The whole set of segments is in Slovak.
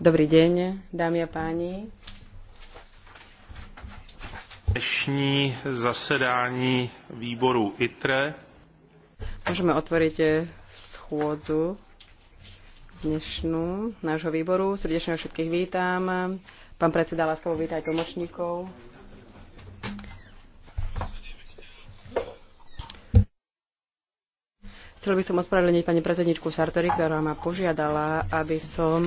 Dobrý deň, dámy a páni. Dnešní zasedání výboru ITRE. Môžeme otvoriť e, schôdzu dnešnú nášho výboru. Srdečne všetkých vítam. Pán predseda láskavo víta aj tlmočníkov. Chcel by som ospravedlniť pani predsedničku Sartori, ktorá ma požiadala, aby som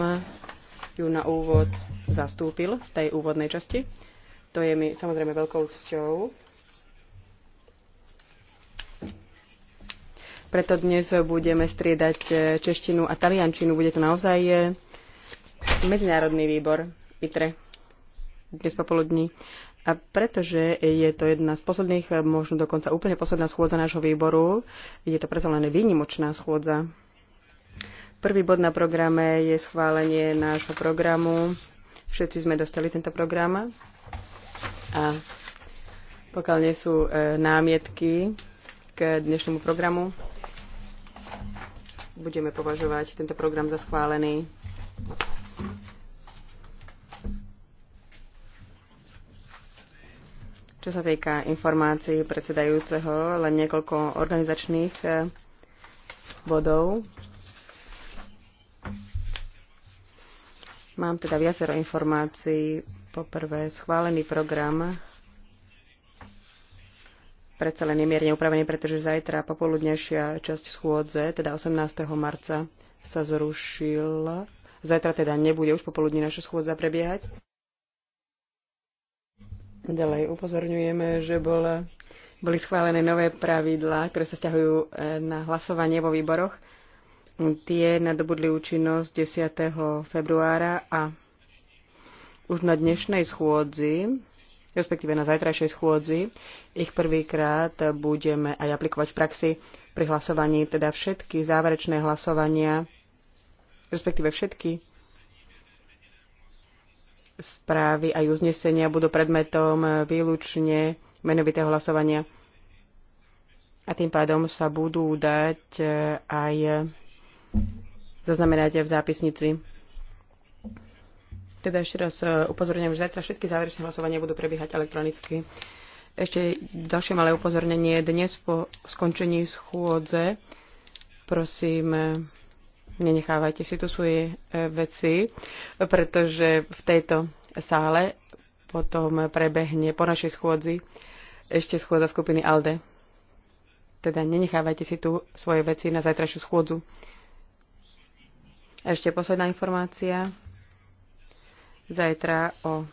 ju na úvod zastúpil v tej úvodnej časti. To je mi samozrejme veľkou cťou. Preto dnes budeme striedať češtinu a taliančinu. Bude to naozaj medzinárodný výbor ITRE dnes popoludní. A pretože je to jedna z posledných, možno dokonca úplne posledná schôdza nášho výboru, je to predsa len výnimočná schôdza. Prvý bod na programe je schválenie nášho programu. Všetci sme dostali tento program. A pokiaľ nie sú e, námietky k dnešnému programu, budeme považovať tento program za schválený. Čo sa týka informácií predsedajúceho, len niekoľko organizačných eh, bodov. Mám teda viacero informácií. Poprvé, schválený program predsa len je mierne upravený, pretože zajtra popoludnejšia časť schôdze, teda 18. marca, sa zrušila. Zajtra teda nebude už popoludní naša schôdza prebiehať. Ďalej upozorňujeme, že bol, boli schválené nové pravidlá, ktoré sa stiahujú e, na hlasovanie vo výboroch. Tie nadobudli účinnosť 10. februára a už na dnešnej schôdzi, respektíve na zajtrajšej schôdzi, ich prvýkrát budeme aj aplikovať v praxi pri hlasovaní, teda všetky záverečné hlasovania, respektíve všetky správy aj uznesenia budú predmetom eh, výlučne menovitého hlasovania. A tým pádom sa budú dať eh, aj zaznamenáte v zápisnici. Teda ešte raz eh, upozorňujem, že zajtra všetky záverečné hlasovania budú prebiehať elektronicky. Ešte ďalšie malé upozornenie. Dnes po skončení schôdze prosím Nenechávajte si tu svoje e, veci, pretože v tejto sále potom prebehne po našej schôdzi ešte schôdza skupiny ALDE. Teda nenechávajte si tu svoje veci na zajtrajšiu schôdzu. Ešte posledná informácia. Zajtra o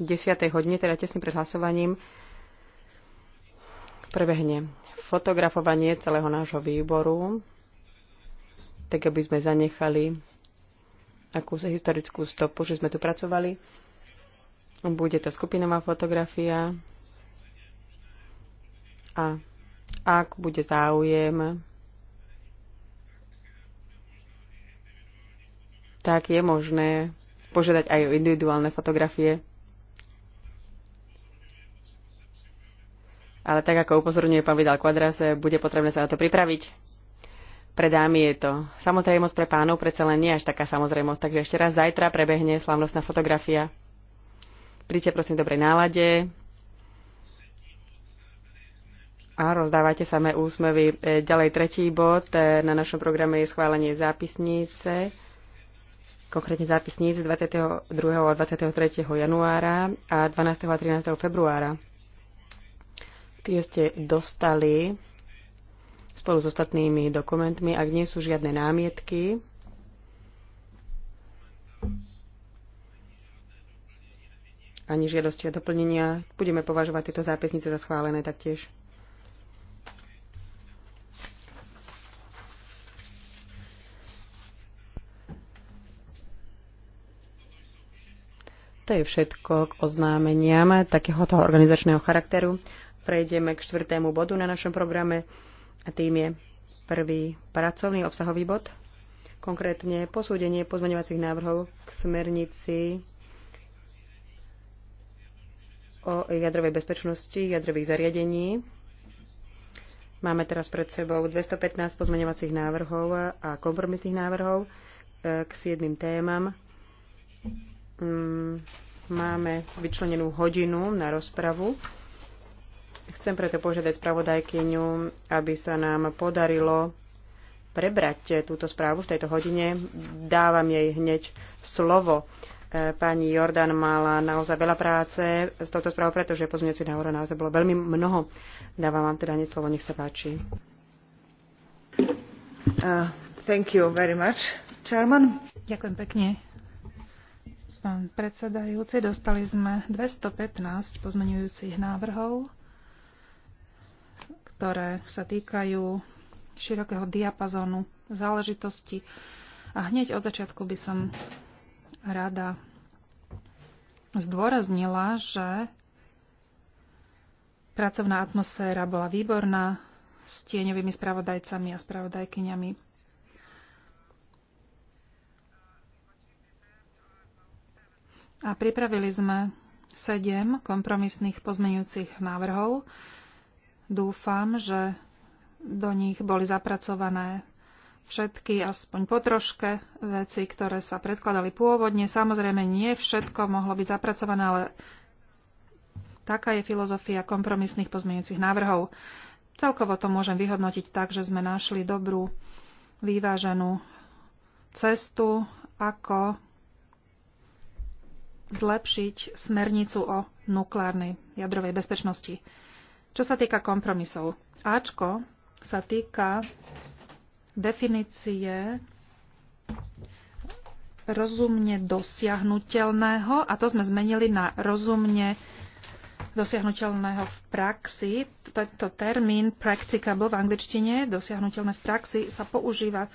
10. hodine, teda tesným pred hlasovaním, prebehne fotografovanie celého nášho výboru tak aby sme zanechali akúsi historickú stopu, že sme tu pracovali. Bude to skupinová fotografia a ak bude záujem, tak je možné požiadať aj o individuálne fotografie. Ale tak, ako upozorňuje pán Vidal Quadras, bude potrebné sa na to pripraviť. Pre dámy je to samozrejmosť, pre pánov predsa len nie až taká samozrejmosť. Takže ešte raz zajtra prebehne slavnostná fotografia. Príďte prosím v dobrej nálade a rozdávajte samé úsmevy. E, ďalej tretí bod e, na našom programe je schválenie zápisnice konkrétne zápisníc 22. a 23. januára a 12. a 13. februára. Tie ste dostali spolu s ostatnými dokumentmi, ak nie sú žiadne námietky. ani žiadosti a doplnenia. Budeme považovať tieto zápisnice za schválené taktiež. To je všetko k oznámeniam takéhoto organizačného charakteru. Prejdeme k štvrtému bodu na našom programe. A tým je prvý pracovný obsahový bod, konkrétne posúdenie pozmeňovacích návrhov k smernici o jadrovej bezpečnosti jadrových zariadení. Máme teraz pred sebou 215 pozmeňovacích návrhov a kompromisných návrhov e, k siedmým témam. Mm, máme vyčlenenú hodinu na rozpravu. Chcem preto požiadať spravodajkyňu, aby sa nám podarilo prebrať túto správu v tejto hodine. Dávam jej hneď slovo. E, pani Jordan mala naozaj veľa práce s touto správou, pretože na návrhov naozaj bolo veľmi mnoho. Dávam vám teda hneď slovo, nech sa páči. Uh, thank you very much, Chairman. Ďakujem pekne, pán predsedajúci. Dostali sme 215 pozmenujúcich návrhov ktoré sa týkajú širokého diapazónu záležitosti. A hneď od začiatku by som rada zdôraznila, že pracovná atmosféra bola výborná s tieňovými spravodajcami a spravodajkyňami. A pripravili sme sedem kompromisných pozmeňujúcich návrhov, Dúfam, že do nich boli zapracované všetky, aspoň po troške, veci, ktoré sa predkladali pôvodne. Samozrejme, nie všetko mohlo byť zapracované, ale taká je filozofia kompromisných pozmeňujúcich návrhov. Celkovo to môžem vyhodnotiť tak, že sme našli dobrú, vyváženú cestu, ako zlepšiť smernicu o nukleárnej jadrovej bezpečnosti. Čo sa týka kompromisov, Ačko sa týka definície rozumne dosiahnutelného a to sme zmenili na rozumne dosiahnuteľného v praxi. Tento termín practicable v angličtine, dosiahnuteľné v praxi, sa používa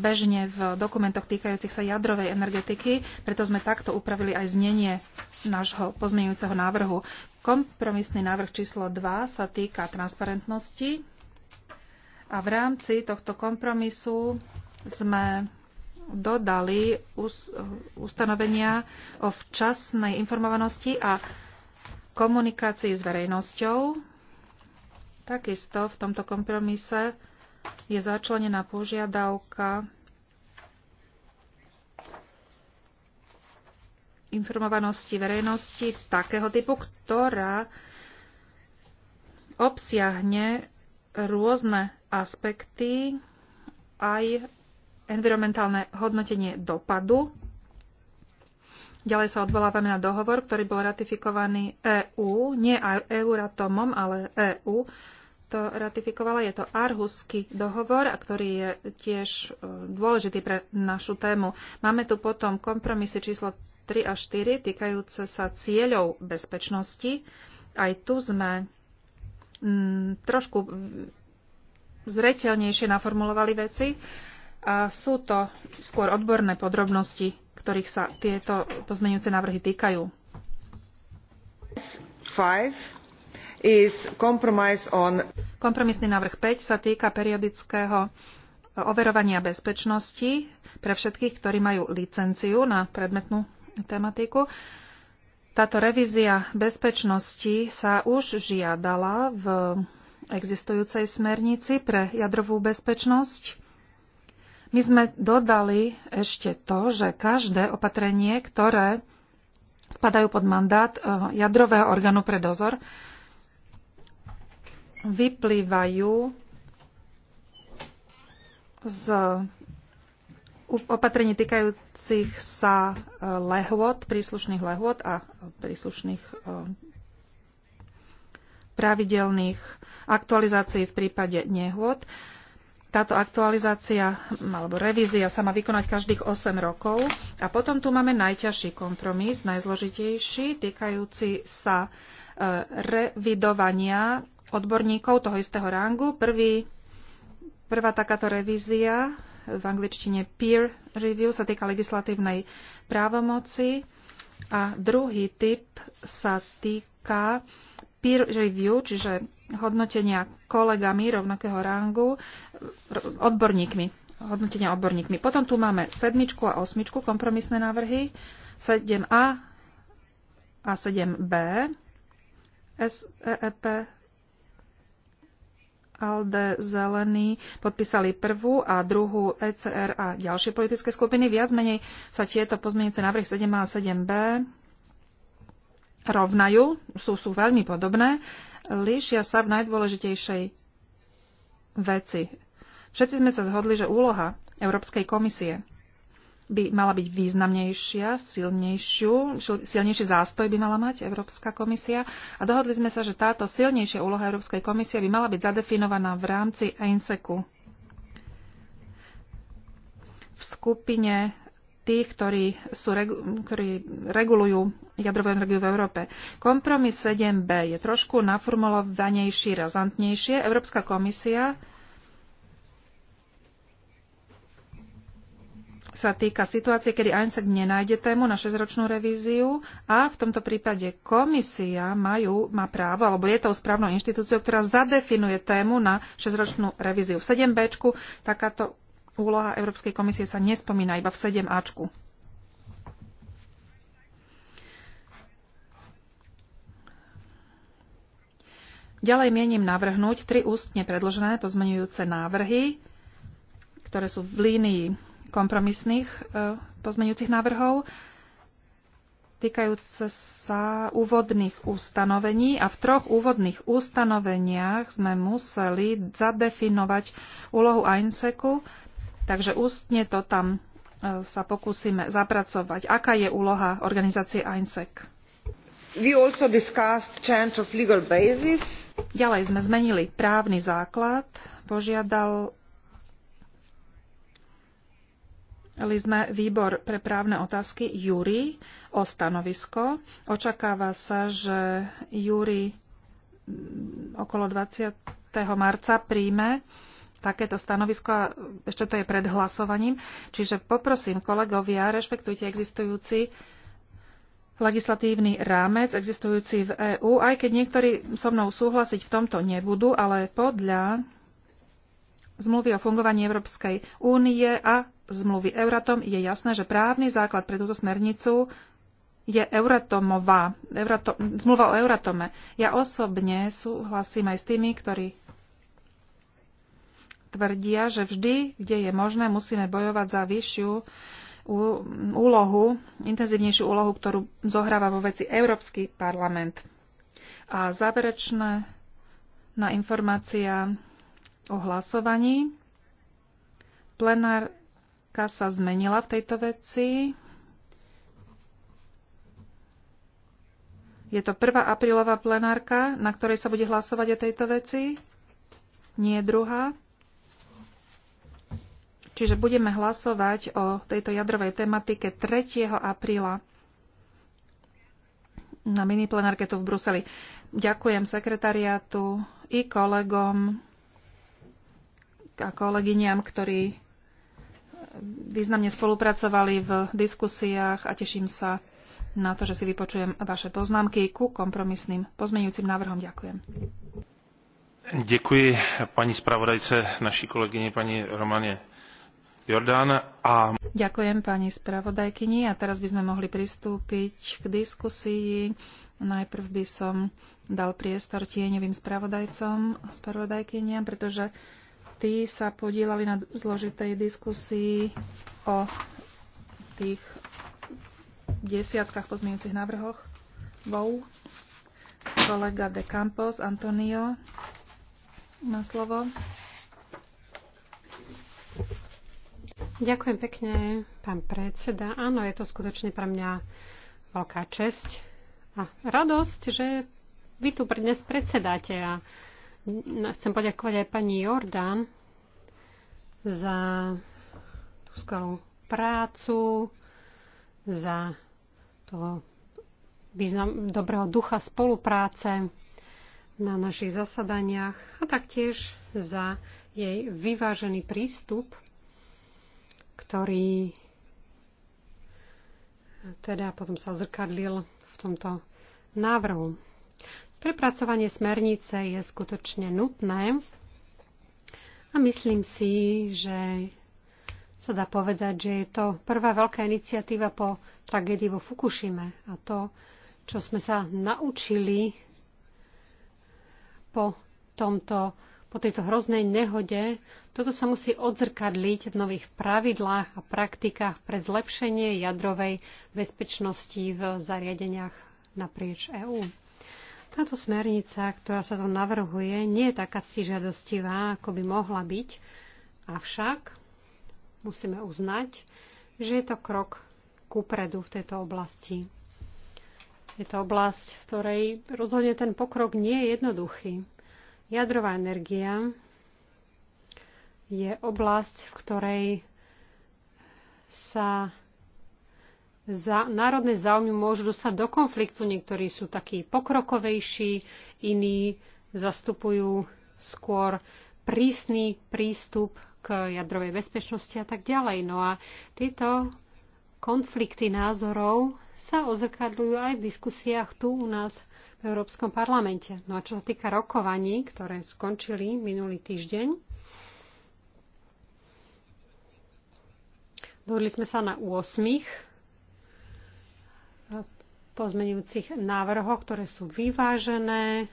bežne v dokumentoch týkajúcich sa jadrovej energetiky, preto sme takto upravili aj znenie nášho pozmeňujúceho návrhu. Kompromisný návrh číslo 2 sa týka transparentnosti a v rámci tohto kompromisu sme dodali ustanovenia o včasnej informovanosti a komunikácii s verejnosťou. Takisto v tomto kompromise je začlenená požiadavka informovanosti verejnosti takého typu, ktorá obsiahne rôzne aspekty, aj environmentálne hodnotenie dopadu Ďalej sa odvolávame na dohovor, ktorý bol ratifikovaný EÚ, nie Euratomom, ale EÚ to ratifikovala. Je to Arhusky dohovor, a ktorý je tiež e, dôležitý pre našu tému. Máme tu potom kompromisy číslo 3 a 4 týkajúce sa cieľov bezpečnosti. Aj tu sme mm, trošku zreteľnejšie naformulovali veci a sú to skôr odborné podrobnosti ktorých sa tieto pozmeňujúce návrhy týkajú. Kompromisný návrh 5 sa týka periodického overovania bezpečnosti pre všetkých, ktorí majú licenciu na predmetnú tematiku. Táto revízia bezpečnosti sa už žiadala v existujúcej smernici pre jadrovú bezpečnosť my sme dodali ešte to, že každé opatrenie, ktoré spadajú pod mandát e, jadrového orgánu pre dozor, vyplývajú z opatrení týkajúcich sa e, lehôd, príslušných lehôd a príslušných e, pravidelných aktualizácií v prípade nehôd táto aktualizácia alebo revízia sa má vykonať každých 8 rokov. A potom tu máme najťažší kompromis, najzložitejší, týkajúci sa e, revidovania odborníkov toho istého rangu. Prvý, prvá takáto revízia v angličtine peer review sa týka legislatívnej právomoci a druhý typ sa týka peer review, čiže hodnotenia kolegami rovnakého rangu, odborníkmi, hodnotenia odborníkmi. Potom tu máme sedmičku a osmičku, kompromisné návrhy, 7a a 7b, SEP, e, ALDE, zelený podpísali prvú a druhú ECR a ďalšie politické skupiny. Viac menej sa tieto pozmenice návrhy 7a a 7b rovnajú, sú, sú veľmi podobné líšia sa v najdôležitejšej veci. Všetci sme sa zhodli, že úloha Európskej komisie by mala byť významnejšia, silnejšiu, silnejší zástoj by mala mať Európska komisia a dohodli sme sa, že táto silnejšia úloha Európskej komisie by mala byť zadefinovaná v rámci EINSECu. V skupine tých, ktorí, sú, ktorí regulujú jadrovú energiu v Európe. Kompromis 7b je trošku naformulovanejší, razantnejšie. Európska komisia sa týka situácie, kedy ANSEC nenájde tému na 6-ročnú revíziu a v tomto prípade komisia majú, má právo, alebo je tou správnou inštitúciou, ktorá zadefinuje tému na 6-ročnú revíziu. V 7b takáto úloha Európskej komisie sa nespomína iba v 7Ačku. Ďalej mienim navrhnúť tri ústne predložené pozmenujúce návrhy, ktoré sú v línii kompromisných e, pozmeňujúcich návrhov, týkajúce sa úvodných ustanovení a v troch úvodných ustanoveniach sme museli zadefinovať úlohu AINSECu Takže ústne to tam e, sa pokúsime zapracovať. Aká je úloha organizácie INSEC? Ďalej sme zmenili právny základ. Požiadal Mali sme výbor pre právne otázky Júri o stanovisko. Očakáva sa, že Júri okolo 20. marca príjme takéto stanovisko a ešte to je pred hlasovaním. Čiže poprosím kolegovia, rešpektujte existujúci legislatívny rámec existujúci v EÚ, aj keď niektorí so mnou súhlasiť v tomto nebudú, ale podľa zmluvy o fungovaní Európskej únie a zmluvy Euratom je jasné, že právny základ pre túto smernicu je Euratomová, Euratom, zmluva o Euratome. Ja osobne súhlasím aj s tými, ktorí tvrdia, že vždy, kde je možné, musíme bojovať za vyššiu úlohu, intenzívnejšiu úlohu, ktorú zohráva vo veci Európsky parlament. A záverečná na informácia o hlasovaní. Plenárka sa zmenila v tejto veci. Je to 1. aprílová plenárka, na ktorej sa bude hlasovať o tejto veci? Nie druhá. Čiže budeme hlasovať o tejto jadrovej tematike 3. apríla na mini plenárke tu v Bruseli. Ďakujem sekretariátu i kolegom a kolegyňam, ktorí významne spolupracovali v diskusiách a teším sa na to, že si vypočujem vaše poznámky ku kompromisným pozmeňujúcim návrhom. Ďakujem. Děkuji paní zpravodajce, naší kolegyně paní Romaně Jordán a... Ďakujem pani spravodajkyni a teraz by sme mohli pristúpiť k diskusii. Najprv by som dal priestor tieňovým spravodajcom a spravodajkyniam, pretože tí sa podielali na zložitej diskusii o tých desiatkách pozmeňujúcich návrhoch. Wow. Kolega de Campos, Antonio, má slovo. Ďakujem pekne, pán predseda. Áno, je to skutočne pre mňa veľká česť a radosť, že vy tu dnes predsedáte a chcem poďakovať aj pani Jordan za tú skvelú prácu, za toho význam dobrého ducha spolupráce na našich zasadaniach a taktiež za jej vyvážený prístup ktorý teda potom sa ozrkadlil v tomto návrhu. Prepracovanie smernice je skutočne nutné a myslím si, že sa dá povedať, že je to prvá veľká iniciatíva po tragédii vo Fukushime a to, čo sme sa naučili po tomto po tejto hroznej nehode. Toto sa musí odzrkadliť v nových pravidlách a praktikách pre zlepšenie jadrovej bezpečnosti v zariadeniach naprieč EÚ. Táto smernica, ktorá sa tu navrhuje, nie je taká stižadostivá, ako by mohla byť, avšak musíme uznať, že je to krok kupredu v tejto oblasti. Je to oblasť, v ktorej rozhodne ten pokrok nie je jednoduchý. Jadrová energia je oblasť, v ktorej sa za, národné záujmy môžu dostať do konfliktu. Niektorí sú takí pokrokovejší, iní zastupujú skôr prísny prístup k jadrovej bezpečnosti a tak ďalej. No a tieto konflikty názorov sa ozrkadľujú aj v diskusiách tu u nás v Európskom parlamente. No a čo sa týka rokovaní, ktoré skončili minulý týždeň, dohodli sme sa na 8 pozmenujúcich návrhoch, ktoré sú vyvážené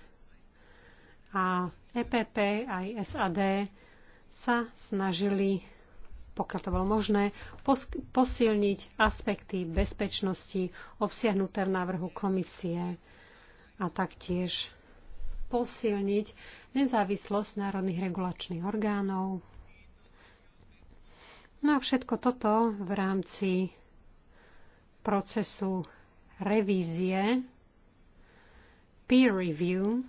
a EPP aj SAD sa snažili pokiaľ to bolo možné, posilniť aspekty bezpečnosti obsiahnuté v návrhu komisie a taktiež posilniť nezávislosť národných regulačných orgánov. No a všetko toto v rámci procesu revízie, peer review.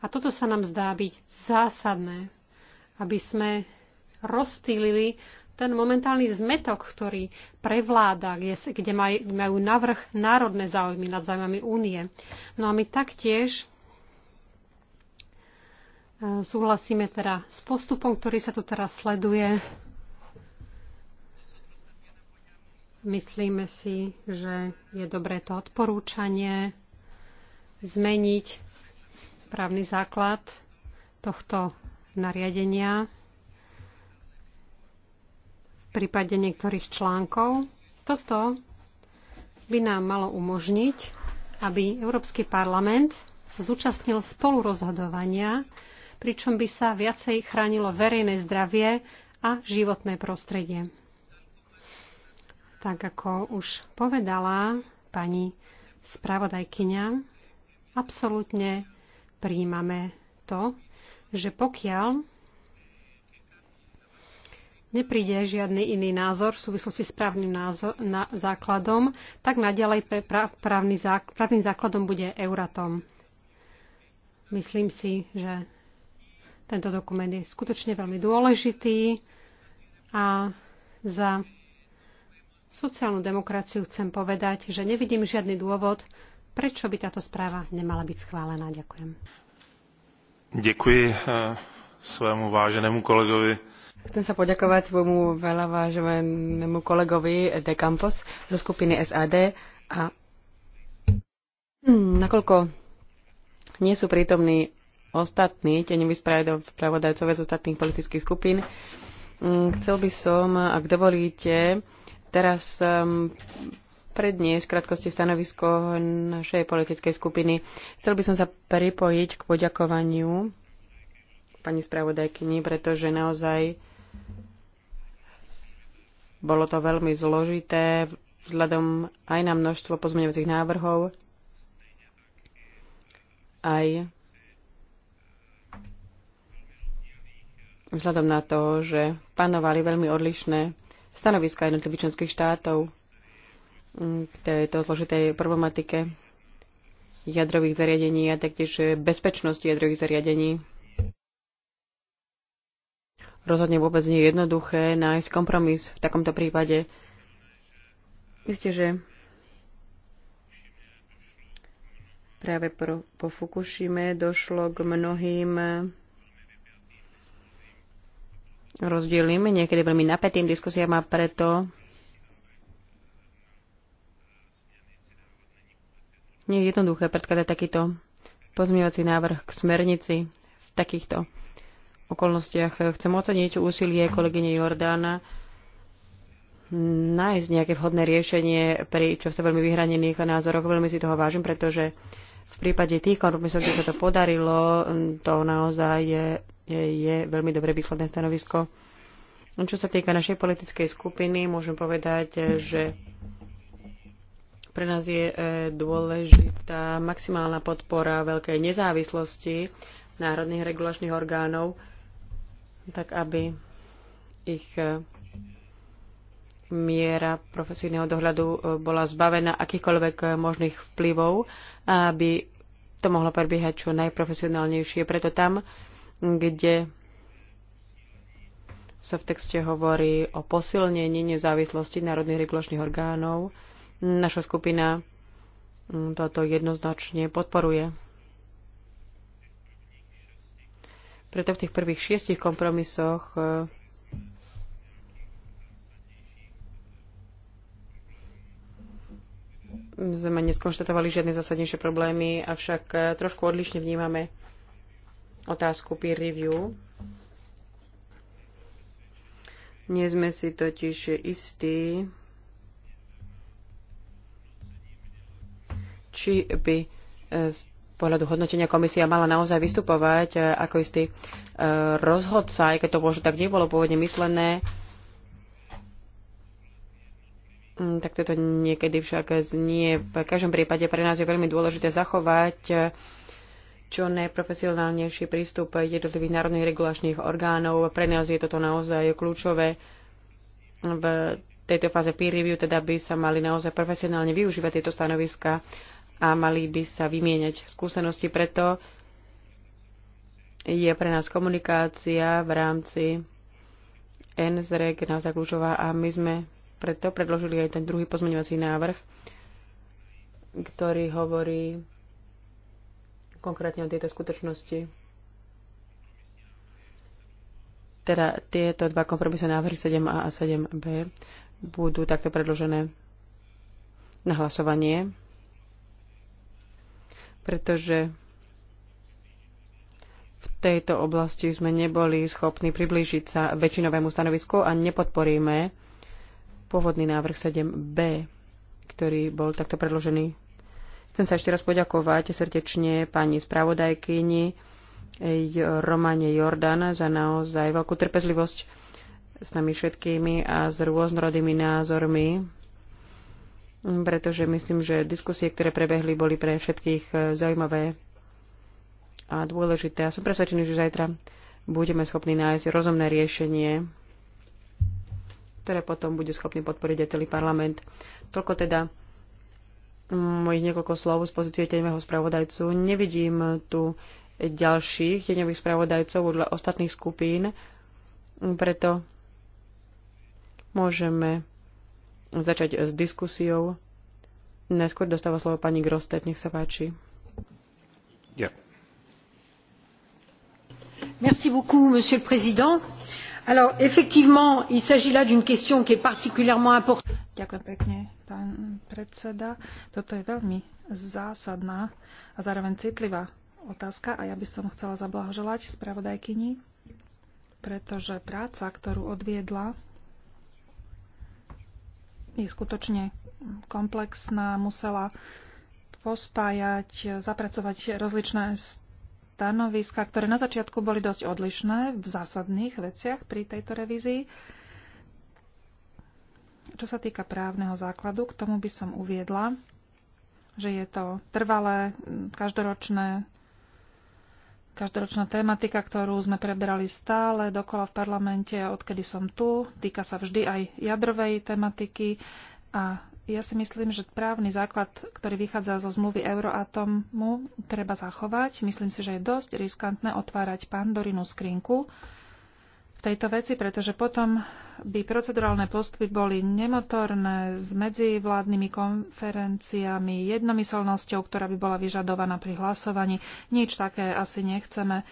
A toto sa nám zdá byť zásadné, aby sme rozstýlili ten momentálny zmetok, ktorý prevláda, kde, kde maj, majú navrh národné záujmy nad záujmami únie. No a my taktiež e, súhlasíme teda s postupom, ktorý sa tu teraz sleduje. Myslíme si, že je dobré to odporúčanie zmeniť právny základ tohto nariadenia prípade niektorých článkov. Toto by nám malo umožniť, aby Európsky parlament sa zúčastnil spolurozhodovania, pričom by sa viacej chránilo verejné zdravie a životné prostredie. Tak ako už povedala pani spravodajkyňa, absolútne príjmame to, že pokiaľ nepríde žiadny iný názor v súvislosti s právnym názor, na, základom, tak naďalej pra, právny zák, právnym základom bude Euratom. Myslím si, že tento dokument je skutočne veľmi dôležitý a za sociálnu demokraciu chcem povedať, že nevidím žiadny dôvod, prečo by táto správa nemala byť schválená. Ďakujem. Ďakujem eh, svému váženému kolegovi Chcem sa poďakovať svojmu veľa váženému kolegovi eh, De Campos zo skupiny SAD a hm, nakoľko nie sú prítomní ostatní tenoví spravodajcovia z ostatných politických skupín, hm, chcel by som, ak dovolíte, teraz hm, predniesť krátkosti stanovisko našej politickej skupiny. Chcel by som sa pripojiť k poďakovaniu pani spravodajkyni, pretože naozaj bolo to veľmi zložité vzhľadom aj na množstvo pozmeňovacích návrhov, aj vzhľadom na to, že panovali veľmi odlišné stanoviska jednotlivých členských štátov k tejto zložitej problematike jadrových zariadení a taktiež bezpečnosti jadrových zariadení rozhodne vôbec nie je jednoduché nájsť kompromis v takomto prípade. Isté, že práve po, po Fukushime došlo k mnohým rozdielím, niekedy veľmi napätým diskusiám a preto nie je jednoduché predkladať takýto pozmievací návrh k smernici v takýchto okolnostiach. Chcem oceniť úsilie kolegyne Jordána nájsť nejaké vhodné riešenie pri často veľmi vyhranených názoroch. Veľmi si toho vážim, pretože v prípade tých kompromisov, kde sa to podarilo, to naozaj je, je, je veľmi dobre výsledné stanovisko. Čo sa týka našej politickej skupiny, môžem povedať, že pre nás je e, dôležitá maximálna podpora veľkej nezávislosti národných regulačných orgánov tak aby ich e, miera profesijného dohľadu e, bola zbavená akýchkoľvek e, možných vplyvov, aby to mohlo prebiehať čo najprofesionálnejšie. Preto tam, kde sa v texte hovorí o posilnení nezávislosti národných regulačných orgánov, naša skupina mm, toto jednoznačne podporuje. Preto v tých prvých šiestich kompromisoch e, sme neskonštatovali žiadne zásadnejšie problémy, avšak e, trošku odlišne vnímame otázku peer review. Nie sme si totiž istí, či by e, pohľadu hodnotenia komisia mala naozaj vystupovať e, ako istý e, rozhodca, aj keď to možno tak nebolo pôvodne myslené. Mm, tak toto niekedy však znie. V každom prípade pre nás je veľmi dôležité zachovať e, čo najprofesionálnejší prístup jednotlivých národných regulačných orgánov. Pre nás je toto naozaj kľúčové v tejto fáze peer review, teda by sa mali naozaj profesionálne využívať tieto stanoviska a mali by sa vymieňať skúsenosti. Preto je pre nás komunikácia v rámci NZREG naozaj kľúčová a my sme preto predložili aj ten druhý pozmeňovací návrh, ktorý hovorí konkrétne o tejto skutočnosti. Teda tieto dva kompromisné návrhy 7a a 7b budú takto predložené na hlasovanie pretože v tejto oblasti sme neboli schopní priblížiť sa väčšinovému stanovisku a nepodporíme pôvodný návrh 7b, ktorý bol takto predložený. Chcem sa ešte raz poďakovať srdečne pani spravodajkyni Romane Jordan za naozaj veľkú trpezlivosť s nami všetkými a s rôznorodými názormi pretože myslím, že diskusie, ktoré prebehli, boli pre všetkých e, zaujímavé a dôležité. A som presvedčený, že zajtra budeme schopní nájsť rozumné riešenie, ktoré potom bude schopný podporiť aj celý parlament. Toľko teda mojich niekoľko slov z pozície teňového spravodajcu. Nevidím tu ďalších teňových spravodajcov podľa ostatných skupín, preto môžeme začať s diskusiou. Najskôr dostáva slovo pani Grostet, nech sa páči. Merci beaucoup, monsieur le président. Alors, effectivement, il s'agit là d'une question qui est particulièrement importante. Ďakujem pekne, pán predseda. Toto je veľmi zásadná a zároveň citlivá otázka a ja by som chcela zablahoželať spravodajkyni, pretože práca, ktorú odviedla je skutočne komplexná, musela pospájať, zapracovať rozličné stanoviska, ktoré na začiatku boli dosť odlišné v zásadných veciach pri tejto revízii. Čo sa týka právneho základu, k tomu by som uviedla, že je to trvalé, každoročné každoročná tematika, ktorú sme preberali stále dokola v parlamente, odkedy som tu. Týka sa vždy aj jadrovej tematiky. A ja si myslím, že právny základ, ktorý vychádza zo zmluvy Euroatomu, treba zachovať. Myslím si, že je dosť riskantné otvárať pandorinu skrinku tejto veci, pretože potom by procedurálne postupy boli nemotorné s medzivládnymi konferenciami, jednomyselnosťou, ktorá by bola vyžadovaná pri hlasovaní. Nič také asi nechceme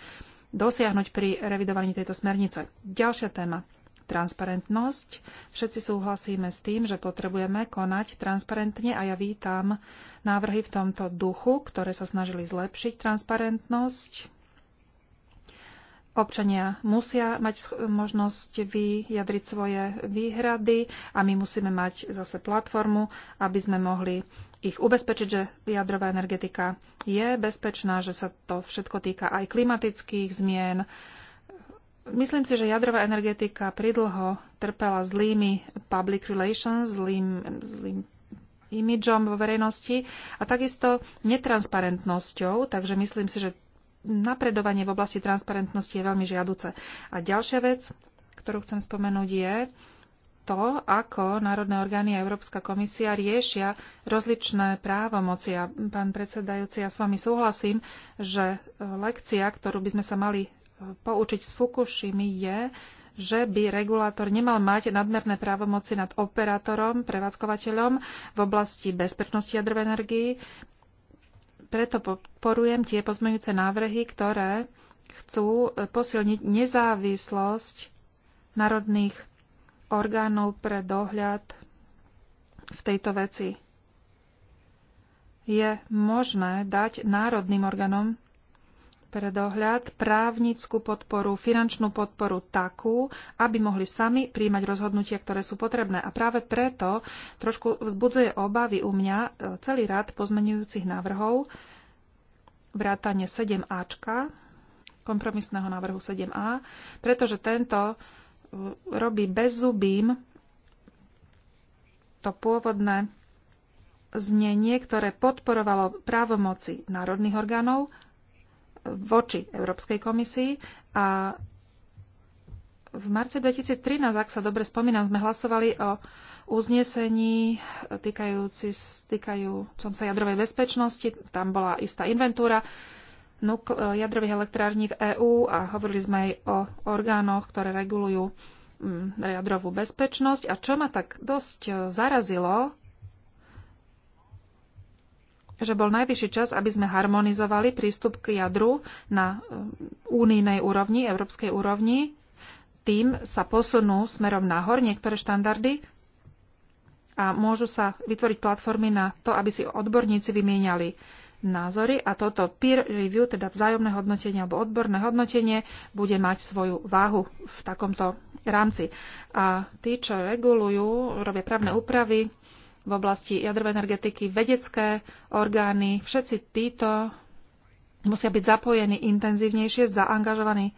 dosiahnuť pri revidovaní tejto smernice. Ďalšia téma. Transparentnosť. Všetci súhlasíme s tým, že potrebujeme konať transparentne a ja vítam návrhy v tomto duchu, ktoré sa snažili zlepšiť transparentnosť Občania musia mať možnosť vyjadriť svoje výhrady a my musíme mať zase platformu, aby sme mohli ich ubezpečiť, že jadrová energetika je bezpečná, že sa to všetko týka aj klimatických zmien. Myslím si, že jadrová energetika pridlho trpela zlými public relations, zlým, zlým imidžom vo verejnosti a takisto netransparentnosťou, takže myslím si, že napredovanie v oblasti transparentnosti je veľmi žiaduce. A ďalšia vec, ktorú chcem spomenúť, je to, ako národné orgány a Európska komisia riešia rozličné právomoci. A pán predsedajúci, ja s vami súhlasím, že lekcia, ktorú by sme sa mali e, poučiť s Fukushimy, je, že by regulátor nemal mať nadmerné právomoci nad operátorom, prevádzkovateľom v oblasti bezpečnosti jadrovej energii, preto podporujem tie pozmeňujúce návrhy, ktoré chcú e, posilniť nezávislosť národných orgánov pre dohľad v tejto veci. Je možné dať národným orgánom pre dohľad právnickú podporu, finančnú podporu takú, aby mohli sami príjmať rozhodnutia, ktoré sú potrebné. A práve preto trošku vzbudzuje obavy u mňa e, celý rad pozmenujúcich návrhov, vrátane 7ačka, kompromisného návrhu 7a, pretože tento e, robí bezzubým to pôvodné znenie, ktoré podporovalo právomoci národných orgánov voči Európskej komisii a v marci 2013, ak sa dobre spomínam, sme hlasovali o uznesení týkajúci, týkajúcom sa jadrovej bezpečnosti. Tam bola istá inventúra jadrových elektrární v EÚ a hovorili sme aj o orgánoch, ktoré regulujú mm, jadrovú bezpečnosť. A čo ma tak dosť e, zarazilo, že bol najvyšší čas, aby sme harmonizovali prístup k jadru na únijnej eh, úrovni, európskej úrovni. Tým sa posunú smerom nahor niektoré štandardy a môžu sa vytvoriť platformy na to, aby si odborníci vymieniali názory a toto peer review, teda vzájomné hodnotenie alebo odborné hodnotenie, bude mať svoju váhu v takomto rámci. A tí, čo regulujú, robia právne úpravy, v oblasti jadrovej energetiky, vedecké orgány, všetci títo musia byť zapojení intenzívnejšie, zaangažovaní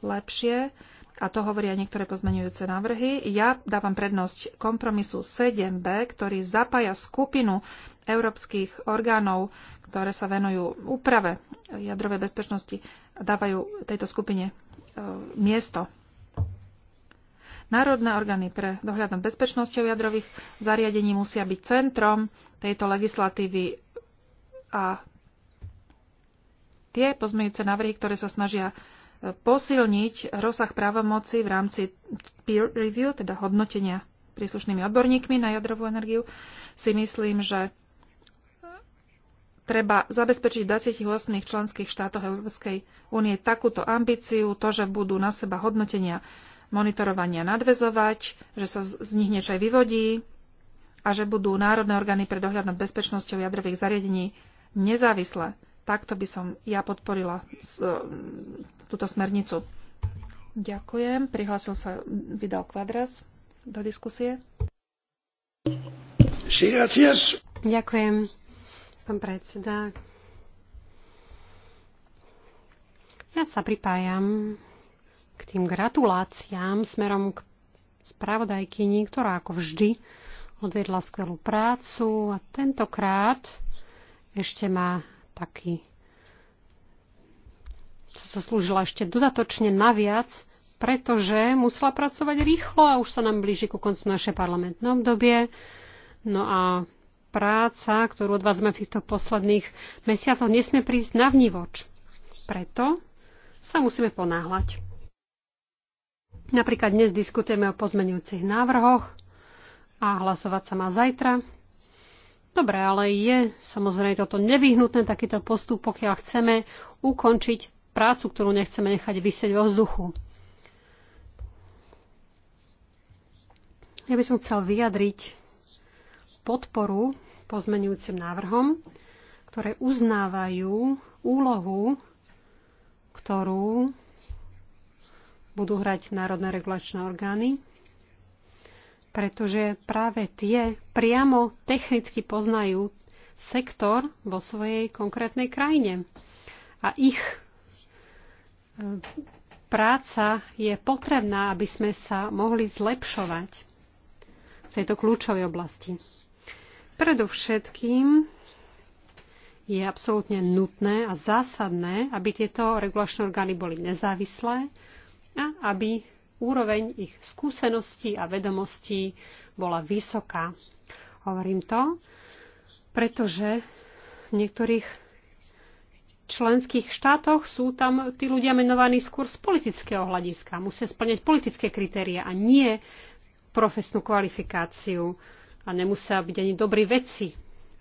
lepšie. A to hovoria niektoré pozmenujúce návrhy. Ja dávam prednosť kompromisu 7b, ktorý zapája skupinu európskych orgánov, ktoré sa venujú úprave jadrovej bezpečnosti a dávajú tejto skupine e, miesto Národné orgány pre dohľad nad bezpečnosťou jadrových zariadení musia byť centrom tejto legislatívy a tie pozmejúce návrhy, ktoré sa snažia e, posilniť rozsah právomoci v rámci peer review, teda hodnotenia príslušnými odborníkmi na jadrovú energiu, si myslím, že treba zabezpečiť v 28 členských štátoch Európskej únie takúto ambíciu, to, že budú na seba hodnotenia monitorovania nadvezovať, že sa z nich niečo aj vyvodí a že budú národné orgány pre dohľad nad bezpečnosťou jadrových zariadení nezávislé. Takto by som ja podporila e, túto smernicu. Ďakujem. Prihlásil sa Vidal Kvadras do diskusie. Sí, Ďakujem, pán predseda. Ja sa pripájam k tým gratuláciám smerom k spravodajkyni, ktorá ako vždy odvedla skvelú prácu a tentokrát ešte má taký sa slúžila ešte dodatočne naviac, pretože musela pracovať rýchlo a už sa nám blíži ku koncu naše parlamentné obdobie. No a práca, ktorú odvádzame v týchto posledných mesiacoch, nesmie prísť na vnívoč. Preto sa musíme ponáhľať. Napríklad dnes diskutujeme o pozmenujúcich návrhoch a hlasovať sa má zajtra. Dobre, ale je samozrejme toto nevyhnutné, takýto postup, pokiaľ chceme ukončiť prácu, ktorú nechceme nechať vysieť vo vzduchu. Ja by som chcel vyjadriť podporu pozmenujúcim návrhom, ktoré uznávajú úlohu, ktorú budú hrať národné regulačné orgány, pretože práve tie priamo technicky poznajú sektor vo svojej konkrétnej krajine. A ich e, práca je potrebná, aby sme sa mohli zlepšovať v tejto kľúčovej oblasti. Predovšetkým je absolútne nutné a zásadné, aby tieto regulačné orgány boli nezávislé, a aby úroveň ich skúseností a vedomostí bola vysoká. Hovorím to, pretože v niektorých členských štátoch sú tam tí ľudia menovaní skôr z politického hľadiska. Musia splňať politické kritéria a nie profesnú kvalifikáciu a nemusia byť ani dobrí vedci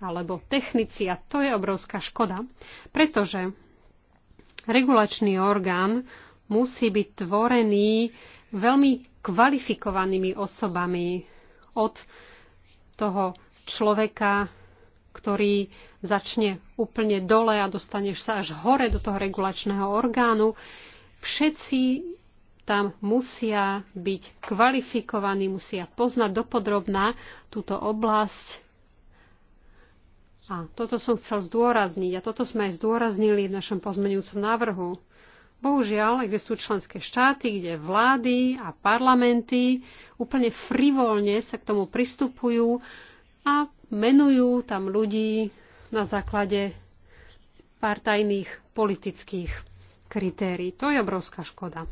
alebo technici a to je obrovská škoda, pretože regulačný orgán musí byť tvorený veľmi kvalifikovanými osobami od toho človeka, ktorý začne úplne dole a dostaneš sa až hore do toho regulačného orgánu. Všetci tam musia byť kvalifikovaní, musia poznať dopodrobná túto oblasť. A toto som chcel zdôrazniť a toto sme aj zdôraznili v našom pozmenujúcom návrhu. Bohužiaľ, existujú členské štáty, kde vlády a parlamenty úplne frivolne sa k tomu pristupujú a menujú tam ľudí na základe partajných politických kritérií. To je obrovská škoda.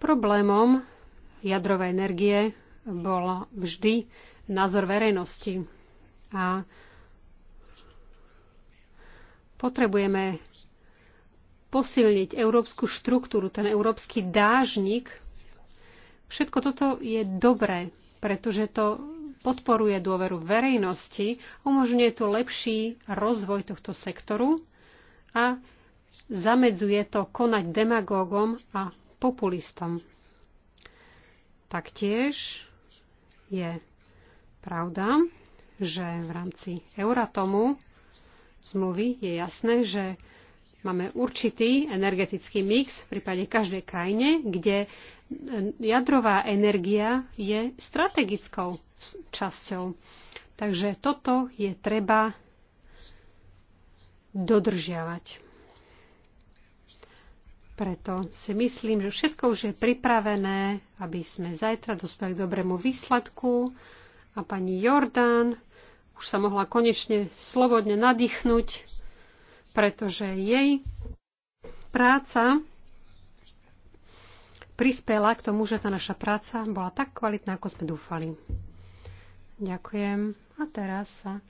Problémom jadrovej energie bol vždy názor verejnosti. A potrebujeme posilniť európsku štruktúru, ten európsky dážnik. Všetko toto je dobré, pretože to podporuje dôveru verejnosti, umožňuje to lepší rozvoj tohto sektoru a zamedzuje to konať demagógom a populistom. Taktiež je pravda, že v rámci Euratomu zmluvy je jasné, že Máme určitý energetický mix v prípade každej krajine, kde e, jadrová energia je strategickou časťou. Takže toto je treba dodržiavať. Preto si myslím, že všetko už je pripravené, aby sme zajtra dospeli k dobrému výsledku a pani Jordán už sa mohla konečne slobodne nadýchnuť pretože jej práca prispela k tomu, že tá naša práca bola tak kvalitná, ako sme dúfali. Ďakujem. A teraz sa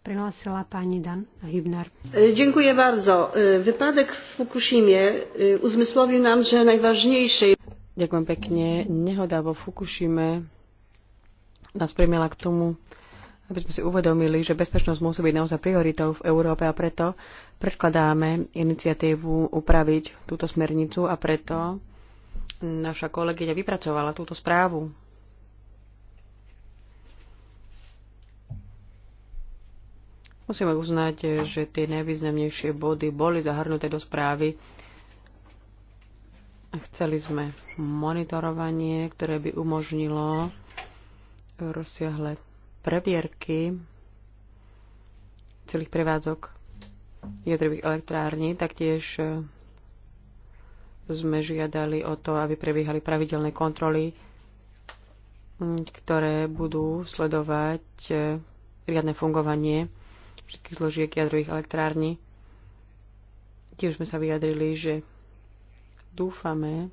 prihlásila pani Dan Hybner. Ďakujem bardzo. Vypadek v Fukushimie uzmyslovil nám, že najvážnejšie... Ďakujem pekne. Nehoda vo Fukushime nás primela k tomu, aby sme si uvedomili, že bezpečnosť musí byť naozaj prioritou v Európe a preto predkladáme iniciatívu upraviť túto smernicu a preto naša kolegyňa vypracovala túto správu. Musíme uznať, že tie najvýznamnejšie body boli zahrnuté do správy. Chceli sme monitorovanie, ktoré by umožnilo rozsiahle previerky celých prevádzok jadrových elektrární. Taktiež e, sme žiadali o to, aby prebiehali pravidelné kontroly, ktoré budú sledovať e, riadne fungovanie všetkých zložiek jadrových elektrární. Tiež sme sa vyjadrili, že dúfame,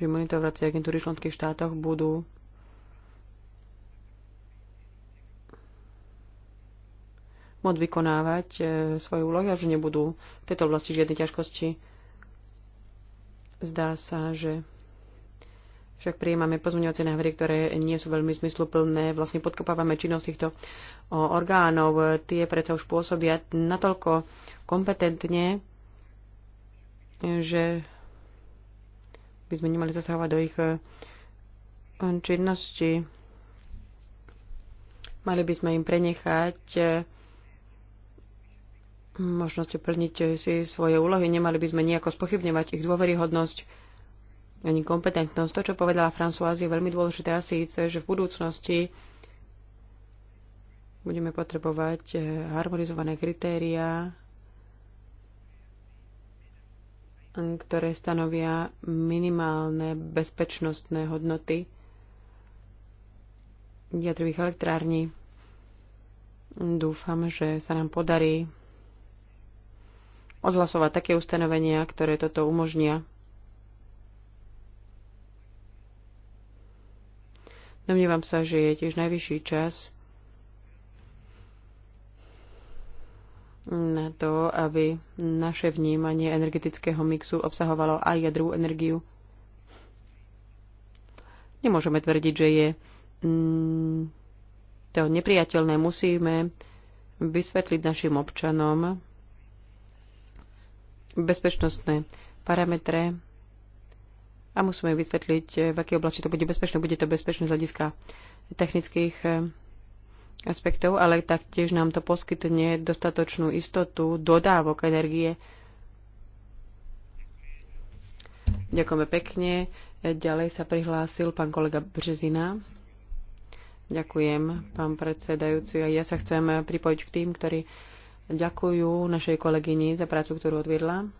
že monitorovacie agentúry v členských štátoch budú môcť vykonávať e, svoje úlohy a že nebudú v tejto oblasti žiadne ťažkosti. Zdá sa, že však prijímame pozmeňovacie návrhy, ktoré nie sú veľmi zmysluplné, vlastne podkopávame činnosť týchto orgánov. Tie predsa už pôsobia natoľko kompetentne, že by sme nemali zasahovať do ich e, činnosti. Mali by sme im prenechať e, možnosť plniť si svoje úlohy. Nemali by sme nejako spochybňovať ich dôveryhodnosť ani kompetentnosť. To, čo povedala Françoise, je veľmi dôležité a síce, že v budúcnosti budeme potrebovať eh, harmonizované kritériá, ktoré stanovia minimálne bezpečnostné hodnoty jadrových elektrární. Dúfam, že sa nám podarí odhlasovať také ustanovenia, ktoré toto umožnia. Domnievam sa, že je tiež najvyšší čas na to, aby naše vnímanie energetického mixu obsahovalo aj jadrú energiu. Nemôžeme tvrdiť, že je mm, to nepriateľné. Musíme vysvetliť našim občanom, bezpečnostné parametre a musíme vysvetliť, eh, v akej oblasti to bude bezpečné. Bude to bezpečné z hľadiska technických eh, aspektov, ale taktiež nám to poskytne dostatočnú istotu dodávok energie. Ďakujeme pekne. Eh, ďalej sa prihlásil pán kolega Březina. Ďakujem, pán predsedajúci. A ja sa chcem pripojiť k tým, ktorí ďakujú našej kolegyni za prácu, ktorú odviedla.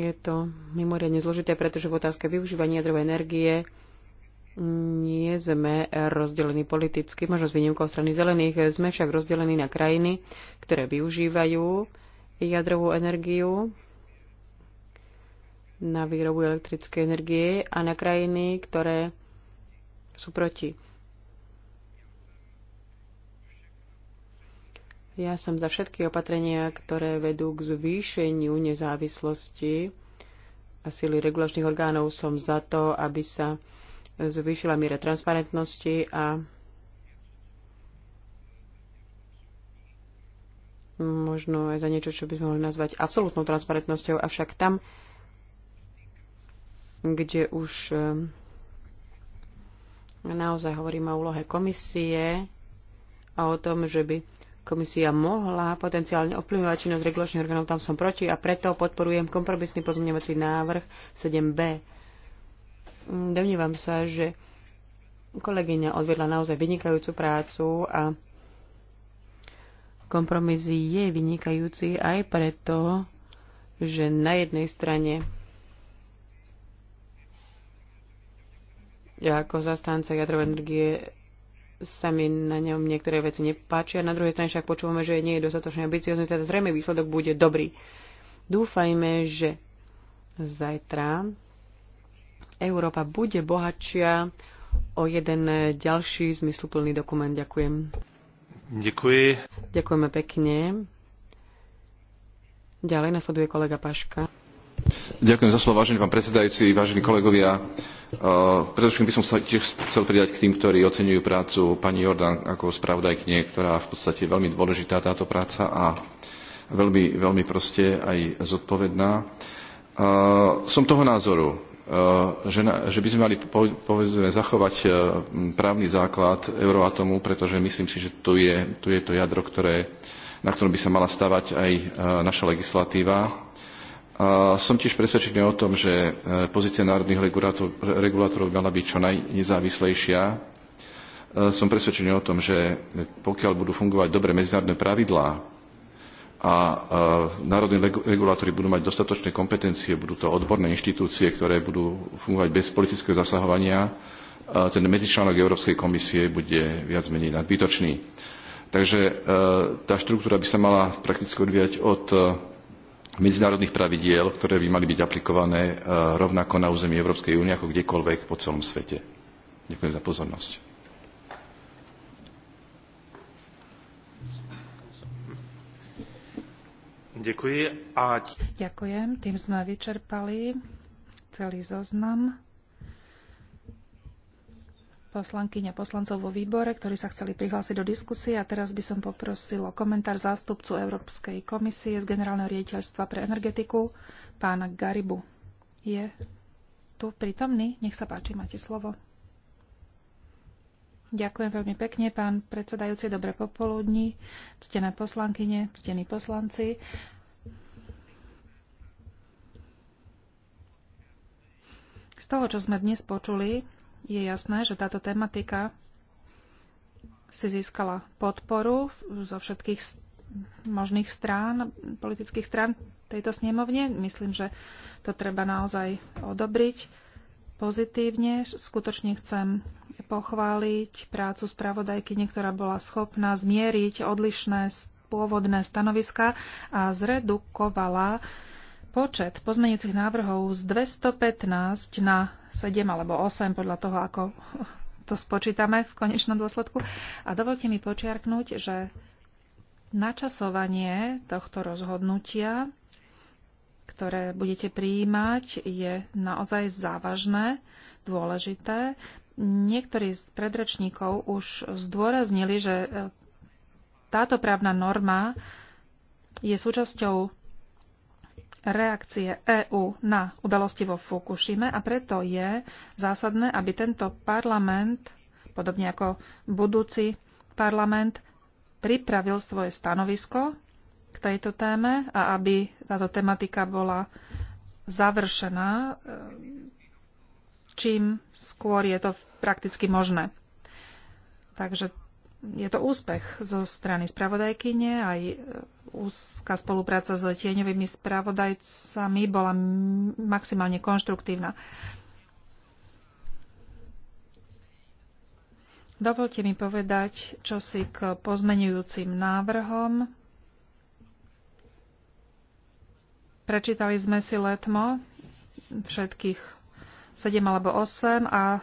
Je to mimoriadne zložité, pretože v otázke využívania jadrovej energie nie sme rozdelení politicky, možno s výnimkou strany zelených, sme však rozdelení na krajiny, ktoré využívajú jadrovú energiu na výrobu elektrickej energie a na krajiny, ktoré sú proti. Ja som za všetky opatrenia, ktoré vedú k zvýšeniu nezávislosti a sily regulačných orgánov, som za to, aby sa zvýšila miera transparentnosti a možno aj za niečo, čo by sme mohli nazvať absolútnou transparentnosťou, avšak tam, kde už eh, naozaj hovorím o úlohe komisie a o tom, že by komisia mohla potenciálne ovplyvňovať činnosť regulačných orgánov, tam som proti a preto podporujem kompromisný pozmeňovací návrh 7b. Domnívam sa, že kolegyňa odvedla naozaj vynikajúcu prácu a kompromis je vynikajúci aj preto, že na jednej strane ja ako zastánca jadrovej energie sa mi na ňom niektoré veci nepáčia. Na druhej strane však počúvame, že nie je dostatočne ambiciozný, teda zrejme výsledok bude dobrý. Dúfajme, že zajtra Európa bude bohatšia o jeden ďalší zmysluplný dokument. Ďakujem. Ďakujem. Ďakujeme pekne. Ďalej nasleduje kolega Paška. Ďakujem za slovo, vážený pán predsedajúci, vážení kolegovia. Uh, predovšetkým by som sa tiež chcel pridať k tým, ktorí oceňujú prácu pani Jordan ako spravodajkne, ktorá v podstate je veľmi dôležitá táto práca a veľmi, veľmi proste aj zodpovedná. Uh, som toho názoru, e, že, že by sme mali povedzme, zachovať právny základ Euroatomu, pretože myslím si, že tu je, tu je to jadro, ktoré, na ktorom by sa mala stavať aj naša legislatíva. A som tiež presvedčený o tom, že e, pozícia národných regulátorov mala byť čo najnezávislejšia. E, som presvedčený o tom, že e, pokiaľ budú fungovať dobre medzinárodné pravidlá a národní regulátori budú mať dostatočné kompetencie, budú to odborné inštitúcie, ktoré budú fungovať bez politického zasahovania, ten medzičlánok Európskej komisie bude viac menej nadbytočný. Takže tá štruktúra by sa mala prakticky odvíjať od medzinárodných pravidiel, ktoré by mali byť aplikované eh, rovnako na území Európskej únie ako kdekoľvek po celom svete. Ďakujem za pozornosť. Ďakujem. A... Ďakujem. Tým sme vyčerpali celý zoznam poslankyň a poslancov vo výbore, ktorí sa chceli prihlásiť do diskusie a teraz by som poprosil o komentár zástupcu Európskej komisie z Generálneho riaditeľstva pre energetiku, pána Garibu. Je tu prítomný? Nech sa páči, máte slovo. Ďakujem veľmi pekne, pán predsedajúci, dobré popoludní, ctené poslankyne, ctení poslanci. Z toho, čo sme dnes počuli, je jasné, že táto tematika si získala podporu zo všetkých možných strán, politických strán tejto snemovne. Myslím, že to treba naozaj odobriť pozitívne. Skutočne chcem pochváliť prácu spravodajky, ktorá bola schopná zmieriť odlišné pôvodné stanoviska a zredukovala uh, počet pozmeňujúcich návrhov z 215 na 7 alebo 8, podľa toho, ako to spočítame v konečnom dôsledku. A dovolte mi počiarknúť, že načasovanie tohto rozhodnutia, ktoré budete prijímať, je naozaj závažné, dôležité. Niektorí z predrečníkov už zdôraznili, že táto právna norma je súčasťou reakcie EÚ na udalosti vo Fukushime a preto je zásadné, aby tento parlament, podobne ako budúci parlament, pripravil svoje stanovisko k tejto téme a aby táto tematika bola završená, e, čím skôr je to prakticky možné. Takže je to úspech zo strany spravodajkyne, aj e, úzka spolupráca s tieňovými spravodajcami bola maximálne konštruktívna. Dovolte mi povedať čo si k pozmenujúcim návrhom. Prečítali sme si letmo všetkých 7 alebo 8 a e,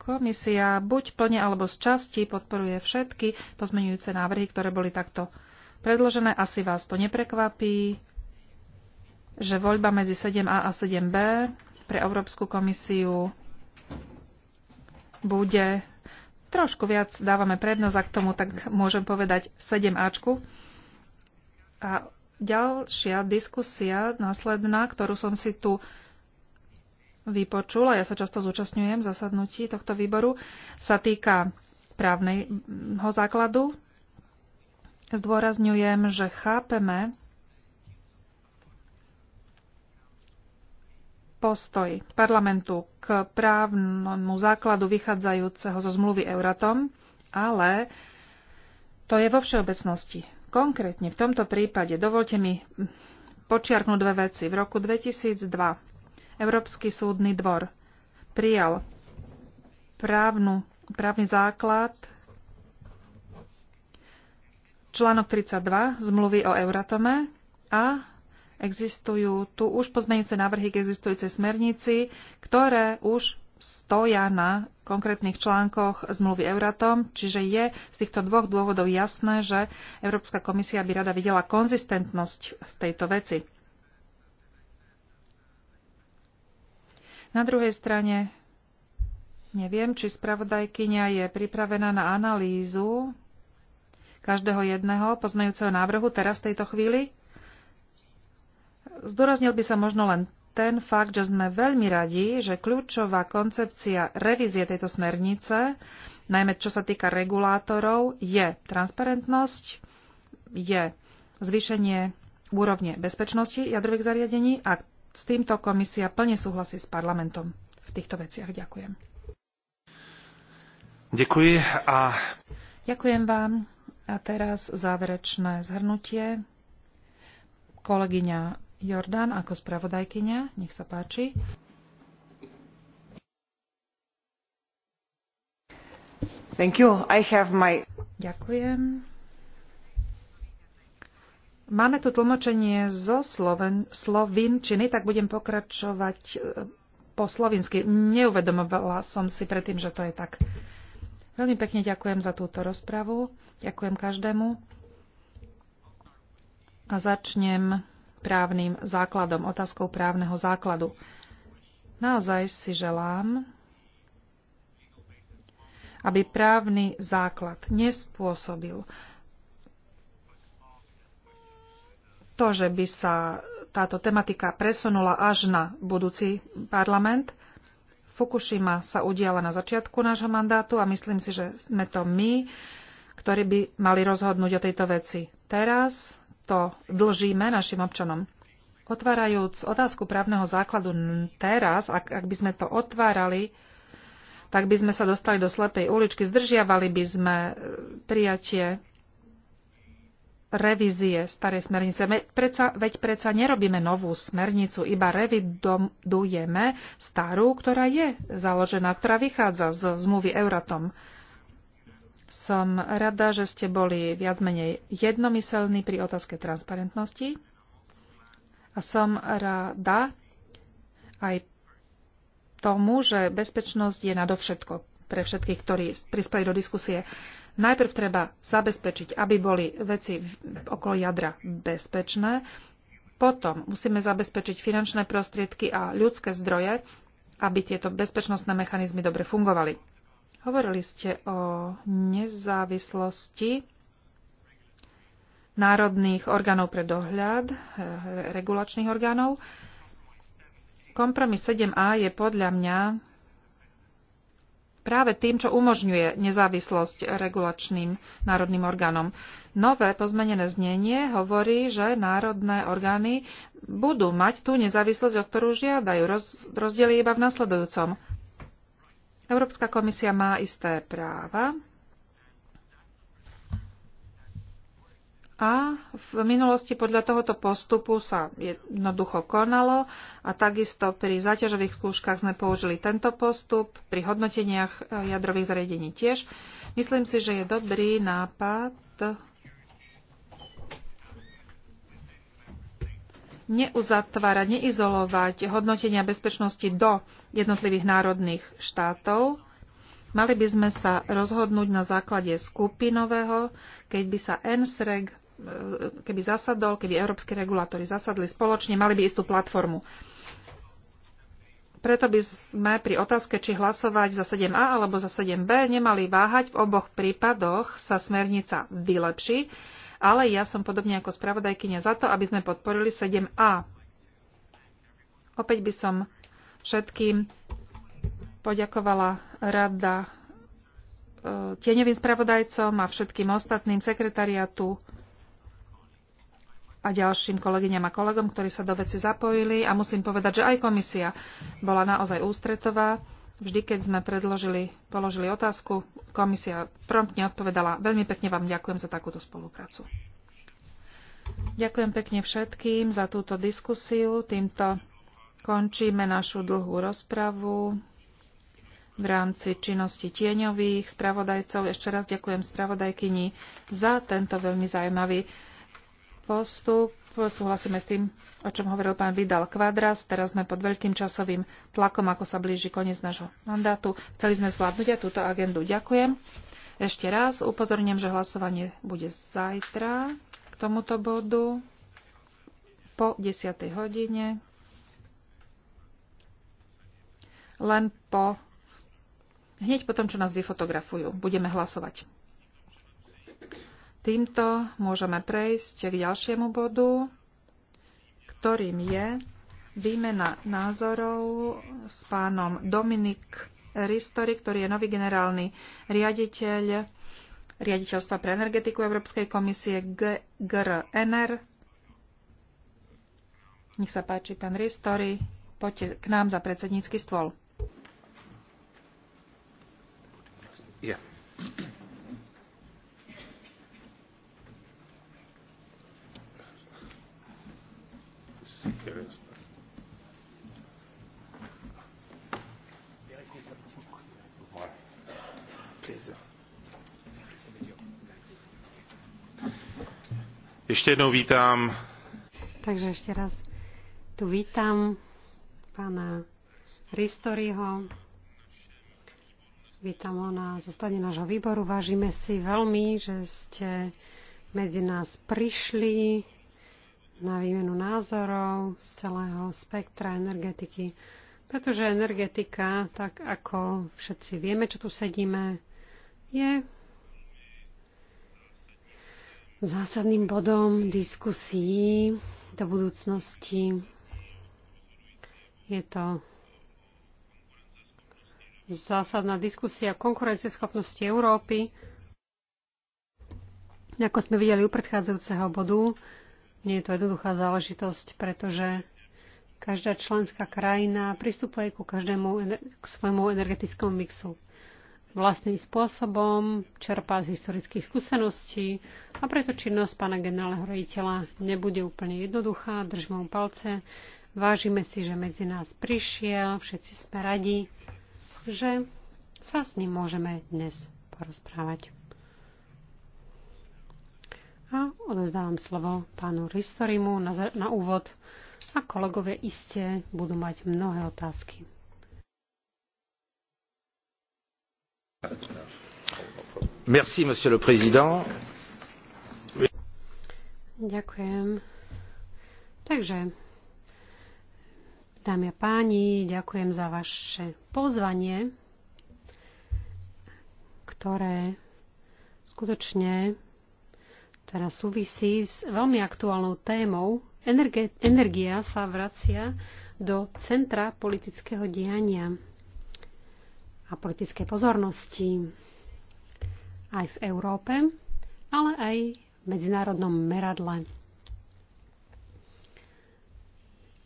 komisia buď plne alebo z časti podporuje všetky pozmenujúce návrhy, ktoré boli takto predložené. Asi vás to neprekvapí, že voľba medzi 7a a 7b pre Európsku komisiu bude trošku viac dávame prednosť, a k tomu tak môžem povedať 7Ačku. A ďalšia diskusia následná, ktorú som si tu vypočul, a ja sa často zúčastňujem v zasadnutí tohto výboru, sa týka právneho základu. Zdôrazňujem, že chápeme postoj parlamentu k právnemu základu vychádzajúceho zo zmluvy Euratom, ale to je vo všeobecnosti. Konkrétne v tomto prípade dovolte mi počiarknúť dve veci. V roku 2002 Európsky súdny dvor prijal právnu, právny základ článok 32 zmluvy o Euratome a existujú tu už pozmeňujúce návrhy k existujúcej smernici, ktoré už stoja na konkrétnych článkoch zmluvy Euratom, čiže je z týchto dvoch dôvodov jasné, že Európska komisia by rada videla konzistentnosť v tejto veci. Na druhej strane neviem, či spravodajkynia je pripravená na analýzu každého jedného pozmejúceho návrhu teraz v tejto chvíli. Zdôraznil by sa možno len ten fakt, že sme veľmi radi, že kľúčová koncepcia revízie tejto smernice, najmä čo sa týka regulátorov, je transparentnosť, je zvýšenie úrovne bezpečnosti jadrových zariadení a s týmto komisia plne súhlasí s parlamentom v týchto veciach. Ďakujem. Ďakujem a... Ďakujem vám. A teraz záverečné zhrnutie. Kolegyňa Jordan ako spravodajkyňa, nech sa páči. Thank you. I have my... Ďakujem. Máme tu tlmočenie zo Sloven, slovinčiny, tak budem pokračovať e, po slovinsky. Neuvedomovala som si predtým, že to je tak. Veľmi pekne ďakujem za túto rozpravu. Ďakujem každému. A začnem právnym základom, otázkou právneho základu. Naozaj si želám, aby právny základ nespôsobil to, že by sa táto tematika presunula až na budúci parlament. Fukushima sa udiala na začiatku nášho mandátu a myslím si, že sme to my, ktorí by mali rozhodnúť o tejto veci. Teraz to dlžíme našim občanom. Otvárajúc otázku právneho základu teraz, ak, ak by sme to otvárali, tak by sme sa dostali do slepej uličky, zdržiavali by sme e, prijatie revízie starej smernice. Preca, veď preca nerobíme novú smernicu, iba revidujeme starú, ktorá je založená, ktorá vychádza z zmluvy Euratom. Som rada, že ste boli viac menej jednomyselní pri otázke transparentnosti. A som rada aj tomu, že bezpečnosť je nadovšetko pre všetkých, ktorí prispeli do diskusie. Najprv treba zabezpečiť, aby boli veci okolo jadra bezpečné, potom musíme zabezpečiť finančné prostriedky a ľudské zdroje, aby tieto bezpečnostné mechanizmy dobre fungovali. Hovorili ste o nezávislosti národných orgánov pre dohľad, eh, regulačných orgánov. Kompromis 7a je podľa mňa práve tým, čo umožňuje nezávislosť regulačným národným orgánom. Nové pozmenené znenie hovorí, že národné orgány budú mať tú nezávislosť, o ktorú žiadajú. Roz, rozdiel iba v nasledujúcom. Európska komisia má isté práva, A v minulosti podľa tohoto postupu sa jednoducho konalo a takisto pri záťažových skúškach sme použili tento postup, pri hodnoteniach e, jadrových zariadení tiež. Myslím si, že je dobrý nápad neuzatvárať, neizolovať hodnotenia bezpečnosti do jednotlivých národných štátov. Mali by sme sa rozhodnúť na základe skupinového, keď by sa NSREG E, keby zasadol, keby európsky regulátory zasadli spoločne, mali by istú platformu. Preto by sme pri otázke, či hlasovať za 7a alebo za 7b, nemali váhať. V oboch prípadoch sa smernica vylepší, ale ja som podobne ako spravodajkynia za to, aby sme podporili 7a. Opäť by som všetkým poďakovala rada e, tieňovým spravodajcom a všetkým ostatným sekretariatu a ďalším kolegyňam a kolegom, ktorí sa do veci zapojili. A musím povedať, že aj komisia bola naozaj ústretová. Vždy, keď sme predložili, položili otázku, komisia promptne odpovedala. Veľmi pekne vám ďakujem za takúto spoluprácu. Ďakujem pekne všetkým za túto diskusiu. Týmto končíme našu dlhú rozpravu v rámci činnosti tieňových spravodajcov. Ešte raz ďakujem spravodajkyni za tento veľmi zaujímavý postup. Súhlasíme s tým, o čom hovoril pán Vidal Kvadras. Teraz sme pod veľkým časovým tlakom, ako sa blíži koniec nášho mandátu. Chceli sme zvládnuť aj túto agendu. Ďakujem. Ešte raz upozorňujem, že hlasovanie bude zajtra k tomuto bodu po 10. hodine. Len po hneď po tom, čo nás vyfotografujú, budeme hlasovať. Týmto môžeme prejsť k ďalšiemu bodu, ktorým je výmena názorov s pánom Dominik Ristori, ktorý je nový generálny riaditeľ riaditeľstva pre energetiku Európskej komisie GRNR. Nech sa páči, pán Ristori, poďte k nám za predsednícky stôl. Yeah. Ešte jednou vítam. Takže ešte raz tu vítam pána Ristoryho. Vítam ho na zostane nášho výboru. Vážime si veľmi, že ste medzi nás prišli na výmenu názorov z celého spektra energetiky. Pretože energetika, tak ako všetci vieme, čo tu sedíme, je zásadným bodom diskusí do budúcnosti. Je to zásadná diskusia o konkurencieschopnosti Európy. Ako sme videli u predchádzajúceho bodu, nie je to jednoduchá záležitosť, pretože každá členská krajina pristupuje ku každému k svojmu energetickému mixu vlastným spôsobom, čerpá z historických skúseností a preto činnosť pána generálneho rejiteľa nebude úplne jednoduchá. Držme mu palce. Vážime si, že medzi nás prišiel, všetci sme radi, že sa s ním môžeme dnes porozprávať. A odozdávam slovo pánu Ristorimu na, na úvod a kolegovia iste budú mať mnohé otázky. Merci, monsieur le président. Ďakujem. Takže, dámy a páni, ďakujem za vaše pozvanie, ktoré skutočne ktorá súvisí s veľmi aktuálnou témou. Energe- energia sa vracia do centra politického diania a politické pozornosti aj v Európe, ale aj v medzinárodnom meradle.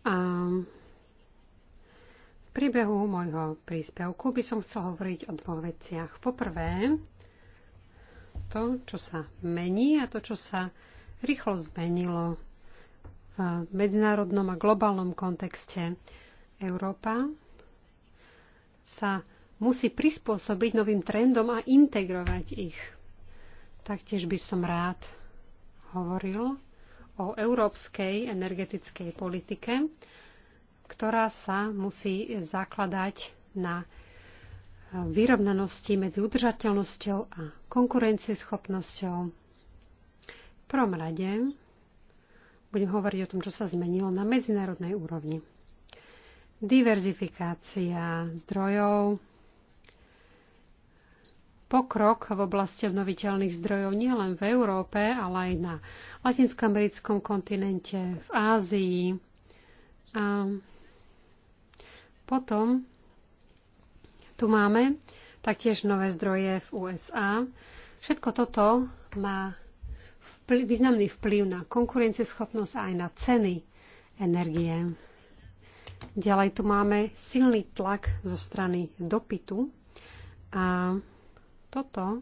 A v priebehu môjho príspevku by som chcel hovoriť o dvoch veciach. Poprvé, to, čo sa mení a to, čo sa rýchlo zmenilo v medzinárodnom a globálnom kontexte. Európa sa musí prispôsobiť novým trendom a integrovať ich. Taktiež by som rád hovoril o európskej energetickej politike, ktorá sa musí zakladať na vyrovnanosti medzi udržateľnosťou a konkurencieschopnosťou. V prvom rade budem hovoriť o tom, čo sa zmenilo na medzinárodnej úrovni. Diverzifikácia zdrojov, pokrok v oblasti obnoviteľných zdrojov nielen v Európe, ale aj na latinskoamerickom kontinente, v Ázii. A potom tu máme, taktiež nové zdroje v USA. Všetko toto má vpl- významný vplyv na konkurencieschopnosť a aj na ceny energie. Ďalej tu máme silný tlak zo strany dopytu a toto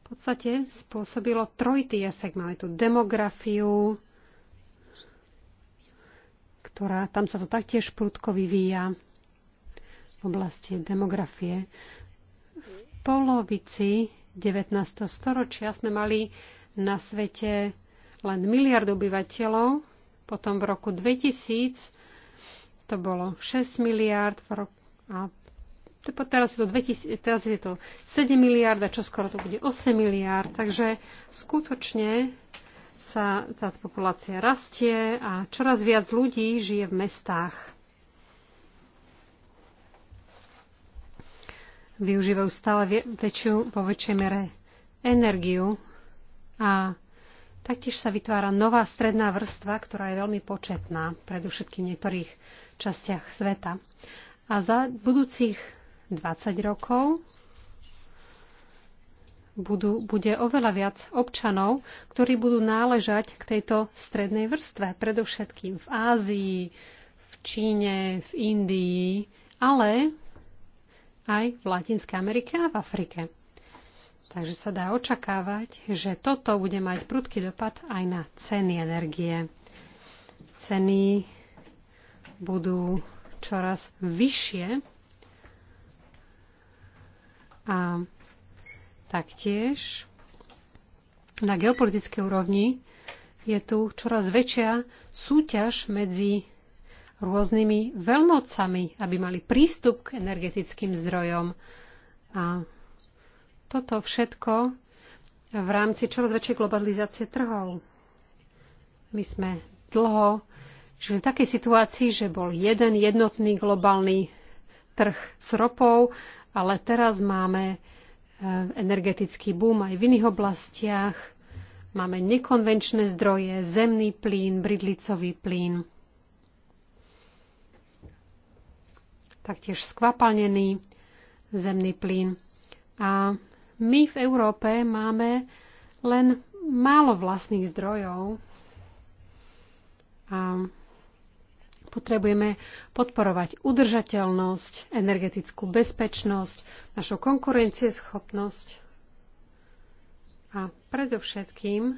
v podstate spôsobilo trojitý efekt. Máme tu demografiu, ktorá tam sa to taktiež prudko vyvíja v oblasti demografie. V polovici 19. storočia sme mali na svete len miliard obyvateľov, potom v roku 2000 to bolo 6 miliard a teraz je, to 2000, teraz je to 7 miliard a čoskoro to bude 8 miliard. Takže skutočne sa tá populácia rastie a čoraz viac ľudí žije v mestách. Využívajú stále väčšiu, po väčšej mere energiu a taktiež sa vytvára nová stredná vrstva, ktorá je veľmi početná, predovšetkým v niektorých častiach sveta. A za budúcich 20 rokov budú, bude oveľa viac občanov, ktorí budú náležať k tejto strednej vrstve, predovšetkým v Ázii, v Číne, v Indii, ale aj v Latinskej Amerike a v Afrike. Takže sa dá očakávať, že toto bude mať prudký dopad aj na ceny energie. Ceny budú čoraz vyššie a Taktiež na geopolitickej úrovni je tu čoraz väčšia súťaž medzi rôznymi veľmocami, aby mali prístup k energetickým zdrojom. A toto všetko v rámci čoraz väčšej globalizácie trhov. My sme dlho žili v takej situácii, že bol jeden jednotný globálny trh s ropou, ale teraz máme Eh, energetický boom aj v iných oblastiach. Máme nekonvenčné zdroje, zemný plyn, bridlicový plyn, taktiež skvapalnený zemný plyn. A my v Európe máme len málo vlastných zdrojov. A Potrebujeme podporovať udržateľnosť, energetickú bezpečnosť, našu konkurencieschopnosť a predovšetkým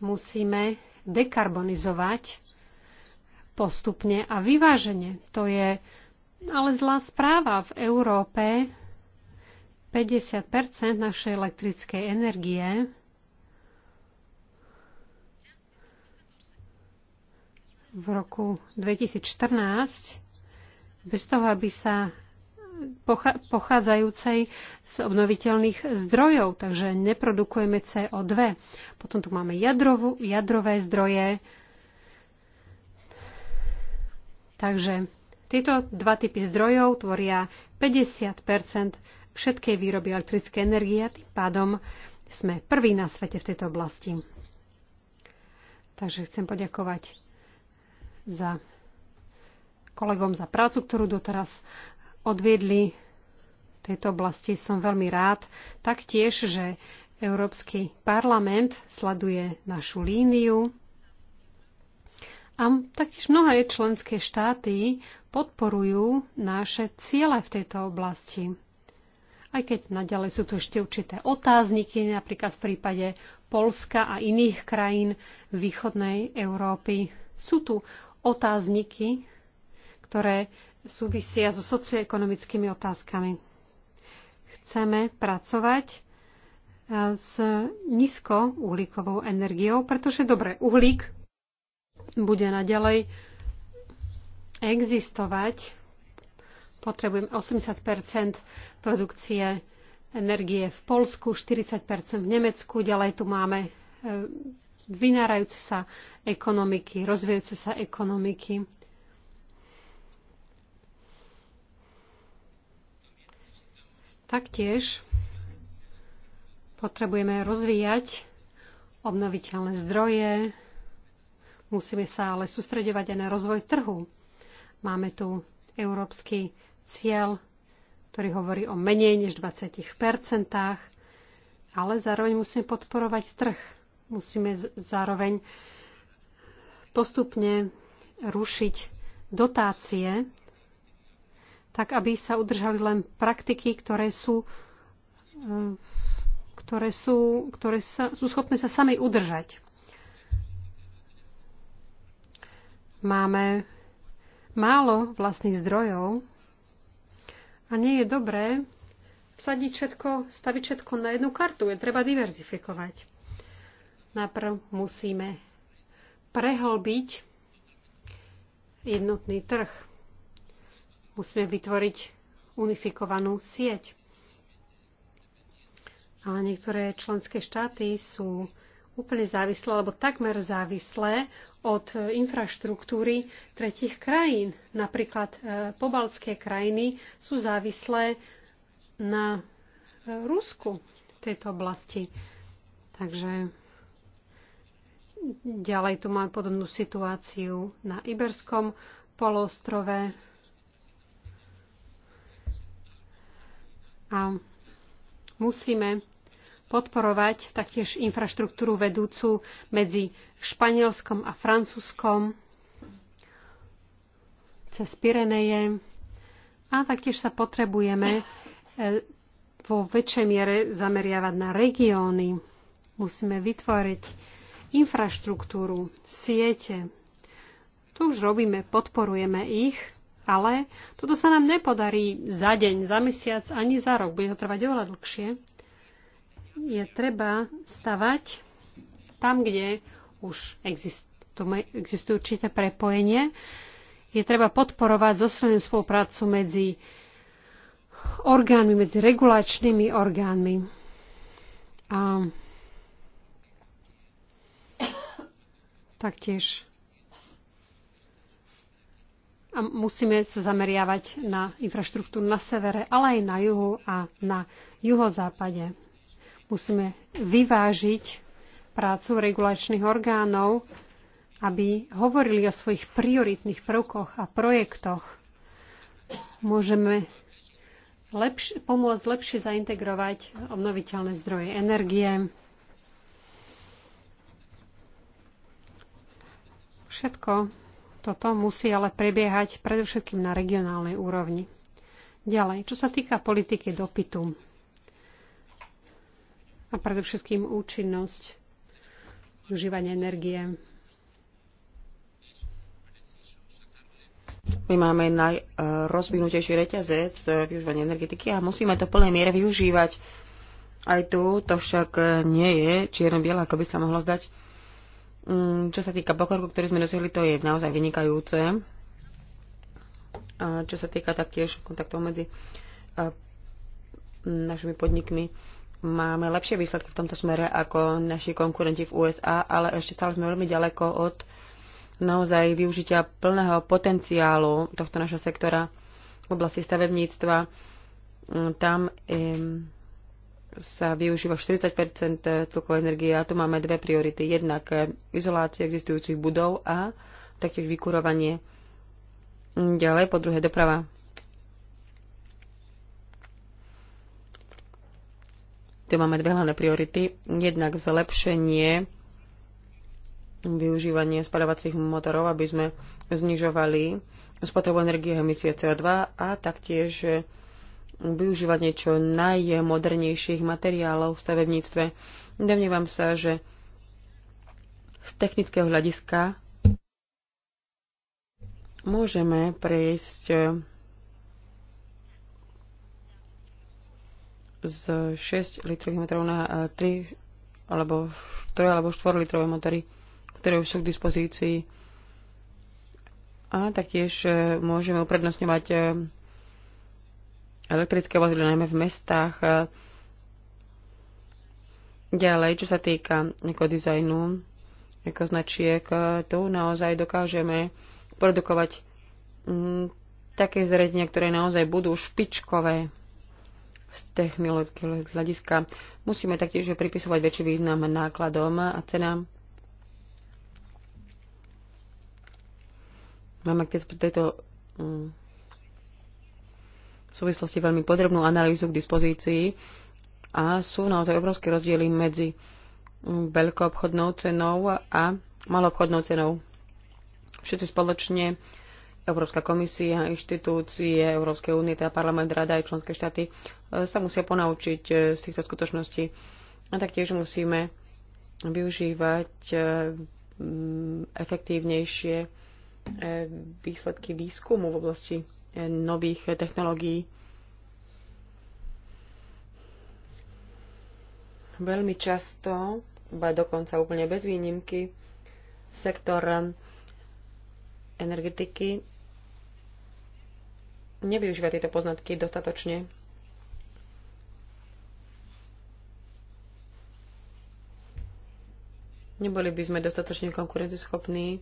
musíme dekarbonizovať postupne a vyvážene. To je ale zlá správa. V Európe 50 našej elektrickej energie v roku 2014, bez toho, aby sa pochádzajúcej z obnoviteľných zdrojov, takže neprodukujeme CO2. Potom tu máme jadrovú, jadrové zdroje. Takže tieto dva typy zdrojov tvoria 50 všetkej výroby elektrické energie a tým pádom sme prví na svete v tejto oblasti. Takže chcem poďakovať za kolegom za prácu, ktorú doteraz odviedli v tejto oblasti. Som veľmi rád taktiež, že Európsky parlament sleduje našu líniu a taktiež mnohé členské štáty podporujú naše ciele v tejto oblasti. Aj keď naďalej sú tu ešte určité otázniky, napríklad v prípade Polska a iných krajín východnej Európy. Sú tu otázniky, ktoré súvisia so socioekonomickými otázkami. Chceme pracovať e, s nízkouhlíkovou energiou, pretože dobre, uhlík bude naďalej existovať. Potrebujem 80 produkcie energie v Polsku, 40 v Nemecku, ďalej tu máme e, vynárajúce sa ekonomiky, rozvíjajúce sa ekonomiky. Taktiež potrebujeme rozvíjať obnoviteľné zdroje, musíme sa ale sústredovať aj na rozvoj trhu. Máme tu európsky cieľ, ktorý hovorí o menej než 20 ale zároveň musíme podporovať trh Musíme zároveň postupne rušiť dotácie, tak aby sa udržali len praktiky, ktoré sú, e, ktoré sú, ktoré sa, sú schopné sa sami udržať. Máme málo vlastných zdrojov a nie je dobré vsadiť všetko, staviť všetko na jednu kartu. Je treba diverzifikovať. Najprv musíme prehlbiť jednotný trh. Musíme vytvoriť unifikovanú sieť. A niektoré členské štáty sú úplne závislé, alebo takmer závislé od infraštruktúry tretich krajín. Napríklad e, pobaltské krajiny sú závislé na e, Rusku v tejto oblasti. Takže Ďalej tu máme podobnú situáciu na Iberskom polostrove. A musíme podporovať taktiež infraštruktúru vedúcu medzi Španielskom a Francúzskom cez Pireneje a taktiež sa potrebujeme e, vo väčšej miere zameriavať na regióny. Musíme vytvoriť infraštruktúru, siete. To už robíme, podporujeme ich, ale toto sa nám nepodarí za deň, za mesiac, ani za rok. Bude to trvať oveľa dlhšie. Je treba stavať tam, kde už existujú určité prepojenie. Je treba podporovať zosilnenú spoluprácu medzi orgánmi, medzi regulačnými orgánmi. A Taktiež a musíme sa zameriavať na infraštruktúru na severe, ale aj na juhu a na juhozápade. Musíme vyvážiť prácu regulačných orgánov, aby hovorili o svojich prioritných prvkoch a projektoch. Môžeme lepš- pomôcť lepšie zaintegrovať obnoviteľné zdroje energie, Všetko toto musí ale prebiehať predovšetkým na regionálnej úrovni. Ďalej, čo sa týka politiky dopytu a predovšetkým účinnosť užívania energie. My máme najrozvinutejší reťazec využívania energetiky a musíme to v plnej miere využívať. Aj tu to však nie je čierno-biele, ako by sa mohlo zdať Mm, čo sa týka pokroku, ktorý sme dosiahli, to je naozaj vynikajúce. A čo sa týka taktiež kontaktov medzi našimi podnikmi, máme lepšie výsledky v tomto smere ako naši konkurenti v USA, ale ešte stále sme veľmi ďaleko od naozaj využitia plného potenciálu tohto našho sektora v oblasti stavebníctva. Mm, tam sa využíva 40 celkovej energie a tu máme dve priority. Jednak eh, izolácia existujúcich budov a taktiež vykurovanie. Ďalej, po druhé, doprava. Tu máme dve hlavné priority. Jednak zlepšenie využívanie spadovacích motorov, aby sme znižovali spotrebu energie a emisie CO2 a taktiež eh, využívať niečo najmodernejších materiálov v stavebníctve. Domnievam sa, že z technického hľadiska môžeme prejsť eh, z 6 litrových motorov na 3 eh, alebo 3 alebo 4 litrové motory, ktoré už sú k dispozícii. A taktiež eh, môžeme uprednostňovať elektrické vozidlo, najmä v mestách. Ďalej, čo sa týka ako dizajnu, ako značiek, tu naozaj dokážeme produkovať mm, také zariadenia, ktoré naozaj budú špičkové z technologického hľadiska. Musíme taktiež pripisovať väčší význam nákladom a cenám. Máme k tejto mm, v súvislosti veľmi podrobnú analýzu k dispozícii a sú naozaj obrovské rozdiely medzi veľkoobchodnou cenou a obchodnou cenou. Všetci spoločne, Európska komisia, inštitúcie Európskej únie, teda parlament, rada aj členské štáty, e, sa musia ponaučiť e, z týchto skutočností. A taktiež musíme využívať e, efektívnejšie výsledky výskumu v oblasti nových technológií. Veľmi často, ba dokonca úplne bez výnimky, sektor energetiky nevyužíva tieto poznatky dostatočne. Neboli by sme dostatočne konkurenceschopní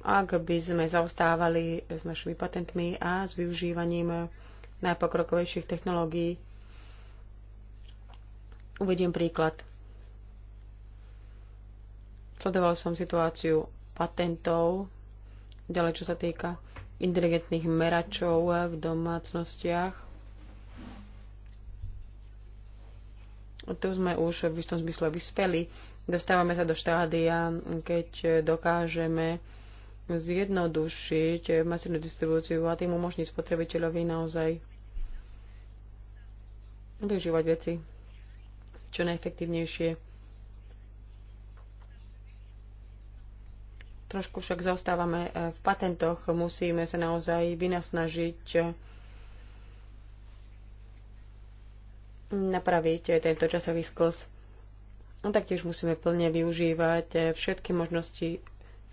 ak by sme zaostávali s našimi patentmi a s využívaním najpokrokovejších technológií. Uvediem príklad. Sledoval som situáciu patentov, ďalej čo sa týka inteligentných meračov v domácnostiach. Tu sme už v istom zmysle vyspeli. Dostávame sa do štádia, keď dokážeme zjednodušiť masívnu distribúciu a tým umožniť spotrebiteľovi naozaj využívať veci čo najefektívnejšie. Trošku však zaostávame eh, v patentoch, musíme sa naozaj vynasnažiť eh, napraviť tento časový sklos. No taktiež musíme plne využívať eh, všetky možnosti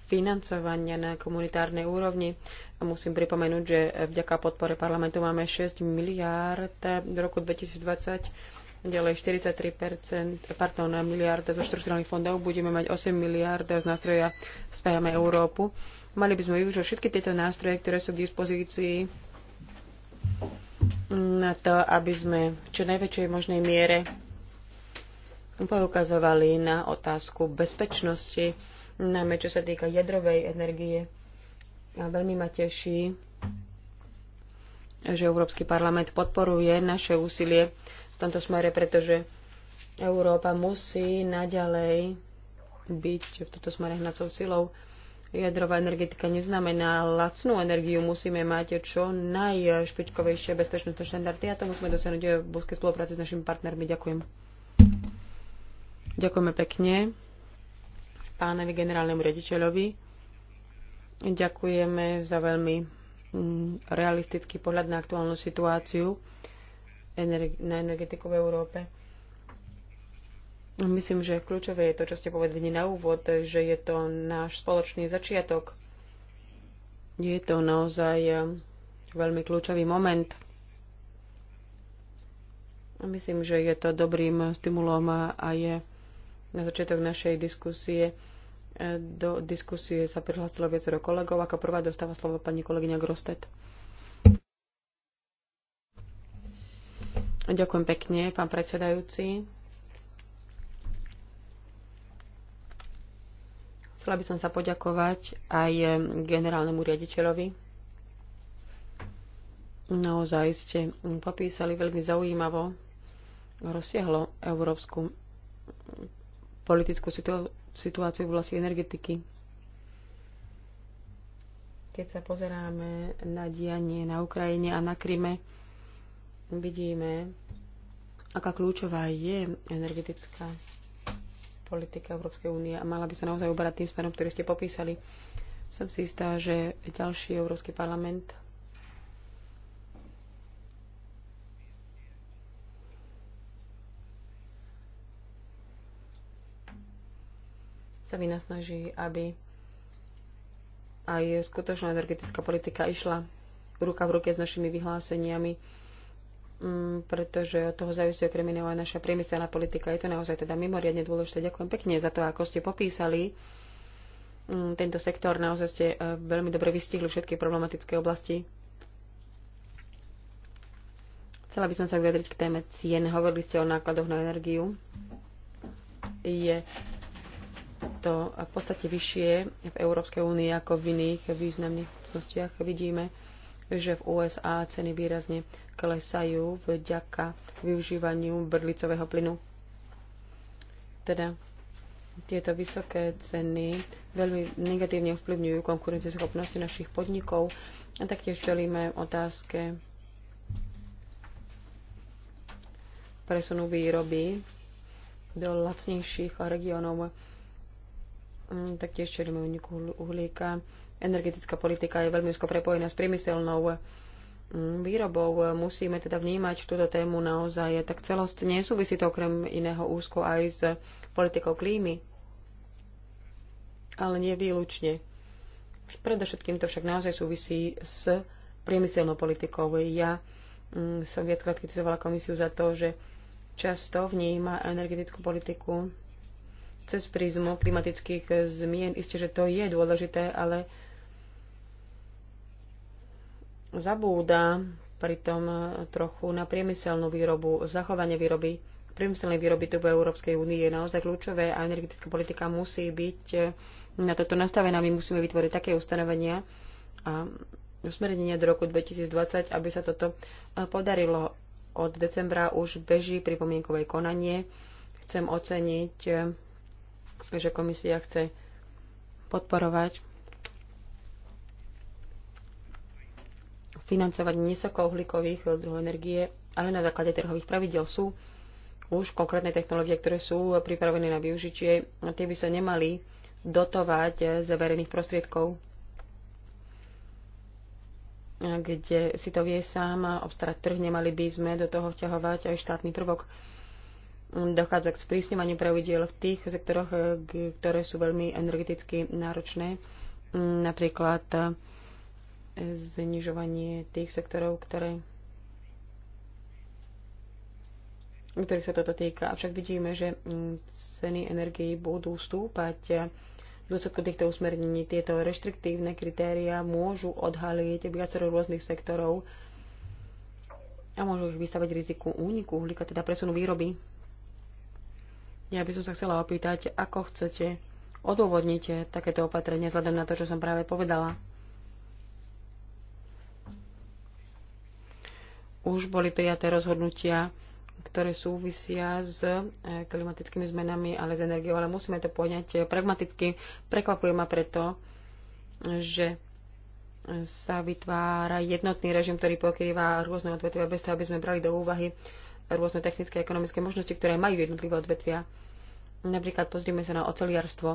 financovania na komunitárnej úrovni. A musím pripomenúť, že vďaka podpore parlamentu máme 6 miliárd do roku 2020 ďalej 43 pardon, miliarda zo štrukturálnych fondov, budeme mať 8 miliárd z nástroja Spájame Európu. Mali by sme využiť všetky tieto nástroje, ktoré sú k dispozícii na to, aby sme v čo najväčšej možnej miere poukazovali na otázku bezpečnosti najmä čo sa týka jadrovej energie. A veľmi ma teší, že Európsky parlament podporuje naše úsilie v tomto smere, pretože Európa musí naďalej byť v tomto smere hnacou silou. Jadrová energetika neznamená lacnú energiu, musíme mať čo najšpičkovejšie bezpečnostné štandardy a to musíme dosiahnuť v úzkej spolupráci s našimi partnermi. Ďakujem. Ďakujeme pekne pánovi generálnemu rediteľovi. Ďakujeme za veľmi mm, realistický pohľad na aktuálnu situáciu na energetiku v Európe. Myslím, že kľúčové je to, čo ste povedali na úvod, že je to náš spoločný začiatok. Je to naozaj eh, veľmi kľúčový moment. Myslím, že je to dobrým stimulom a je na začiatok našej diskusie. E, do diskusie sa prihlásilo viacero kolegov. Ako prvá dostáva slovo pani kolegyňa Grostet. Ďakujem pekne, pán predsedajúci. Chcela by som sa poďakovať aj generálnemu riaditeľovi. Naozaj ste popísali veľmi zaujímavo rozsiahlo európsku politickú situ- situáciu v oblasti energetiky. Keď sa pozeráme na dianie na Ukrajine a na Kryme, vidíme, aká kľúčová je energetická politika Európskej únie a mala by sa naozaj uberať tým smerom, ktorý ste popísali. Som si istá, že ďalší Európsky parlament sa vynasnaží, aby aj skutočná energetická politika išla ruka v ruke s našimi vyhláseniami, mm, pretože od toho závisí okrem iného aj naša priemyselná politika. Je to naozaj teda mimoriadne dôležité. Ďakujem pekne za to, ako ste popísali mm, tento sektor. Naozaj ste e, veľmi dobre vystihli všetky problematické oblasti. Chcela by som sa vyjadriť k téme cien. Hovorili ste o nákladoch na energiu. Je to v podstate vyššie v Európskej únii ako v iných významných mocnostiach. Vidíme, že v USA ceny výrazne klesajú vďaka využívaniu brlicového plynu. Teda tieto vysoké ceny veľmi negatívne vplyvňujú konkurencieschopnosť našich podnikov a taktiež čelíme otázke presunu výroby do lacnejších regiónov Mm, taktiež čelíme úniku uhlíka. Energetická politika je veľmi úzko prepojená s priemyselnou mm, výrobou. Musíme teda vnímať túto tému naozaj tak celostne. Súvisí to okrem iného úzko aj s politikou klímy, ale nie výlučne. Predovšetkým to však naozaj súvisí s priemyselnou politikou. Ja mm, som viackrát kritizovala komisiu za to, že často vníma energetickú politiku cez prízmu klimatických eh, zmien. Isté, že to je dôležité, ale zabúda pritom eh, trochu na priemyselnú výrobu, zachovanie výroby, priemyselnej výroby tu v Európskej únii je naozaj kľúčové a energetická politika musí byť eh, na toto nastavená. My musíme vytvoriť také ustanovenia a usmernenia do roku 2020, aby sa toto podarilo. Od decembra už beží pripomienkové konanie chcem oceniť že komisia chce podporovať financovať nízkouhlíkových druhov energie, ale na základe trhových pravidel sú už konkrétne technológie, ktoré sú pripravené na využitie a tie by sa nemali dotovať z verejných prostriedkov, kde si to vie sám obstarať trh, nemali by sme do toho vťahovať aj štátny prvok dochádza k sprísňovaniu pravidiel v tých sektoroch, eh, ktoré sú veľmi energeticky náročné, mm, napríklad eh, znižovanie tých sektorov, ktoré ktorých sa toto týka. Avšak vidíme, že mm, ceny energii budú stúpať v dôsledku týchto usmernení. Tieto reštriktívne kritéria môžu odhaliť viacero rôznych sektorov a môžu ich vystavať riziku úniku uhlíka, teda presunu výroby ja by som sa chcela opýtať, ako chcete odôvodniť takéto opatrenie vzhľadom na to, čo som práve povedala. Už boli prijaté rozhodnutia, ktoré súvisia s e, klimatickými zmenami, ale s energiou, ale musíme to poňať e, pragmaticky. Prekvapuje ma preto, že sa vytvára jednotný režim, ktorý pokrýva rôzne odvetvia bez toho, aby sme brali do úvahy rôzne technické a ekonomické možnosti, ktoré majú jednotlivé odvetvia. Napríklad pozrieme sa na oceliarstvo.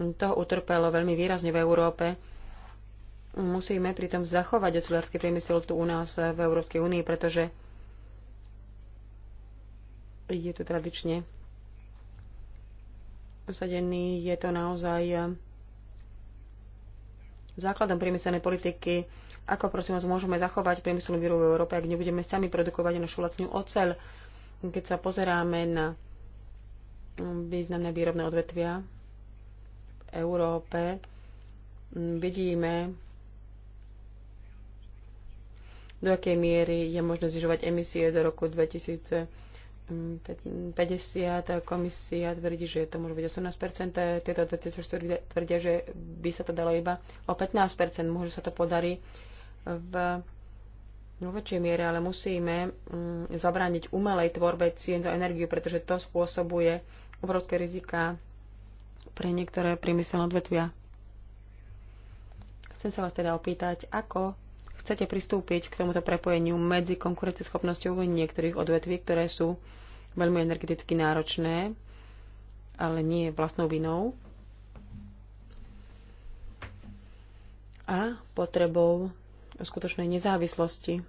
To utrpelo veľmi výrazne v Európe. Musíme pritom zachovať oceliarský priemysel tu u nás v Európskej únii, pretože je tu tradične usadený, je to naozaj základom priemyselnej politiky ako prosím vás môžeme zachovať priemyselnú výrobu v Európe, ak nebudeme sami produkovať našu lacnú oceľ? Keď sa pozeráme na významné výrobné odvetvia v Európe, vidíme, do akej miery je možné znižovať emisie do roku 2050. Komisia tvrdí, že to môže byť 18%, tieto 24 tvrdia, že by sa to dalo iba o 15%, môže sa to podarí v vo väčšej miere, ale musíme mm, zabrániť umelej tvorbe cien za energiu, pretože to spôsobuje obrovské rizika pre niektoré priemyselné odvetvia. Chcem sa vás teda opýtať, ako chcete pristúpiť k tomuto prepojeniu medzi konkurenceschopnosťou niektorých odvetví, ktoré sú veľmi energeticky náročné, ale nie vlastnou vinou a potrebou skutočnej nezávislosti eh,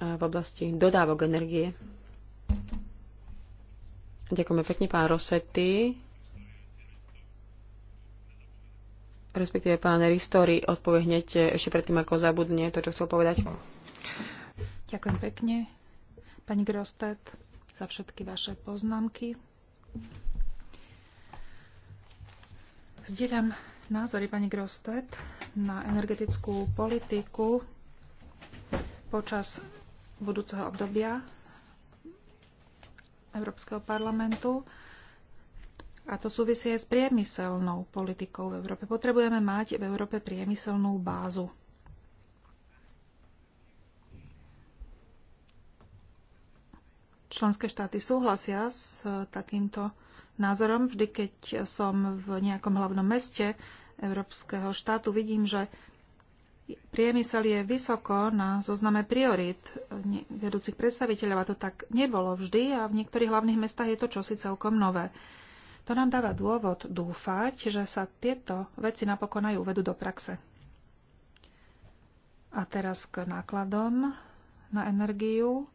v oblasti dodávok energie. Ďakujeme pekne, pán Rosetti. Respektíve pán Ristori odpovie hneď ešte predtým, ako zabudne to, čo chcel povedať. Ďakujem pekne, pani Grostet, za všetky vaše poznámky. Zdieľam názory pani Grostet na energetickú politiku počas budúceho obdobia Európskeho parlamentu. A to súvisí aj s priemyselnou politikou v Európe. Potrebujeme mať v Európe priemyselnú bázu. Členské štáty súhlasia s takýmto názorom. Vždy, keď som v nejakom hlavnom meste európskeho štátu, vidím, že Priemysel je vysoko na zozname priorit vedúcich predstaviteľov a to tak nebolo vždy a v niektorých hlavných mestách je to čosi celkom nové. To nám dáva dôvod dúfať, že sa tieto veci napokon aj uvedú do praxe. A teraz k nákladom na energiu.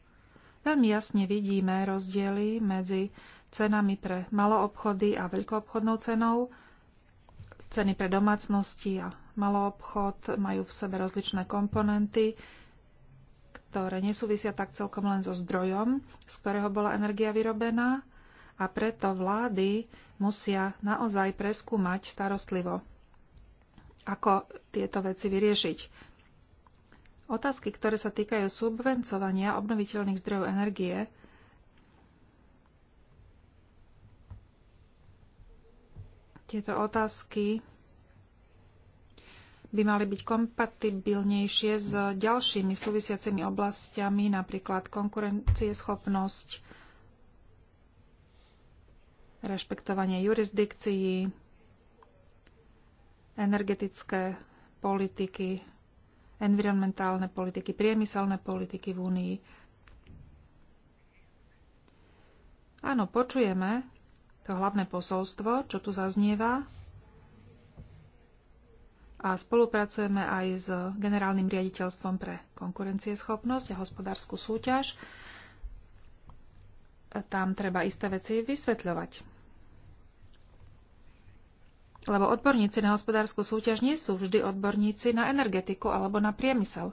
Veľmi jasne vidíme rozdiely medzi cenami pre maloobchody a veľkoobchodnou cenou, ceny pre domácnosti a maloobchod majú v sebe rozličné komponenty, ktoré nesúvisia tak celkom len so zdrojom, z ktorého bola energia vyrobená a preto vlády musia naozaj preskúmať starostlivo, ako tieto veci vyriešiť. Otázky, ktoré sa týkajú subvencovania obnoviteľných zdrojov energie, tieto otázky by mali byť kompatibilnejšie s ďalšími súvisiacimi oblastiami, napríklad konkurencieschopnosť, rešpektovanie jurisdikcií, energetické politiky, environmentálne politiky, priemyselné politiky v Únii. Áno, počujeme to hlavné posolstvo, čo tu zaznieva, a spolupracujeme aj s generálnym riaditeľstvom pre konkurencieschopnosť a hospodárskú súťaž. Tam treba isté veci vysvetľovať. Lebo odborníci na hospodárskú súťaž nie sú vždy odborníci na energetiku alebo na priemysel.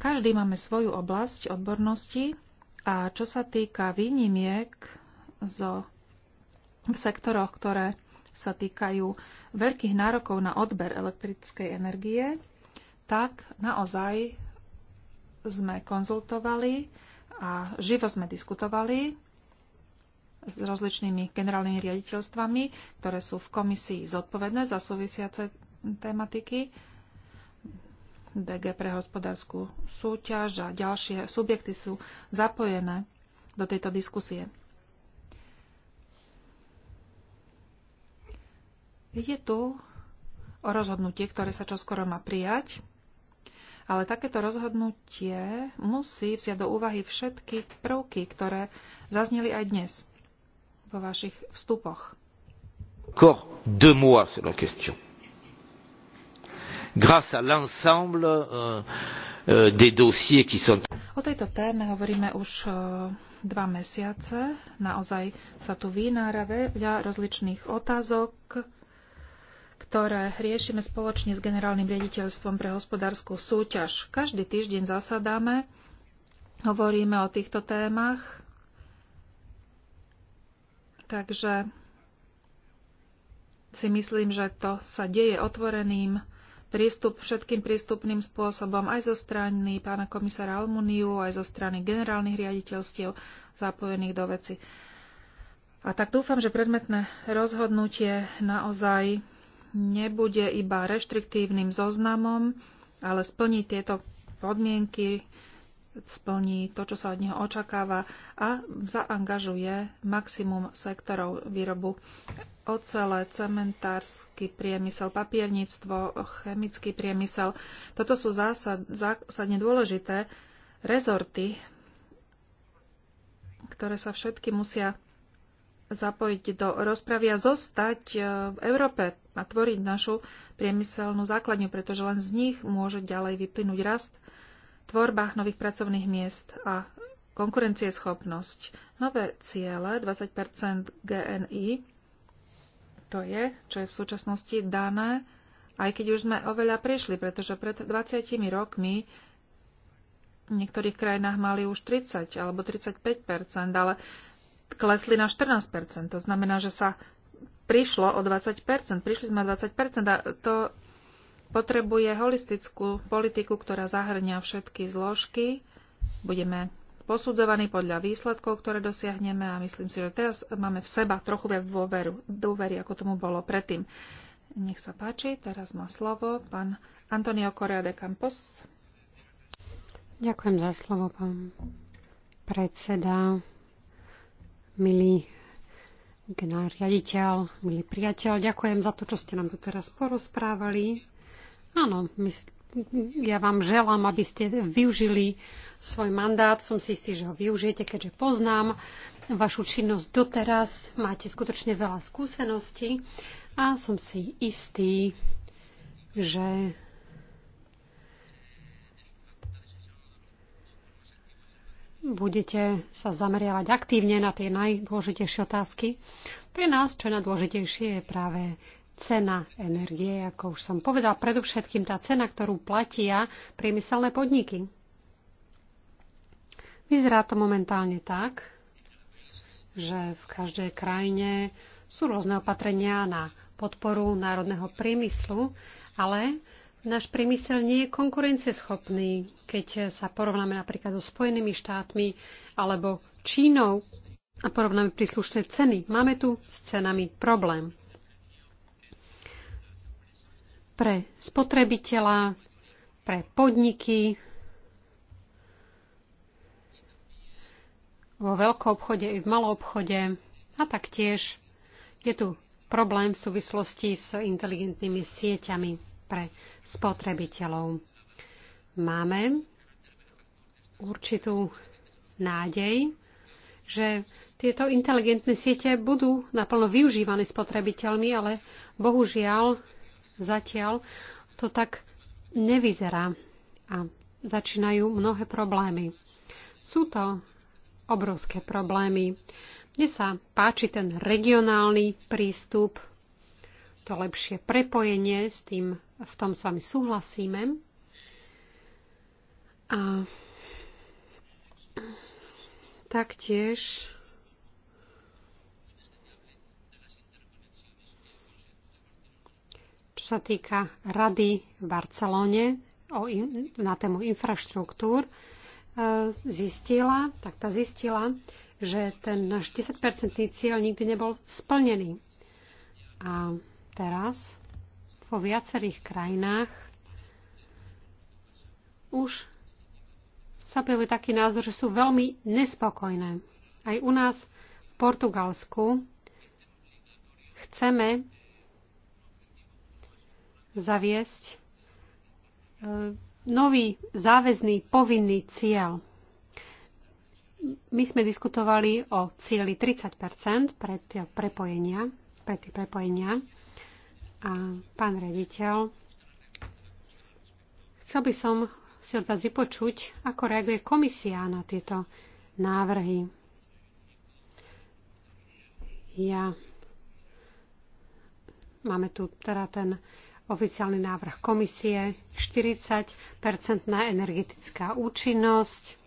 Každý máme svoju oblasť odbornosti a čo sa týka výnimiek zo, v sektoroch, ktoré sa týkajú veľkých nárokov na odber elektrickej energie, tak naozaj sme konzultovali a živo sme diskutovali s rozličnými generálnymi riaditeľstvami, ktoré sú v komisii zodpovedné za súvisiace tematiky, DG pre hospodárskú súťaž a ďalšie subjekty sú zapojené do tejto diskusie. Ide tu o rozhodnutie, ktoré sa čoskoro má prijať, ale takéto rozhodnutie musí vziať do úvahy všetky prvky, ktoré zazneli aj dnes vo vašich vstupoch. Encore deux mois sur la question. Grâce à l'ensemble euh, euh, des dossiers qui sont... O tejto téme hovoríme už e, dva mesiace. Naozaj sa tu vynára veľa rozličných otázok, ktoré riešime spoločne s Generálnym riaditeľstvom pre hospodárskú súťaž. Každý týždeň zasadáme, hovoríme o týchto témach, takže si myslím, že to sa deje otvoreným prístup všetkým prístupným spôsobom aj zo strany pána komisára Almuniu, aj zo strany generálnych riaditeľstiev zapojených do veci. A tak dúfam, že predmetné rozhodnutie naozaj nebude iba reštriktívnym zoznamom, ale splní tieto podmienky, splní to, čo sa od neho očakáva a zaangažuje maximum sektorov výrobu ocele, cementársky priemysel, papierníctvo, chemický priemysel. Toto sú zásad, zásadne dôležité rezorty, ktoré sa všetky musia zapojiť do rozpravy a zostať e, v Európe a tvoriť našu priemyselnú základňu, pretože len z nich môže ďalej vyplynúť rast, tvorbách nových pracovných miest a konkurencieschopnosť. Nové ciele 20 GNI, to je, čo je v súčasnosti dané, aj keď už sme oveľa prišli, pretože pred 20 rokmi v niektorých krajinách mali už 30 alebo 35 ale klesli na 14%. To znamená, že sa prišlo o 20%. Prišli sme o 20% a to potrebuje holistickú politiku, ktorá zahrňa všetky zložky. Budeme posudzovaní podľa výsledkov, ktoré dosiahneme a myslím si, že teraz máme v seba trochu viac dôveru, dôvery, ako tomu bolo predtým. Nech sa páči, teraz má slovo pán Antonio Correa de Campos. Ďakujem za slovo, pán predseda milý generál riaditeľ, milý priateľ, ďakujem za to, čo ste nám tu teraz porozprávali. Áno, my, ja vám želám, aby ste využili svoj mandát. Som si istý, že ho využijete, keďže poznám vašu činnosť doteraz. Máte skutočne veľa skúseností a som si istý, že budete sa zameriavať aktívne na tie najdôležitejšie otázky. Pre nás, čo je najdôležitejšie, je práve cena energie, ako už som povedal, predovšetkým tá cena, ktorú platia priemyselné podniky. Vyzerá to momentálne tak, že v každej krajine sú rôzne opatrenia na podporu národného priemyslu, ale Náš priemysel nie je konkurenceschopný, keď sa porovnáme napríklad so Spojenými štátmi alebo Čínou a porovnáme príslušné ceny. Máme tu s cenami problém. Pre spotrebiteľa, pre podniky, vo veľkom obchode i v malom obchode a taktiež je tu problém v súvislosti s inteligentnými sieťami pre spotrebiteľov. Máme určitú nádej, že tieto inteligentné siete budú naplno využívané spotrebiteľmi, ale bohužiaľ zatiaľ to tak nevyzerá a začínajú mnohé problémy. Sú to obrovské problémy. Mne sa páči ten regionálny prístup, to lepšie prepojenie, s tým v tom s vami súhlasíme. A taktiež čo sa týka rady v Barcelone o in, na tému infraštruktúr, e, zistila, tak tá zistila, že ten náš 10-percentný cieľ nikdy nebol splnený. A teraz vo viacerých krajinách už sa pojavuje taký názor, že sú veľmi nespokojné. Aj u nás v Portugalsku chceme zaviesť e, nový záväzný povinný cieľ. My sme diskutovali o cieli 30 pre tie prepojenia, pre tie prepojenia a pán rediteľ. Chcel by som si od vás vypočuť, ako reaguje komisia na tieto návrhy. Ja. Máme tu teda ten oficiálny návrh komisie 40 na energetická účinnosť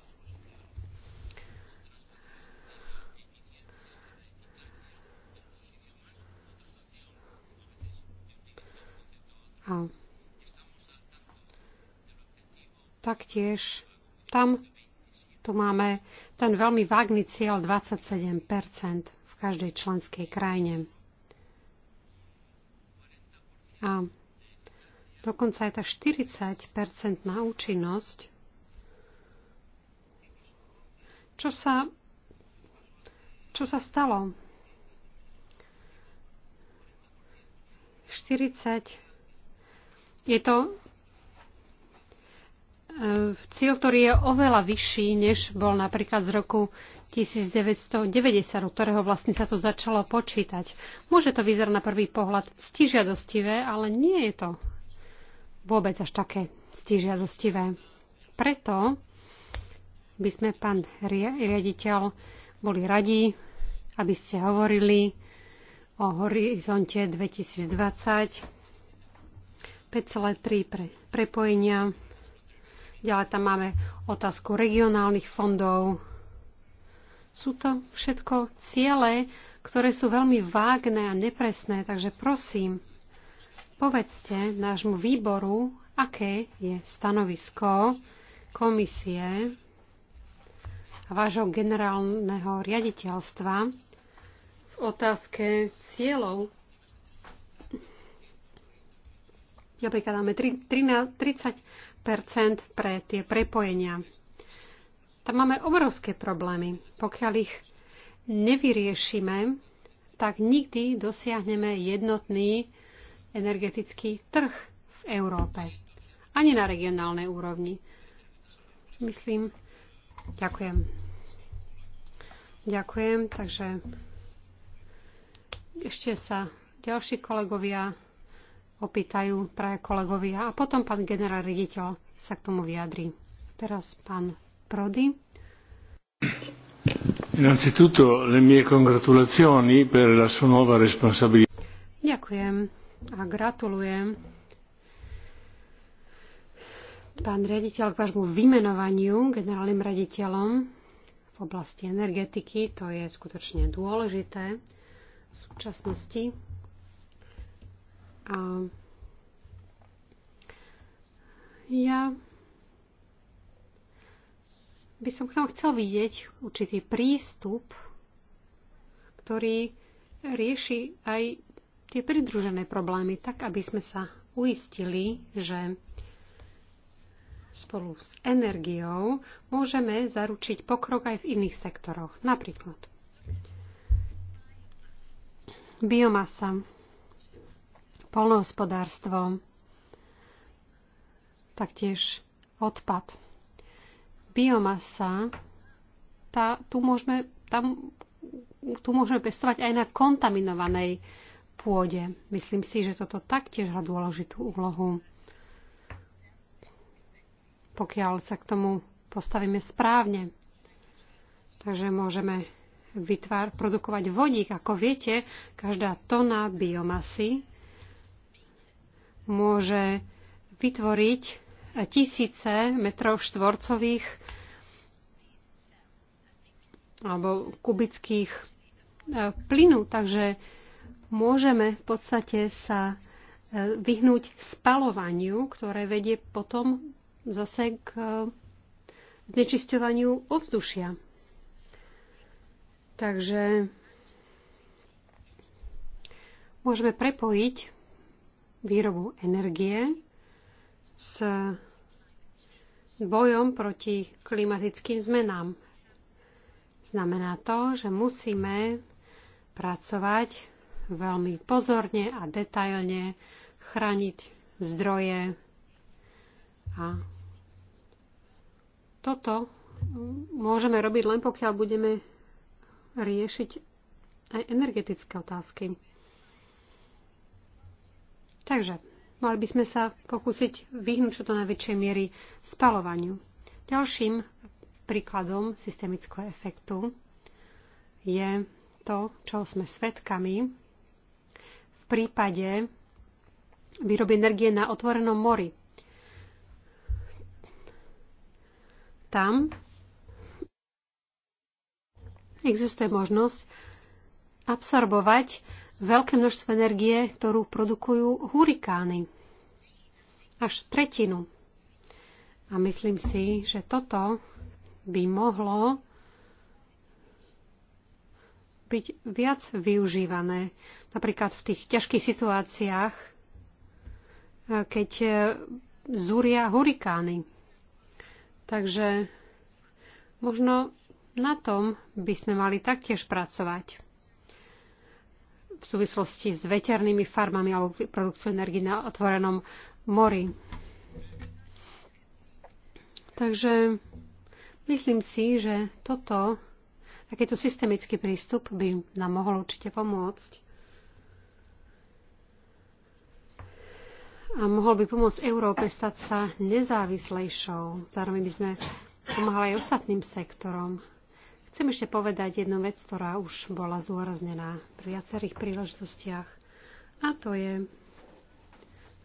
A taktiež tam tu máme ten veľmi vágný cieľ 27 v každej členskej krajine. A dokonca je tá 40 na účinnosť, čo sa, čo sa stalo? 40 je to e, cieľ, ktorý je oveľa vyšší, než bol napríklad z roku 1990, od ktorého vlastne sa to začalo počítať. Môže to vyzerať na prvý pohľad stižiadostivé, ale nie je to vôbec až také stižiadostivé. Preto by sme, pán riaditeľ, boli radi, aby ste hovorili o horizonte 2020 5,3 pre, prepojenia. Ďalej tam máme otázku regionálnych fondov. Sú to všetko ciele, ktoré sú veľmi vágne a nepresné, takže prosím, povedzte nášmu výboru, aké je stanovisko komisie a vášho generálneho riaditeľstva v otázke cieľov Napríklad dáme 30 pre tie prepojenia. Tam máme obrovské problémy. Pokiaľ ich nevyriešime, tak nikdy dosiahneme jednotný energetický trh v Európe. Ani na regionálnej úrovni. Myslím, ďakujem. Ďakujem, takže ešte sa ďalší kolegovia opýtajú traja kolegovia a potom pán generál riaditeľ sa k tomu vyjadrí. Teraz pán Prody. Innanzitutto le mie congratulazioni per la sua nuova responsabilità. Ďakujem a gratulujem pán riaditeľ k vášmu vymenovaniu generálnym riaditeľom v oblasti energetiky. To je skutočne dôležité v súčasnosti. A ja by som k tomu chcel vidieť určitý prístup, ktorý rieši aj tie pridružené problémy, tak aby sme sa uistili, že spolu s energiou môžeme zaručiť pokrok aj v iných sektoroch. Napríklad biomasa polnohospodárstvo, taktiež odpad. Biomasa, tá, tu, môžeme, tam, tu môžeme pestovať aj na kontaminovanej pôde. Myslím si, že toto taktiež hrá dôležitú úlohu. Pokiaľ sa k tomu postavíme správne. Takže môžeme vytvár, produkovať vodík. Ako viete, každá tona biomasy môže vytvoriť tisíce metrov štvorcových alebo kubických e, plynu. Takže môžeme v podstate sa e, vyhnúť spalovaniu, ktoré vedie potom zase k e, znečisťovaniu ovzdušia. Takže môžeme prepojiť výrobu energie s bojom proti klimatickým zmenám. Znamená to, že musíme pracovať veľmi pozorne a detailne, chrániť zdroje a toto môžeme robiť len pokiaľ budeme riešiť aj energetické otázky. Takže mali by sme sa pokúsiť vyhnúť čo to najväčšej miery spalovaniu. Ďalším príkladom systemického efektu je to, čo sme svedkami v prípade výroby energie na otvorenom mori. Tam existuje možnosť absorbovať veľké množstvo energie, ktorú produkujú hurikány. Až tretinu. A myslím si, že toto by mohlo byť viac využívané. Napríklad v tých ťažkých situáciách, keď e, zúria hurikány. Takže možno na tom by sme mali taktiež pracovať v súvislosti s veternými farmami alebo produkciou energii na otvorenom mori. Takže myslím si, že toto, takýto systemický prístup by nám mohol určite pomôcť. A mohol by pomôcť Európe stať sa nezávislejšou. Zároveň by sme pomáhali aj ostatným sektorom. Chcem ešte povedať jednu vec, ktorá už bola zdôraznená pri viacerých príležitostiach. A to je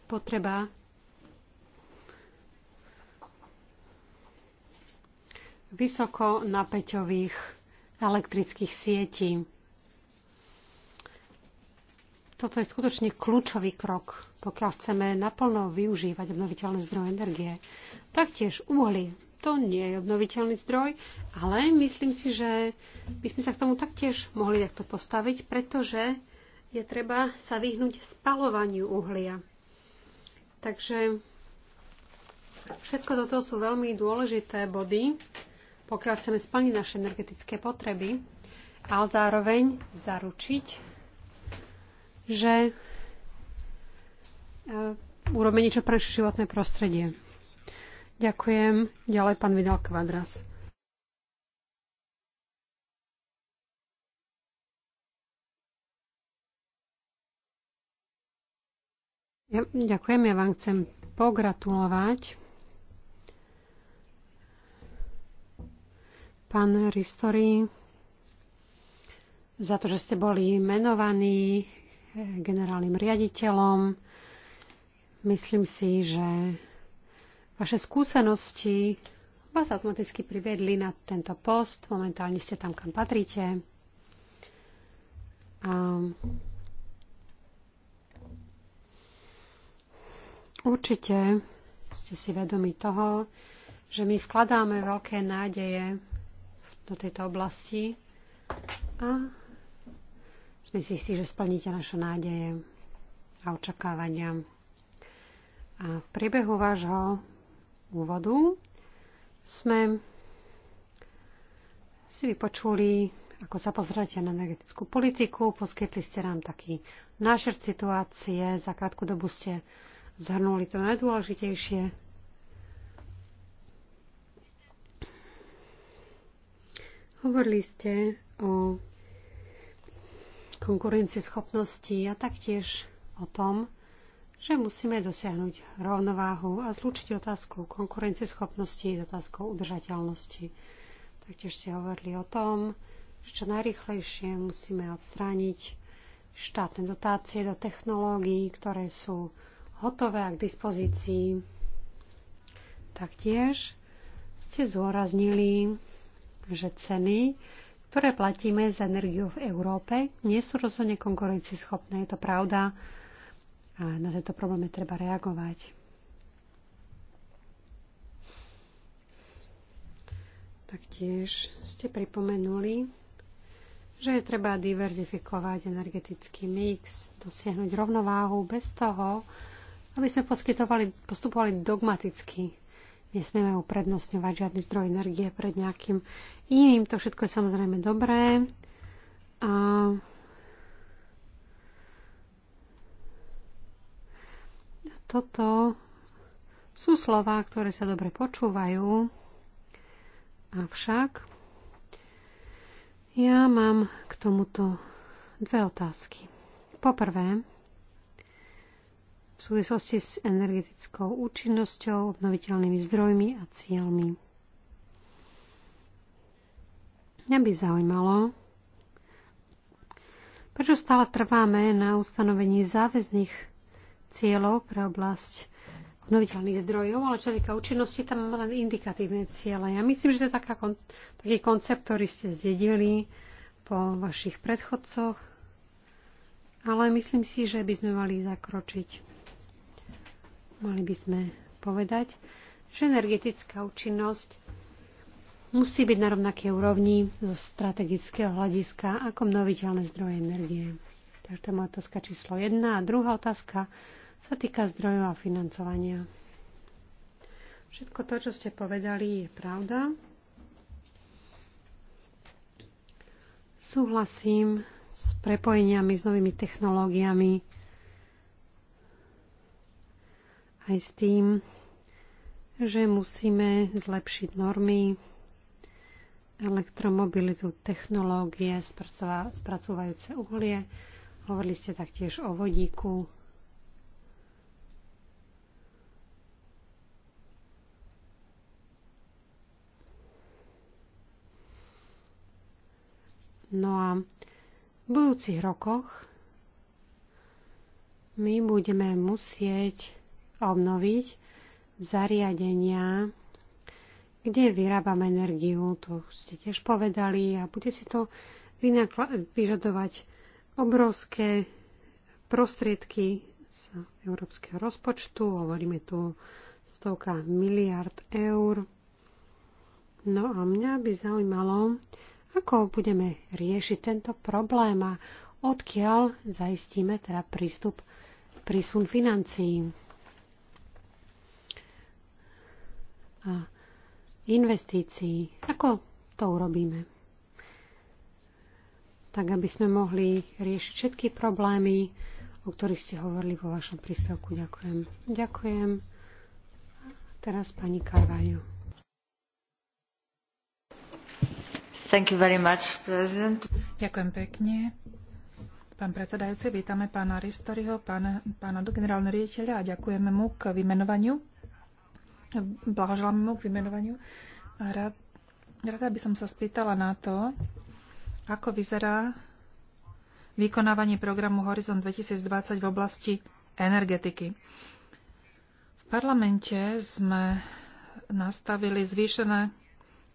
potreba vysokonapäťových elektrických sietí. Toto je skutočne kľúčový krok, pokiaľ chceme naplno využívať obnoviteľné zdroje energie. Taktiež uhly to nie je obnoviteľný zdroj, ale myslím si, že by sme sa k tomu taktiež mohli takto postaviť, pretože je treba sa vyhnúť spalovaniu uhlia. Takže všetko toto sú veľmi dôležité body, pokiaľ chceme splniť naše energetické potreby a zároveň zaručiť, že e, urobíme niečo pre životné prostredie. Ďakujem. Ďalej pán Vidal Kvadras. Ja, ďakujem, ja vám chcem pogratulovať. Pán Ristori, za to, že ste boli menovaní generálnym riaditeľom. Myslím si, že Vaše skúsenosti vás automaticky privedli na tento post. Momentálne ste tam, kam patríte. A určite ste si vedomi toho, že my vkladáme veľké nádeje do tejto oblasti a sme si istí, že splníte naše nádeje a očakávania. A v priebehu vášho úvodu sme si vypočuli, ako sa pozrite na energetickú politiku, poskytli ste nám taký nášer situácie, za krátku dobu ste zhrnuli to najdôležitejšie. Hovorili ste o konkurencieschopnosti a taktiež o tom, že musíme dosiahnuť rovnováhu a zlúčiť otázku konkurencieschopnosti s otázkou udržateľnosti. Taktiež ste hovorili o tom, že čo najrychlejšie musíme odstrániť štátne dotácie do technológií, ktoré sú hotové a k dispozícii. Taktiež ste zôraznili, že ceny, ktoré platíme za energiu v Európe, nie sú rozhodne konkurencieschopné. Je to pravda, a na tento problémy treba reagovať. Taktiež ste pripomenuli, že je treba diverzifikovať energetický mix, dosiahnuť rovnováhu bez toho, aby sme poskytovali, postupovali dogmaticky. Nesmieme uprednostňovať žiadny zdroj energie pred nejakým iným. To všetko je samozrejme dobré. A Toto sú slova, ktoré sa dobre počúvajú, avšak ja mám k tomuto dve otázky. Poprvé, v súvislosti s energetickou účinnosťou, obnoviteľnými zdrojmi a cieľmi. Mňa by zaujímalo, prečo stále trváme na ustanovení záväzných cieľov pre oblasť obnoviteľných zdrojov, ale čo týka účinnosti, tam máme len indikatívne ciele. Ja myslím, že to je taká, taký koncept, ktorý ste zdedili po vašich predchodcoch, ale myslím si, že by sme mali zakročiť. Mali by sme povedať, že energetická účinnosť musí byť na rovnakej úrovni zo strategického hľadiska ako obnoviteľné zdroje energie. Takže to je moja otázka číslo jedna. A druhá otázka sa týka zdrojov a financovania. Všetko to, čo ste povedali, je pravda. Súhlasím s prepojeniami, s novými technológiami, aj s tým, že musíme zlepšiť normy, elektromobilitu, technológie, spracovajúce uhlie. Hovorili ste taktiež o vodíku. No a v budúcich rokoch my budeme musieť obnoviť zariadenia, kde vyrábame energiu, to ste tiež povedali, a bude si to vyžadovať obrovské prostriedky z európskeho rozpočtu, hovoríme tu stovka miliard eur. No a mňa by zaujímalo, ako budeme riešiť tento problém a odkiaľ zaistíme teda prístup prísun financií. A investícií. Ako to urobíme? tak aby sme mohli riešiť všetky problémy, o ktorých ste hovorili vo vašom príspevku. Ďakujem. Ďakujem. Teraz pani Carvajo. Thank you very much, President. Ďakujem pekne. Pán predsedajúci, vítame pána Ristoriho, pána, pána generálneho riediteľa a ďakujeme mu k vymenovaniu. Blahoželáme mu k vymenovaniu. Rada, rada by som sa spýtala na to, ako vyzerá vykonávanie programu Horizon 2020 v oblasti energetiky? V parlamente sme nastavili zvýšené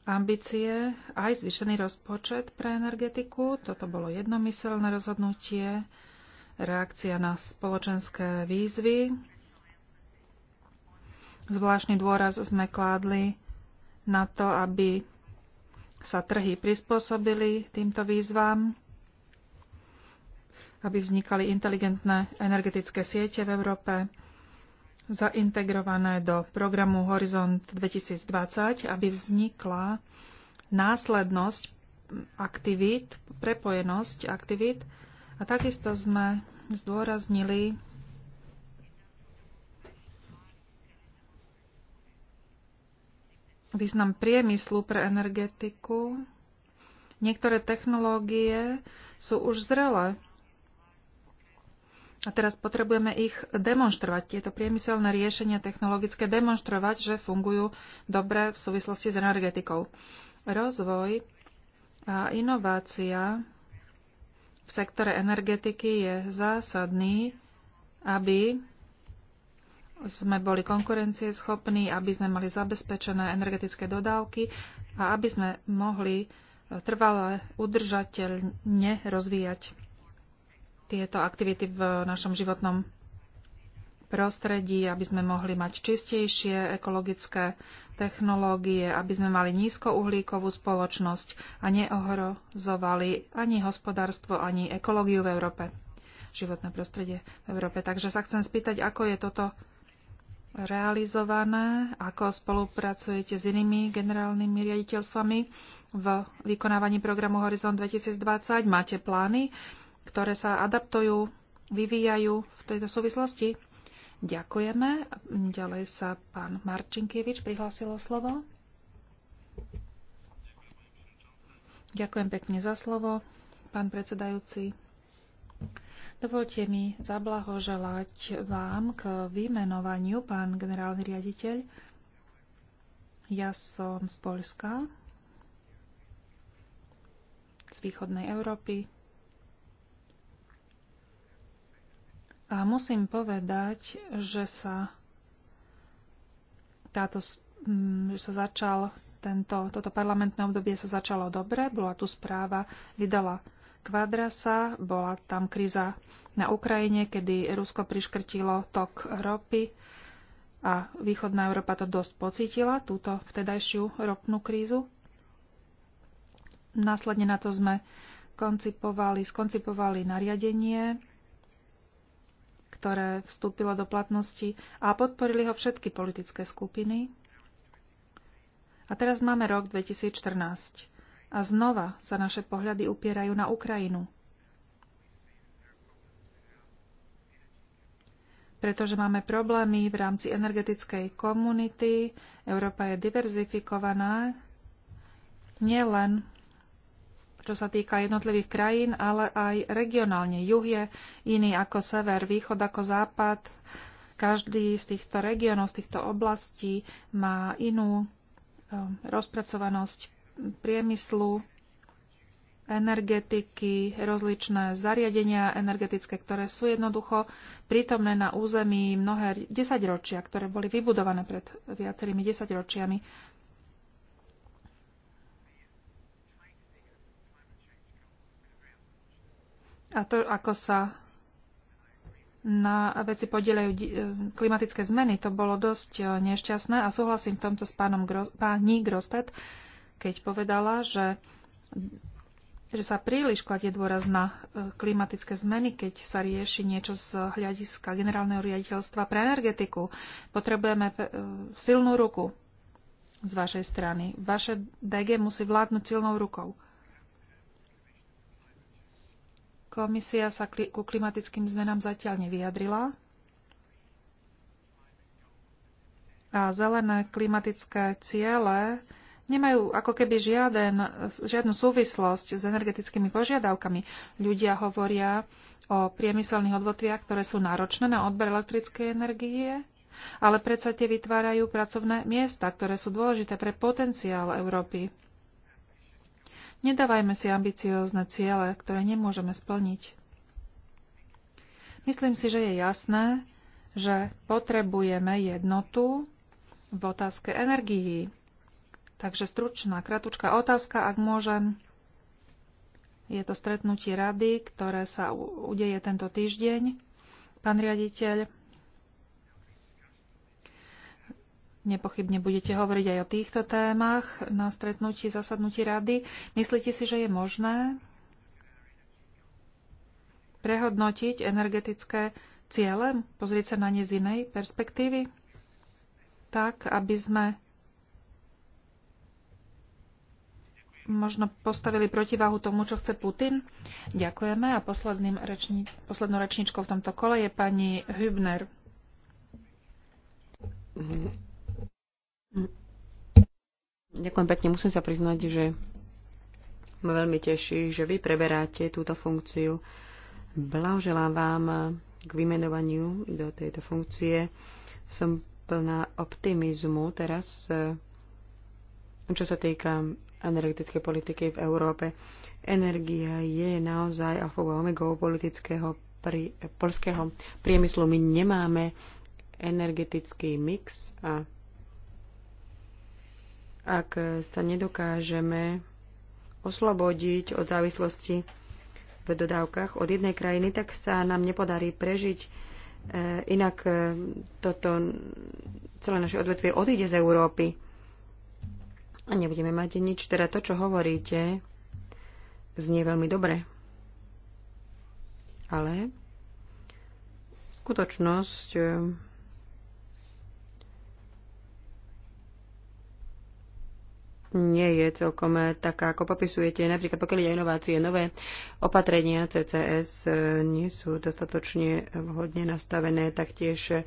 ambície, aj zvýšený rozpočet pre energetiku. Toto bolo jednomyselné rozhodnutie, reakcia na spoločenské výzvy. Zvláštny dôraz sme kládli na to, aby sa trhy prispôsobili týmto výzvam, aby vznikali inteligentné energetické siete v Európe, zaintegrované do programu Horizont 2020, aby vznikla následnosť aktivít, prepojenosť aktivít. A takisto sme zdôraznili význam priemyslu pre energetiku. Niektoré technológie sú už zrelé. A teraz potrebujeme ich demonstrovať, tieto priemyselné riešenia technologické, demonstrovať, že fungujú dobre v súvislosti s energetikou. Rozvoj a inovácia v sektore energetiky je zásadný, aby sme boli konkurencieschopní, aby sme mali zabezpečené energetické dodávky a aby sme mohli e, trvale udržateľne rozvíjať tieto aktivity v našom životnom prostredí, aby sme mohli mať čistejšie ekologické technológie, aby sme mali nízkouhlíkovú spoločnosť a neohrozovali ani hospodárstvo, ani ekológiu v Európe, životné prostredie v Európe. Takže sa chcem spýtať, ako je toto realizované, ako spolupracujete s inými generálnymi riaditeľstvami v vykonávaní programu Horizon 2020. Máte plány, ktoré sa adaptujú, vyvíjajú v tejto súvislosti? Ďakujeme. Ďalej sa pán Marčinkievič prihlásil o slovo. Ďakujem pekne za slovo, pán predsedajúci. Dovolte mi zablahoželať vám k vymenovaniu, pán generálny riaditeľ. Ja som z Polska, z východnej Európy. A musím povedať, že sa, táto, že sa začal tento, toto parlamentné obdobie sa začalo dobre, bola tu správa, vydala Kvadrasa. Bola tam kríza na Ukrajine, kedy Rusko priškrtilo tok ropy a východná Európa to dosť pocítila, túto vtedajšiu ropnú krízu. Následne na to sme koncipovali, skoncipovali nariadenie, ktoré vstúpilo do platnosti a podporili ho všetky politické skupiny. A teraz máme rok 2014 a znova sa naše pohľady upierajú na Ukrajinu. Pretože máme problémy v rámci energetickej komunity, Európa je diverzifikovaná nielen čo sa týka jednotlivých krajín, ale aj regionálne. Juh je iný ako sever, východ ako západ. Každý z týchto regiónov, z týchto oblastí má inú um, rozpracovanosť priemyslu, energetiky, rozličné zariadenia energetické, ktoré sú jednoducho prítomné na území mnohé desaťročia, ktoré boli vybudované pred viacerými desaťročiami. A to, ako sa na veci podielajú klimatické zmeny, to bolo dosť eh, nešťastné a súhlasím v tomto s pánom Gro- pani Grostet, keď povedala, že, že sa príliš kladie dôraz na e, klimatické zmeny, keď sa rieši niečo z hľadiska generálneho riaditeľstva pre energetiku. Potrebujeme e, silnú ruku z vašej strany. Vaše DG musí vládnuť silnou rukou. Komisia sa ku klimatickým zmenám zatiaľ nevyjadrila. A zelené klimatické ciele nemajú ako keby žiaden, žiadnu súvislosť s energetickými požiadavkami. Ľudia hovoria o priemyselných odvotviach, ktoré sú náročné na odber elektrickej energie, ale predsa tie vytvárajú pracovné miesta, ktoré sú dôležité pre potenciál Európy. Nedávajme si ambiciózne ciele, ktoré nemôžeme splniť. Myslím si, že je jasné, že potrebujeme jednotu v otázke energií. Takže stručná, kratučká otázka, ak môžem. Je to stretnutie rady, ktoré sa udeje tento týždeň. Pán riaditeľ, Nepochybne budete hovoriť aj o týchto témach na stretnutí, zasadnutí rady. Myslíte si, že je možné prehodnotiť energetické ciele, pozrieť sa na ne z inej perspektívy, tak, aby sme možno postavili protiváhu tomu, čo chce Putin? Ďakujeme. A posledným poslednou rečničkou v tomto kole je pani Hübner. Ďakujem pekne. Musím sa priznať, že ma veľmi teší, že vy preberáte túto funkciu. Blahoželám vám k vymenovaniu do tejto funkcie. Som plná optimizmu teraz, čo sa týka energetickej politiky v Európe. Energia je naozaj alfou a pri, polského priemyslu. My nemáme energetický mix a ak sa nedokážeme oslobodiť od závislosti v dodávkach od jednej krajiny, tak sa nám nepodarí prežiť. E, inak e, toto celé naše odvetvie odíde z Európy. A nebudeme mať nič. Teda to, čo hovoríte, znie veľmi dobre. Ale skutočnosť e, nie je celkom e, taká, ako popisujete. Napríklad pokiaľ ide inovácie, nové opatrenia CCS e, nie sú dostatočne vhodne nastavené, taktiež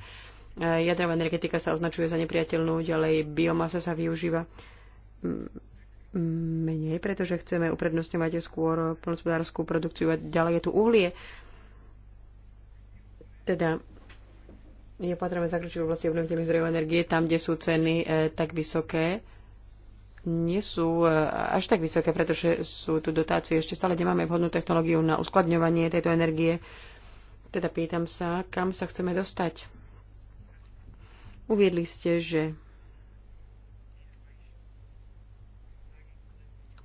jadrová energetika sa označuje za nepriateľnú, ďalej biomasa sa využíva menej, pretože chceme uprednostňovať skôr polnospodárskú produkciu a ďalej je tu uhlie. Teda je potrebné zakročiť v oblasti obnoviteľných zdrojov energie tam, kde sú ceny e, tak vysoké. Nie sú e, až tak vysoké, pretože sú tu dotácie. Ešte stále nemáme vhodnú technológiu na uskladňovanie tejto energie. Teda pýtam sa, kam sa chceme dostať. Uviedli ste, že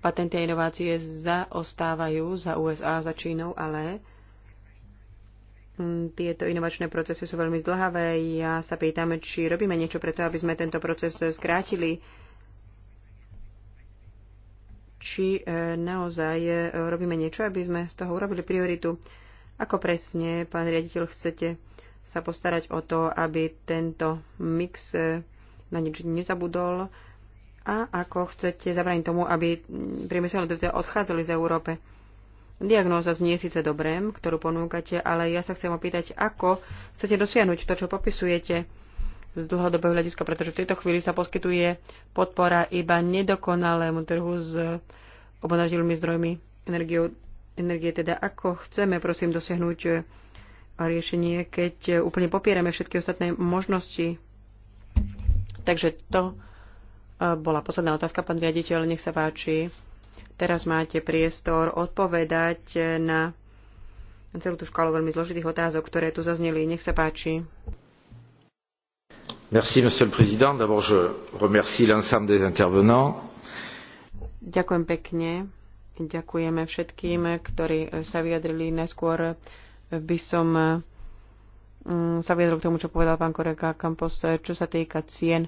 Patenty a inovácie zaostávajú za USA, za Čínou, ale mm, tieto inovačné procesy sú veľmi zdlhavé. Ja sa pýtam, či robíme niečo preto, aby sme tento proces skrátili. Či e, naozaj e, robíme niečo, aby sme z toho urobili prioritu. Ako presne, pán riaditeľ, chcete sa postarať o to, aby tento mix e, na nič nezabudol, a ako chcete zabrániť tomu, aby priemyselné odvetvia odchádzali z Európe. Diagnóza znie síce dobré, ktorú ponúkate, ale ja sa chcem opýtať, ako chcete dosiahnuť to, čo popisujete z dlhodobého hľadiska, pretože v tejto chvíli sa poskytuje podpora iba nedokonalému trhu s obnažilými zdrojmi energie, energie. Teda ako chceme, prosím, dosiahnuť riešenie, keď úplne popierame všetky ostatné možnosti. Takže to bola posledná otázka, pán riaditeľ, nech sa páči. Teraz máte priestor odpovedať na celú tú škálu veľmi zložitých otázok, ktoré tu zazneli. Nech sa páči. Merci, monsieur le président. D'abord, je remercie l'ensemble des intervenants. Ďakujem pekne. Ďakujeme všetkým, ktorí sa vyjadrili. neskôr, by som mm, sa vyjadril k tomu, čo povedal pán Koreka Campos, čo sa týka cien.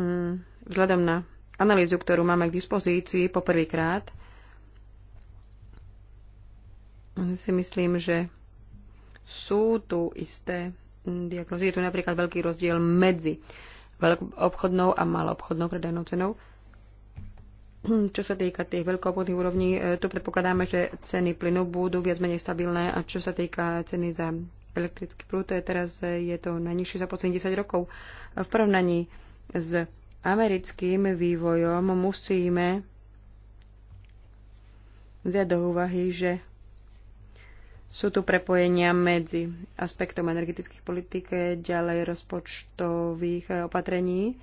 Mm, vzhľadom na analýzu, ktorú máme k dispozícii poprvýkrát, si myslím, že sú tu isté diagnozy. Je tu napríklad veľký rozdiel medzi obchodnou a maloobchodnou predajnou cenou. Čo sa týka tých veľkoobchodných úrovní, e, tu predpokladáme, že ceny plynu budú viac menej stabilné a čo sa týka ceny za elektrický prúd, teraz e, je to najnižšie za posledných 10 rokov. V porovnaní s americkým vývojom musíme vziať do úvahy, že sú tu prepojenia medzi aspektom energetických politik, ďalej rozpočtových opatrení.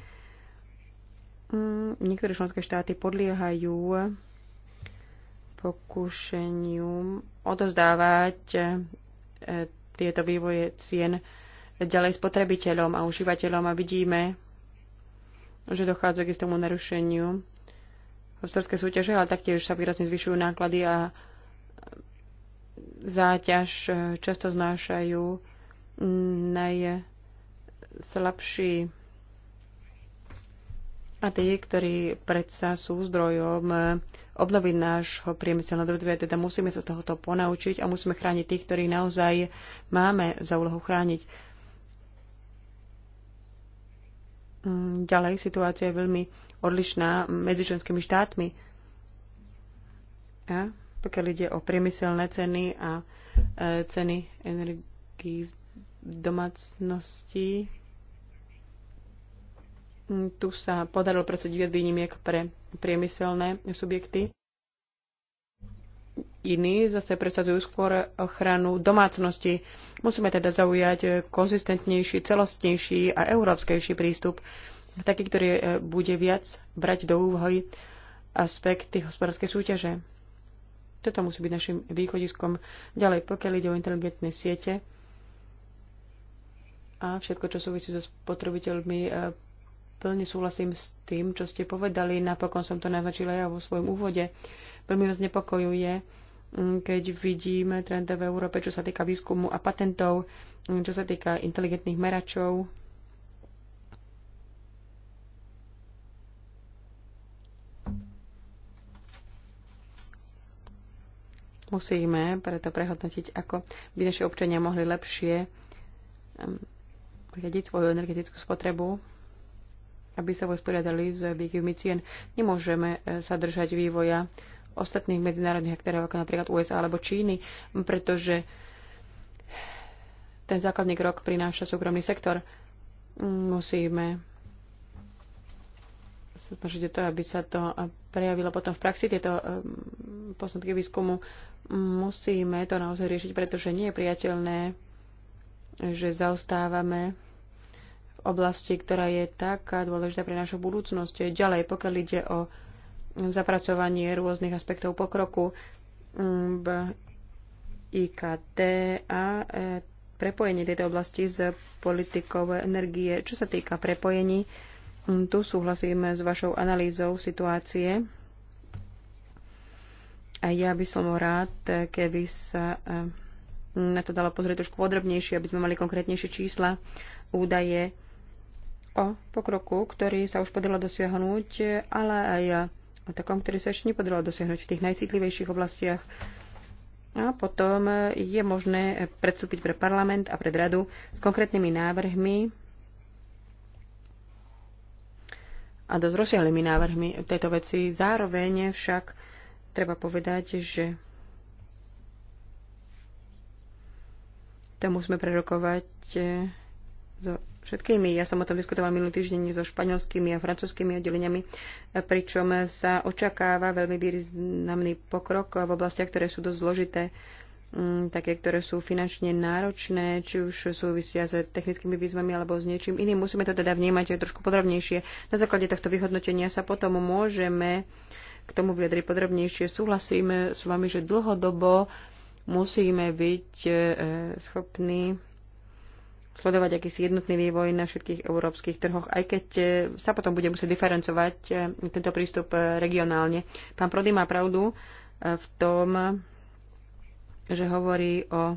Mm, niektoré členské štáty podliehajú pokušeniu odozdávať e, tieto vývoje cien ďalej spotrebiteľom a užívateľom a vidíme, že dochádza k istému narušeniu hospodárske súťaže, ale taktiež sa výrazne zvyšujú náklady a záťaž e, často znášajú najslabší a tí, ktorí predsa sú zdrojom e, obnoviť nášho priemyselného odvetvia, teda musíme sa z tohoto ponaučiť a musíme chrániť tých, ktorých naozaj máme za úlohu chrániť. Mm, ďalej situácia je veľmi odlišná medzi členskými štátmi. Ja? pokiaľ ide o priemyselné ceny a e, ceny energii z domácnosti. Mm, tu sa podarilo presadiť viac výnimiek pre priemyselné subjekty. Iní zase presadzujú skôr ochranu domácnosti. Musíme teda zaujať konzistentnejší, celostnejší a európskejší prístup, taký, ktorý e, bude viac brať do úvahy aspekty hospodárskej súťaže. Toto musí byť našim východiskom. Ďalej, pokiaľ ide o inteligentné siete a všetko, čo súvisí so spotrebiteľmi, e, plne súhlasím s tým, čo ste povedali. Napokon som to naznačila ja vo svojom úvode. Veľmi vás nepokojuje, keď vidíme trendy v Európe, čo sa týka výskumu a patentov, čo sa týka inteligentných meračov. Musíme preto prehodnotiť, ako by naši občania mohli lepšie riadiť svoju energetickú spotrebu, aby sa vysporiadali s výkyvmi cien. Nemôžeme e, sa držať vývoja ostatných medzinárodných aktérov, ako napríklad USA alebo Číny, pretože ten základný krok prináša súkromný sektor. Musíme sa snažiť o to, aby sa to prejavilo potom v praxi, tieto um, posledky výskumu. Musíme to naozaj riešiť, pretože nie je priateľné, že zaostávame v oblasti, ktorá je taká dôležitá pre našu budúcnosť. Ďalej, pokiaľ ide o zapracovanie rôznych aspektov pokroku v um, IKT a e, prepojenie tejto oblasti s politikou energie. Čo sa týka prepojení, um, tu súhlasíme s vašou analýzou situácie. A ja by som rád, keby sa e, na to dalo pozrieť trošku podrobnejšie, aby sme mali konkrétnejšie čísla, údaje o pokroku, ktorý sa už podarilo dosiahnuť, ale aj o takom, ktorý sa ešte nepodarilo dosiahnuť v tých najcitlivejších oblastiach. A potom je možné predstúpiť pre parlament a pred radu s konkrétnymi návrhmi a dosť rozsiahlými návrhmi tejto veci. Zároveň však treba povedať, že to musíme prerokovať so eh, všetkými. Ja som o tom diskutoval minulý týždeň so španielskými a francúzskými oddeleniami, eh, pričom sa očakáva veľmi významný pokrok v oblastiach, ktoré sú dosť zložité mm, také, ktoré sú finančne náročné, či už súvisia s technickými výzvami alebo s niečím iným. Musíme to teda vnímať aj trošku podrobnejšie. Na základe tohto vyhodnotenia sa potom môžeme k tomu vyjadriť podrobnejšie. Súhlasíme s vami, že dlhodobo musíme byť eh, schopní sledovať akýsi jednotný vývoj na všetkých európskych trhoch, aj keď e, sa potom bude musieť diferencovať e, tento prístup e, regionálne. Pán Prody má pravdu v tom, že hovorí o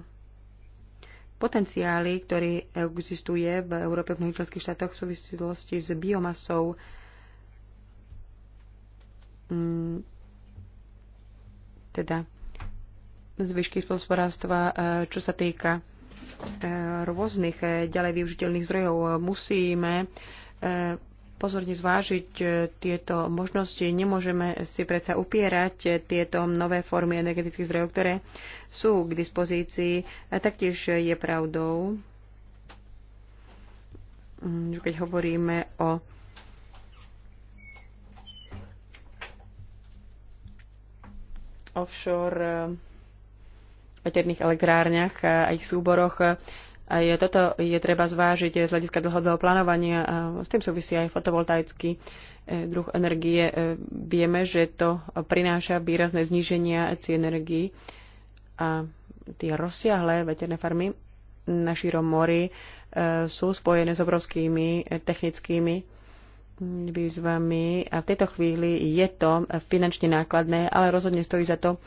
potenciáli, ktorý existuje v Európe v mnohých členských štátoch v súvislosti s biomasou. Mm, teda zvyšky spolospodárstva, čo sa týka Eh, rôznych eh, ďalej využiteľných zdrojov. Musíme eh, pozorne zvážiť tieto možnosti. Nemôžeme si predsa upierať tieto nové formy energetických zdrojov, ktoré sú k dispozícii. Taktiež je pravdou, mm, keď hovoríme o offshore veterných elektrárniach a ich súboroch. Aj toto je treba zvážiť z hľadiska dlhodobého plánovania a s tým súvisí aj fotovoltaický e, druh energie. E, vieme, že to prináša výrazné zníženia cien energii a tie rozsiahlé veterné farmy na šírom mori e, sú spojené s obrovskými technickými mm, výzvami a v tejto chvíli je to finančne nákladné, ale rozhodne stojí za to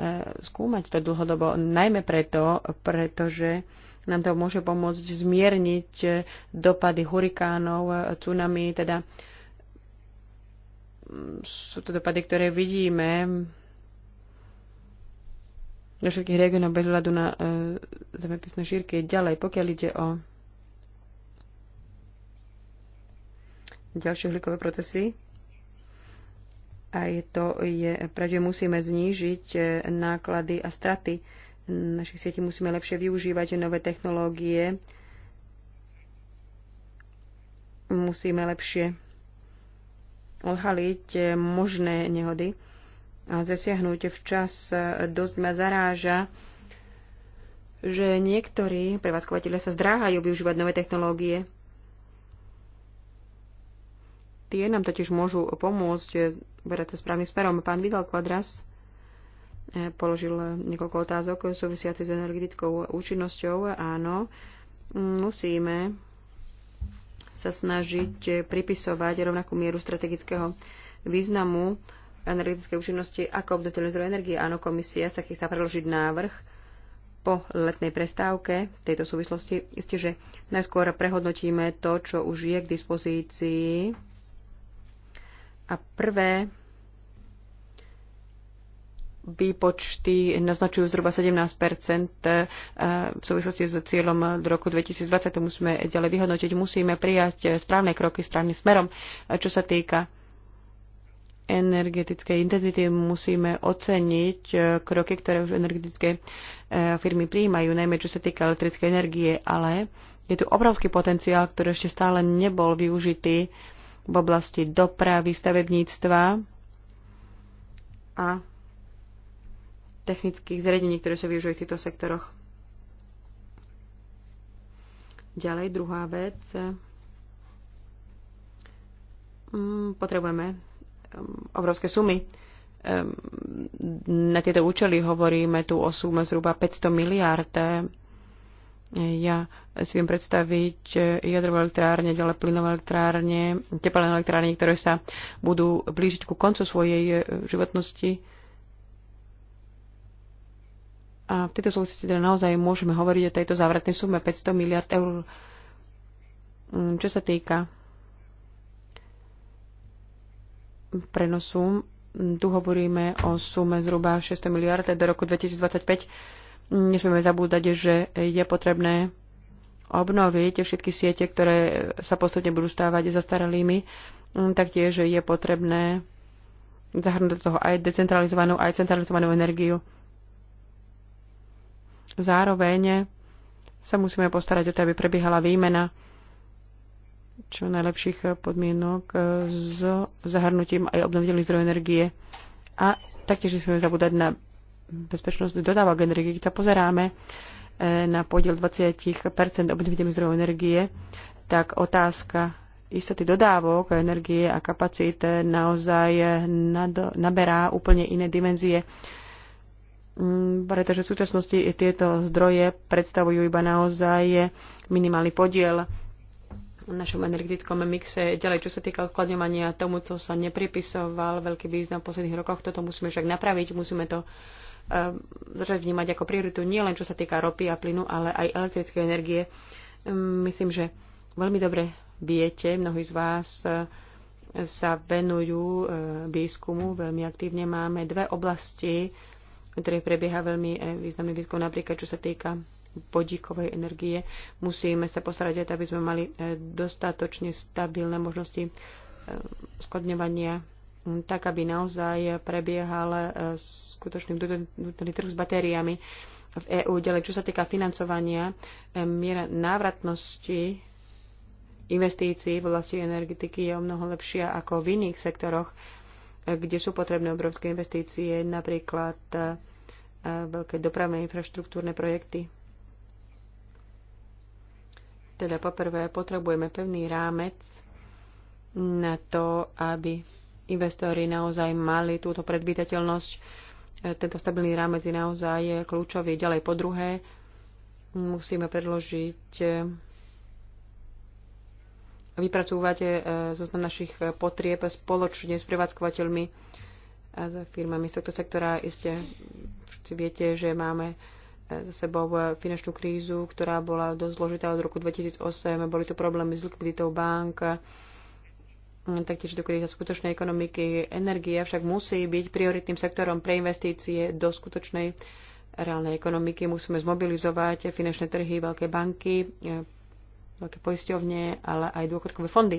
E, skúmať to dlhodobo, najmä preto, pretože nám to môže pomôcť zmierniť dopady hurikánov, e, tsunami, teda mm, sú to dopady, ktoré vidíme do všetkých regiónov bez hľadu na e, zemepisné šírky. Ďalej, pokiaľ ide o ďalšie hlikové procesy, aj to je pravde, musíme znížiť e, náklady a straty našich sietí, musíme lepšie využívať nové technológie, musíme lepšie odhaliť e, možné nehody a zasiahnuť včas. Dosť ma zaráža, že niektorí prevádzkovateľe sa zdráhajú využívať nové technológie Tie nám totiž môžu pomôcť eh, berať sa správnym smerom. Pán Vidal Kvadras eh, položil eh, niekoľko otázok súvisiacich s energetickou účinnosťou. Áno, musíme sa snažiť pripisovať rovnakú mieru strategického významu energetickej účinnosti ako obnoviteľné zdroje energie. Áno, komisia sa chystá preložiť návrh po letnej prestávke v tejto súvislosti. Isté, že najskôr prehodnotíme to, čo už je k dispozícii a prvé výpočty naznačujú zhruba 17 eh, v súvislosti s cieľom do roku 2020. To musíme ďalej vyhodnotiť. Musíme prijať správne kroky správnym smerom. Čo sa týka energetickej intenzity, musíme oceniť eh, kroky, ktoré už energetické eh, firmy prijímajú, najmä čo sa týka elektrickej energie, ale je tu obrovský potenciál, ktorý ešte stále nebol využitý v oblasti dopravy, stavebníctva a technických zariadení, ktoré sa využívajú v týchto sektoroch. Ďalej druhá vec. Mm, potrebujeme mm, obrovské sumy. Ehm, na tieto účely hovoríme tu o sume zhruba 500 miliard ja si viem predstaviť eh, jadrové elektrárne, ďalej plynové elektrárne, teplné elektrárne, ktoré sa budú blížiť ku koncu svojej eh, životnosti. A v tejto súvislosti teda naozaj môžeme hovoriť o tejto závratnej sume 500 miliard eur. Mm, čo sa týka prenosu, mm, tu hovoríme o sume zhruba 600 miliard do roku 2025 Nesmieme zabúdať, že je potrebné obnoviť všetky siete, ktoré sa postupne budú stávať zastaralými. Mm, taktiež je potrebné zahrnúť do toho aj decentralizovanú, aj centralizovanú energiu. Zároveň sa musíme postarať o to, aby prebiehala výmena čo najlepších podmienok e, s zahrnutím aj obnoviteľných zdrojov energie. A taktiež nesmieme zabúdať na bezpečnosť dodávok energie, keď sa pozeráme e, na podiel 20 obnoviteľných zdrojov energie, tak otázka istoty dodávok energie a kapacít naozaj naberá úplne iné dimenzie, mm, pretože v súčasnosti tieto zdroje predstavujú iba naozaj minimálny podiel v našom energetickom mixe. Ďalej, čo sa týka odkladňovania, tomu, co sa nepripisoval veľký význam v posledných rokoch, toto musíme však napraviť, musíme to uh, Eh, začať vnímať ako prioritu nielen čo sa týka ropy a plynu, ale aj elektrickej energie. Mm, myslím, že veľmi dobre viete, mnohí z vás eh, sa venujú eh, výskumu veľmi aktívne. Máme dve oblasti, ktoré prebieha veľmi významný výskum, napríklad čo sa týka vodíkovej energie. Musíme sa postarať aby sme mali dostatočne stabilné možnosti skladňovania tak aby naozaj prebiehal e, skutočný vnútorný trh s batériami v EÚ. Ďalej, čo sa týka financovania, e, miera návratnosti investícií v oblasti energetiky je o mnoho lepšia ako v iných sektoroch, e, kde sú potrebné obrovské investície, napríklad veľké dopravné infraštruktúrne projekty. Teda poprvé potrebujeme pevný rámec na to, aby investori naozaj mali túto predbytateľnosť, e, Tento stabilný rámec je naozaj kľúčový. Ďalej po druhé, musíme predložiť e, vypracúvať e, zoznam našich potrieb spoločne s prevádzkovateľmi a za firmami z tohto sektora. Iste všetci viete, že máme za sebou finančnú krízu, ktorá bola dosť zložitá od roku 2008. Boli to problémy s likviditou bank, taktiež do kredita skutočnej ekonomiky. Energia však musí byť prioritným sektorom pre investície do skutočnej reálnej ekonomiky. Musíme zmobilizovať finančné trhy, veľké banky, e, veľké poisťovne, ale aj dôchodkové fondy,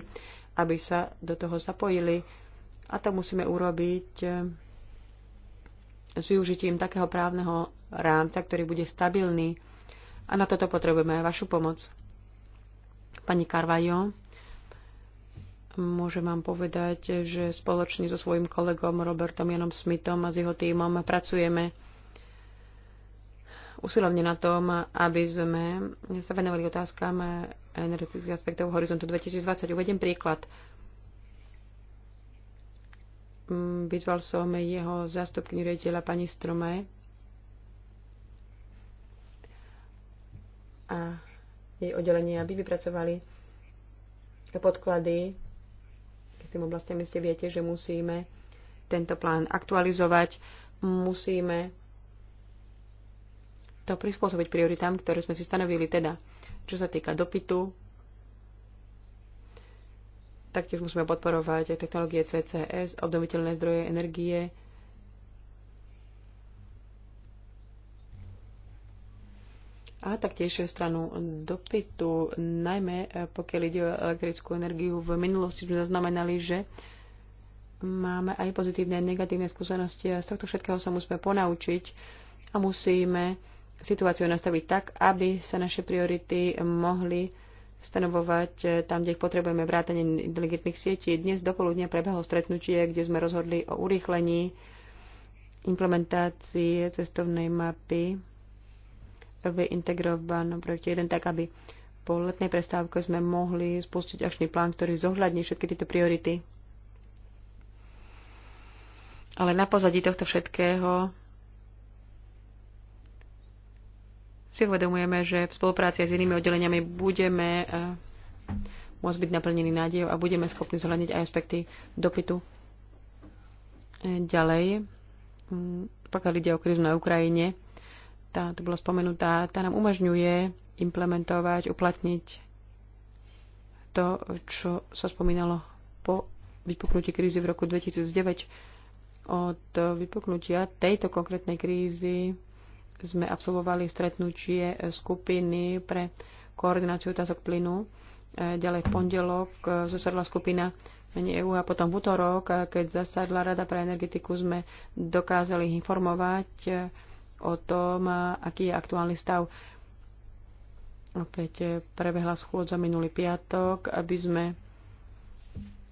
aby sa do toho zapojili. A to musíme urobiť e, s využitím takého právneho rámca, ktorý bude stabilný. A na toto potrebujeme aj vašu pomoc. Pani Carvajo Môžem vám povedať, že spoločne so svojím kolegom Robertom Janom Smithom a s jeho týmom pracujeme usilovne na tom, aby sme sa venovali otázkam energetických aspektov Horizontu 2020. Uvediem príklad. Vyzval som jeho zástupkyňu riaditeľa pani Strome a jej oddelenie, aby vypracovali podklady tým oblastiam ste viete, že musíme tento plán aktualizovať, musíme to prispôsobiť prioritám, ktoré sme si stanovili teda. Čo sa týka dopytu, taktiež musíme podporovať technológie CCS, obnoviteľné zdroje energie, a taktiež stranu dopytu, najmä eh, pokiaľ ide o elektrickú energiu. V minulosti sme zaznamenali, že máme aj pozitívne a negatívne skúsenosti a z tohto všetkého sa musíme ponaučiť a musíme situáciu nastaviť tak, aby sa naše priority mohli stanovovať eh, tam, kde ich potrebujeme vrátanie inteligentných sietí. Dnes dopoludne prebehlo stretnutie, kde sme rozhodli o urýchlení implementácie cestovnej mapy v integrovanom projekte jeden tak aby po letnej prestávke sme mohli spustiť akčný plán, ktorý zohľadní všetky tieto priority. Ale na pozadí tohto všetkého si uvedomujeme, že v spolupráci s inými oddeleniami budeme eh, môcť byť naplnený nádejou a budeme schopní zohľadniť aj aspekty dopytu. Eh, ďalej, mm, pokiaľ ide o krizu na Ukrajine, tá tu bola spomenutá, tá nám umožňuje implementovať, uplatniť to, čo sa spomínalo po vypuknutí krízy v roku 2009. Od vypuknutia tejto konkrétnej krízy sme absolvovali stretnutie skupiny pre koordináciu otázok plynu. Ďalej v pondelok zasadla skupina mene EU a potom v útorok, keď zasadla Rada pre energetiku, sme dokázali informovať o tom, aký je aktuálny stav. Opäť e, prebehla schôdza minulý piatok, aby sme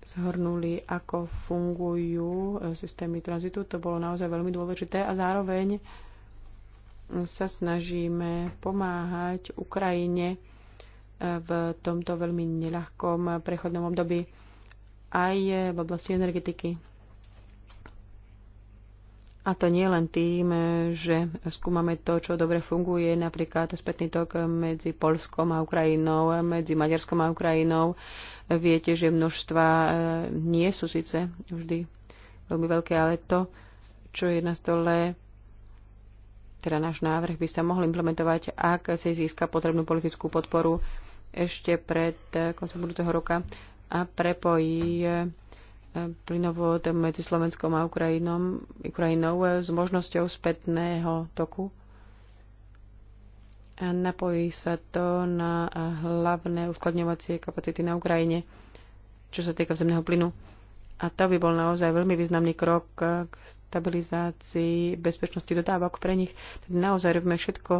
zhrnuli, ako fungujú e, systémy tranzitu. To bolo naozaj veľmi dôležité a zároveň sa snažíme pomáhať Ukrajine e, v tomto veľmi neľahkom prechodnom období aj v oblasti energetiky. A to nie len tým, že skúmame to, čo dobre funguje, napríklad spätný tok medzi Polskom a Ukrajinou, medzi Maďarskom a Ukrajinou. Viete, že množstva eh, nie sú síce vždy veľmi veľké, ale to, čo je na stole, teda náš návrh by sa mohol implementovať, ak si získa potrebnú politickú podporu ešte pred eh, koncom budúceho roka a prepojí eh, plynovod medzi Slovenskom a Ukrajinom, Ukrajinou e, s možnosťou spätného toku. A napojí sa to na e, hlavné uskladňovacie kapacity na Ukrajine, čo sa týka zemného plynu. A to by bol naozaj veľmi významný krok e, k stabilizácii bezpečnosti dodávok pre nich. Tedy naozaj robíme všetko,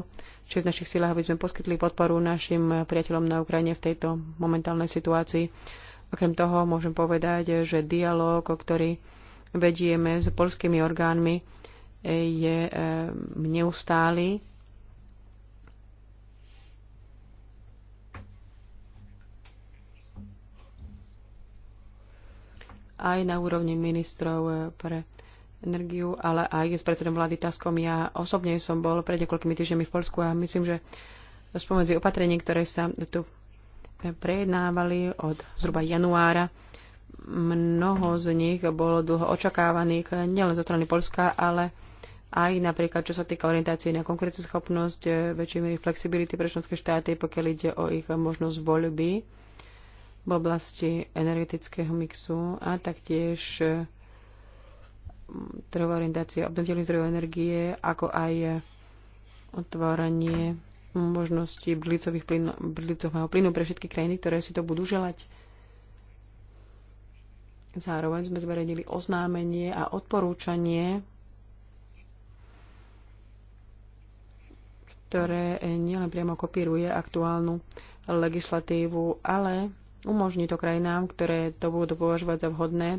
čo je v našich silách, aby sme poskytli podporu našim priateľom na Ukrajine v tejto momentálnej situácii. Okrem toho môžem povedať, že dialog, o ktorý vedieme s polskými orgánmi, je eh, neustály. aj na úrovni ministrov eh, pre energiu, ale aj s predsedom vlády Taskom. Ja osobne som bol pred niekoľkými týždňami v Polsku a myslím, že spomedzi opatrení, ktoré sa tu prejednávali od zhruba januára. Mnoho z nich bolo dlho očakávaných nielen zo strany Polska, ale aj napríklad čo sa týka orientácie na konkurenceschopnosť, e, väčšej miery flexibility pre členské štáty, pokiaľ ide o ich možnosť voľby v oblasti energetického mixu a taktiež e, trhová orientácia obnoviteľných zdrojov energie, ako aj otvorenie možnosti bridlicového plynu pre všetky krajiny, ktoré si to budú želať. Zároveň sme zverejnili oznámenie a odporúčanie, ktoré nielen priamo kopíruje aktuálnu legislatívu, ale umožní to krajinám, ktoré to budú považovať za vhodné,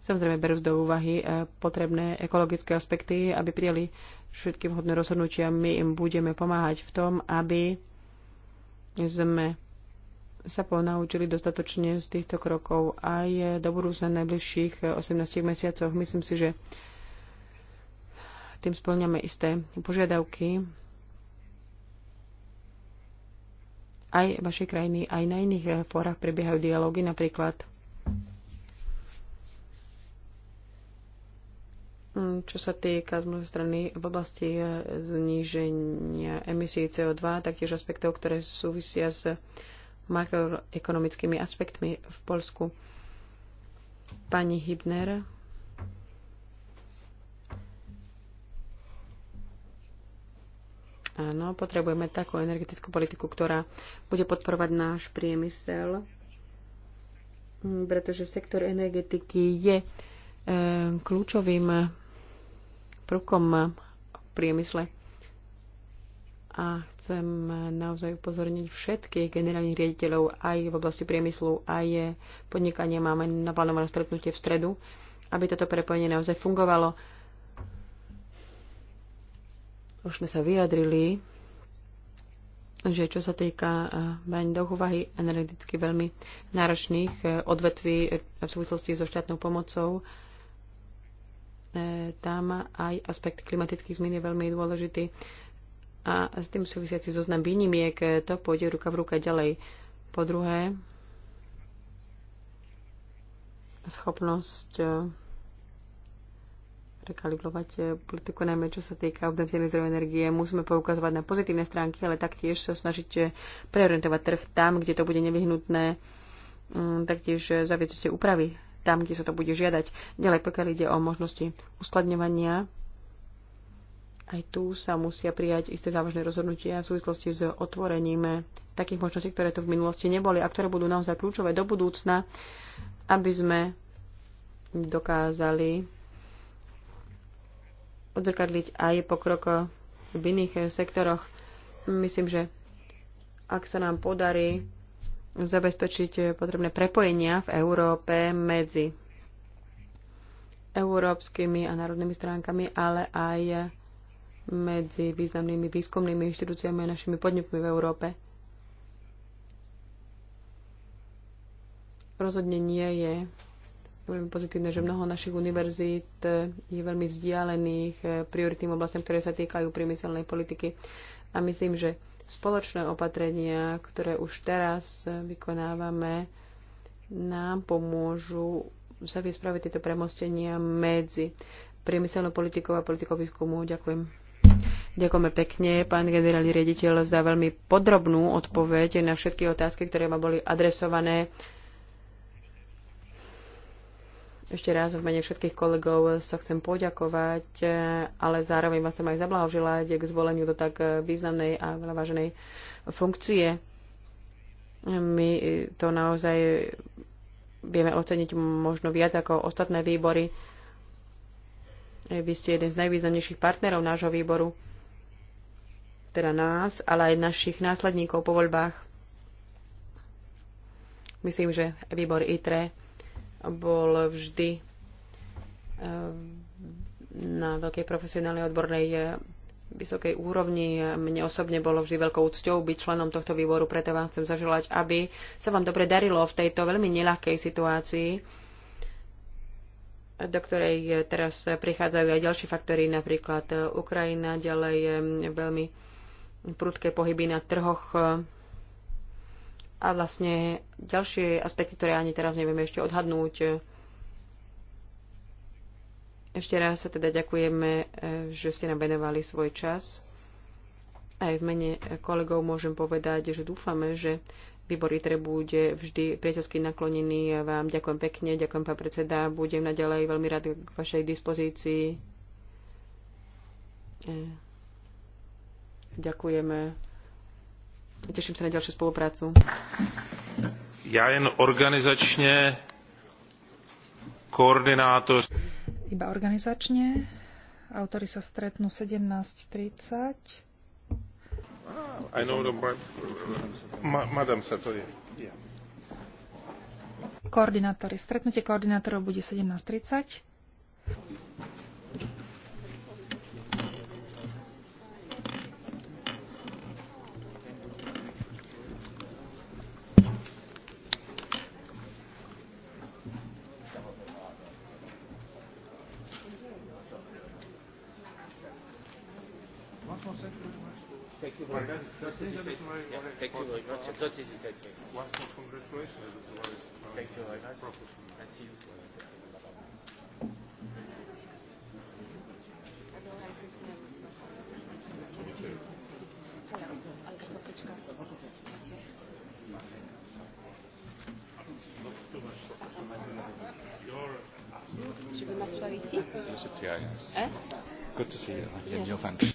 Samozrejme, berú do úvahy e, potrebné ekologické aspekty, aby prijali všetky vhodné rozhodnutia. My im budeme pomáhať v tom, aby sme sa ponaučili dostatočne z týchto krokov aj do budúcna najbližších 18 e, mesiacoch. Myslím si, že tým splňame isté požiadavky aj vašej krajiny, aj na iných e, fórach prebiehajú dialógy, napríklad Mm, čo sa týka z mojej strany v oblasti eh, zníženia emisí CO2, taktiež aspektov, ktoré súvisia s makroekonomickými aspektmi v Polsku. Pani Hibner. Áno, potrebujeme takú energetickú politiku, ktorá bude podporovať náš priemysel, mm, pretože sektor energetiky je eh, kľúčovým prvkom v priemysle. A chcem naozaj upozorniť všetkých generálnych riaditeľov aj v oblasti priemyslu, aj podnikania. Máme naplánované stretnutie v stredu, aby toto prepojenie naozaj fungovalo. Už sme sa vyjadrili, že čo sa týka eh, braní do úvahy energeticky veľmi náročných eh, odvetví eh, v súvislosti so štátnou pomocou, tam aj aspekt klimatických zmien je veľmi dôležitý. A s tým súvisiaci zoznam výnimiek, to pôjde ruka v ruka ďalej. Po druhé, schopnosť eh, rekalibrovať eh, politiku, najmä čo sa týka obnoviteľných zdrojov energie. Musíme poukazovať na pozitívne stránky, ale taktiež sa snažiť eh, preorientovať trh tam, kde to bude nevyhnutné, mm, taktiež zaviedzte úpravy tam, kde sa to bude žiadať. Ďalej, pokiaľ ide o možnosti uskladňovania, aj tu sa musia prijať isté závažné rozhodnutia v súvislosti s otvorením takých možností, ktoré tu v minulosti neboli a ktoré budú naozaj kľúčové do budúcna, aby sme dokázali odzrkadliť aj pokrok v iných sektoroch. Myslím, že ak sa nám podarí zabezpečiť potrebné prepojenia v Európe medzi európskymi a národnými stránkami, ale aj medzi významnými výskumnými inštitúciami a našimi podnikmi v Európe. Rozhodne nie je veľmi pozitívne, že mnoho našich univerzít je veľmi vzdialených prioritným oblastiam, ktoré sa týkajú priemyselnej politiky. A myslím, že spoločné opatrenia, ktoré už teraz vykonávame, nám pomôžu sa vyspraviť tieto premostenia medzi priemyselnou politikou a politikou výskumu. Ďakujem. Ďakujeme pekne, pán generálny riaditeľ, za veľmi podrobnú odpoveď na všetky otázky, ktoré ma boli adresované. Ešte raz v mene všetkých kolegov sa chcem poďakovať, e, ale zároveň vás chcem aj zablahoželať k zvoleniu do tak významnej a veľa váženej funkcie. My e, to naozaj vieme oceniť možno viac ako ostatné výbory. E, vy ste jeden z najvýznamnejších partnerov nášho výboru, teda nás, ale aj našich následníkov po voľbách. Myslím, že výbor ITRE bol vždy eh, na veľkej profesionálnej odbornej eh, vysokej úrovni. Mne osobne bolo vždy veľkou úcťou byť členom tohto výboru, preto vám chcem zaželať, aby sa vám dobre darilo v tejto veľmi neľahkej situácii, do ktorej eh, teraz prichádzajú aj ďalší faktory, napríklad Ukrajina, ďalej veľmi prudké pohyby na trhoch a vlastne ďalšie aspekty, ktoré ani teraz nevieme ešte odhadnúť. Ešte raz sa teda ďakujeme, e, že ste nám venovali svoj čas. Aj v mene kolegov môžem povedať, že dúfame, že výbor ITRE bude vždy priateľsky naklonený. Ja vám ďakujem pekne, ďakujem pán predseda, budem naďalej veľmi rád k vašej dispozícii. E, ďakujeme. Teším sa na ďalšiu spoluprácu. Ja jen organizačne koordinátor. Iba organizačne. Autory sa stretnú 17.30. I know the... Ma, madam Sartori. Yeah. Koordinátory. Stretnutie koordinátorov bude 17.30. Thank you very much. That is it. Once more, congratulations. Thank you very much. And see you Good to see you in yes. your function.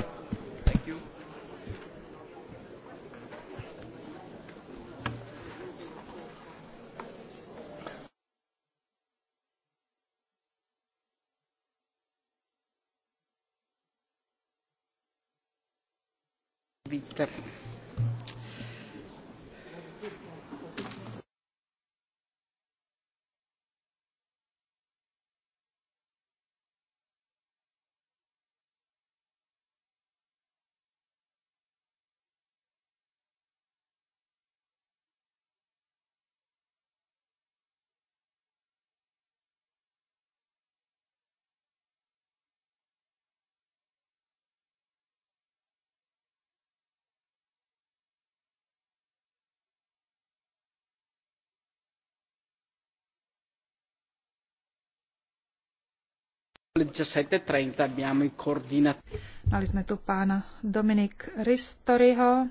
Mali sme tu pána Dominik Ristoriho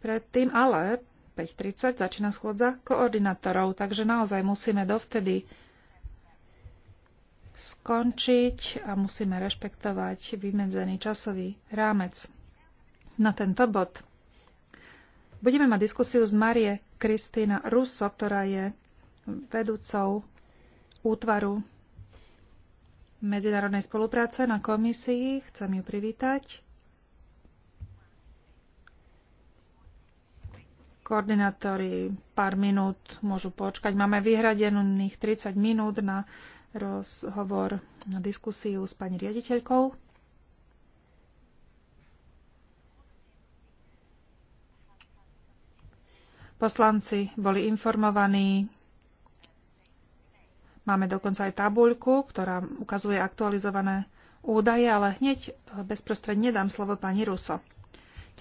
predtým, ale 5.30 začína schôdza koordinátorov, takže naozaj musíme dovtedy skončiť a musíme rešpektovať vymedzený časový rámec na tento bod. Budeme mať diskusiu s Marie Kristýna Russo, ktorá je vedúcou útvaru medzinárodnej spolupráce na komisii. Chcem ju privítať. Koordinátori pár minút môžu počkať. Máme vyhradených 30 minút na rozhovor, na diskusiu s pani riaditeľkou. Poslanci boli informovaní Máme dokonca aj tabuľku, ktorá ukazuje aktualizované údaje, ale hneď e, bezprostredne dám slovo pani Ruso.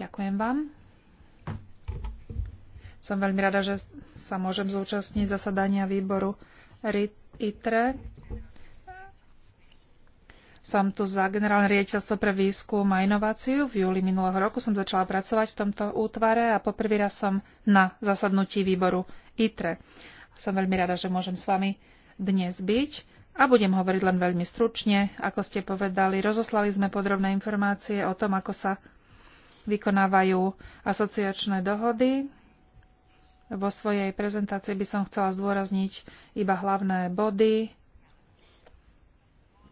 Ďakujem vám. Som veľmi rada, že sa môžem zúčastniť zasadania výboru ITRE. Som tu za generálne riaditeľstvo pre výskum a inováciu. V júli minulého roku som začala pracovať v tomto útvare a poprvý raz som na zasadnutí výboru ITRE. Som veľmi rada, že môžem s vami dnes byť a budem hovoriť len veľmi stručne. Ako ste povedali, rozoslali sme podrobné informácie o tom, ako sa vykonávajú asociačné dohody. Vo svojej prezentácii by som chcela zdôrazniť iba hlavné body,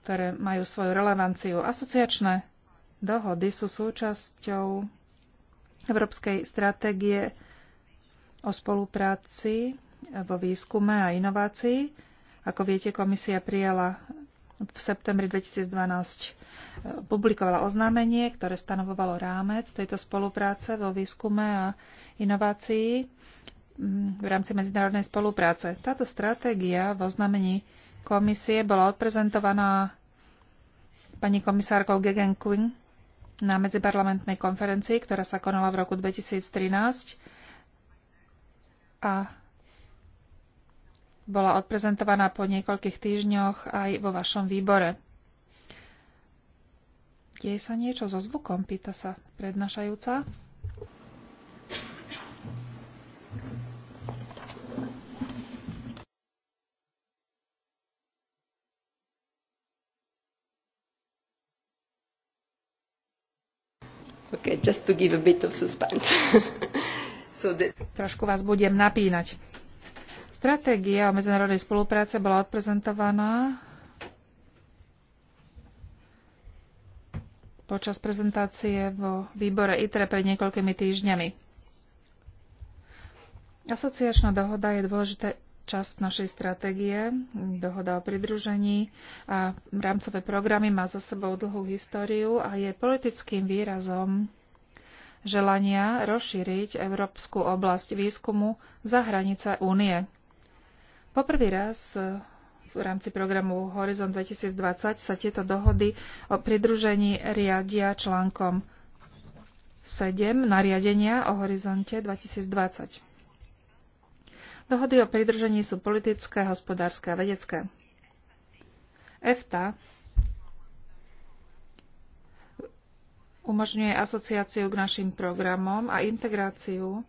ktoré majú svoju relevanciu. Asociačné dohody sú súčasťou Európskej stratégie o spolupráci vo výskume a inovácii ako viete, komisia prijala v septembri 2012 e, publikovala oznámenie, ktoré stanovovalo rámec tejto spolupráce vo výskume a inovácii mm, v rámci medzinárodnej spolupráce. Táto stratégia v oznámení komisie bola odprezentovaná pani komisárkou Gegen Quinn na medziparlamentnej konferencii, ktorá sa konala v roku 2013 a bola odprezentovaná po niekoľkých týždňoch aj vo vašom výbore. Deje sa niečo so zvukom, pýta sa prednášajúca. Okay, just to give a bit of suspense. so that... Trošku vás budem napínať. Stratégia o medzinárodnej spolupráce bola odprezentovaná počas prezentácie vo výbore ITRE pred niekoľkými týždňami. Asociačná dohoda je dôležitá časť našej stratégie, dohoda o pridružení a rámcové programy má za sebou dlhú históriu a je politickým výrazom želania rozšíriť európsku oblasť výskumu za hranice únie prvý raz e, v rámci programu Horizon 2020 sa tieto dohody o pridružení riadia článkom 7 nariadenia o horizonte 2020. Dohody o pridružení sú politické, hospodárske a vedecké. EFTA umožňuje asociáciu k našim programom a integráciu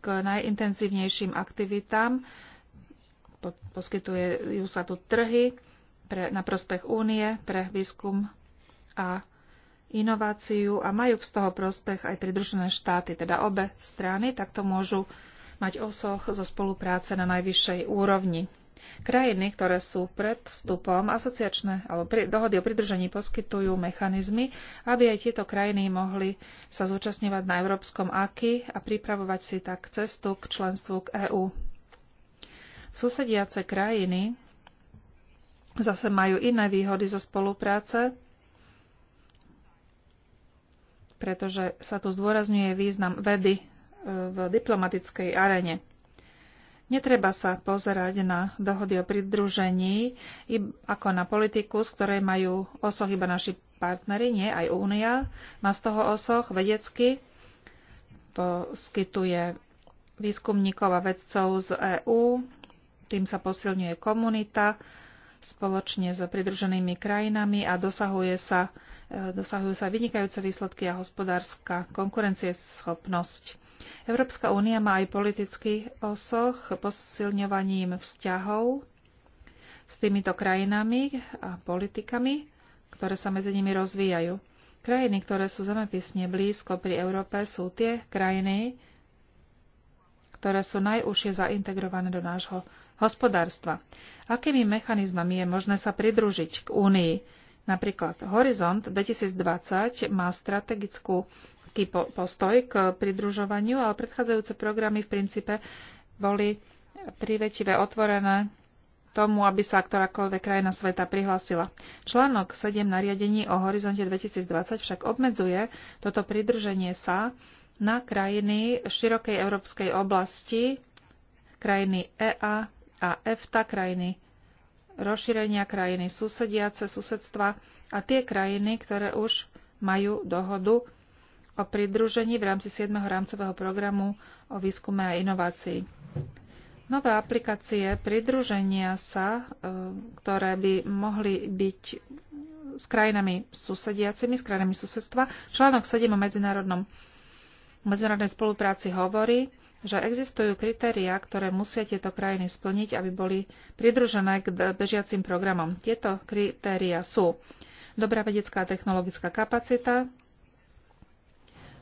k najintenzívnejším aktivitám poskytujú sa tu trhy pre, na prospech únie, pre výskum a inováciu a majú z toho prospech aj pridružené štáty, teda obe strany, takto môžu mať osoch zo spolupráce na najvyššej úrovni. Krajiny, ktoré sú pred vstupom asociačné alebo pri, dohody o pridržení poskytujú mechanizmy, aby aj tieto krajiny mohli sa zúčastňovať na európskom AKI a pripravovať si tak cestu k členstvu k EÚ. Susediace krajiny zase majú iné výhody zo spolupráce, pretože sa tu zdôrazňuje význam vedy e, v diplomatickej arene. Netreba sa pozerať na dohody o pridružení ako na politiku, z ktorej majú osoch iba naši partnery, nie aj Únia. Má z toho osoch vedecky, poskytuje výskumníkov a vedcov z EÚ, tým sa posilňuje komunita spoločne s pridruženými krajinami a dosahuje sa, e, dosahujú sa vynikajúce výsledky a hospodárska konkurencieschopnosť. Európska únia má aj politický osoch posilňovaním vzťahov s týmito krajinami a politikami, ktoré sa medzi nimi rozvíjajú. Krajiny, ktoré sú zemepisne blízko pri Európe, sú tie krajiny, ktoré sú najúžšie zaintegrované do nášho hospodárstva. Akými mechanizmami je možné sa pridružiť k Únii? Napríklad Horizont 2020 má strategickú postoj k pridružovaniu, ale predchádzajúce programy v princípe boli privetivé otvorené tomu, aby sa ktorákoľvek krajina sveta prihlásila. Článok 7 nariadení o horizonte 2020 však obmedzuje toto pridruženie sa na krajiny širokej európskej oblasti, krajiny EA, a EFTA krajiny rozšírenia krajiny susediace susedstva a tie krajiny, ktoré už majú dohodu o pridružení v rámci 7. rámcového programu o výskume a inovácii. Nové aplikácie pridruženia sa, e, ktoré by mohli byť s krajinami susediacimi, s krajinami susedstva, článok 7 o medzinárodnom, medzinárodnej spolupráci hovorí, že existujú kritériá, ktoré musia tieto krajiny splniť, aby boli pridružené k bežiacim programom. Tieto kritériá sú dobrá vedecká a technologická kapacita,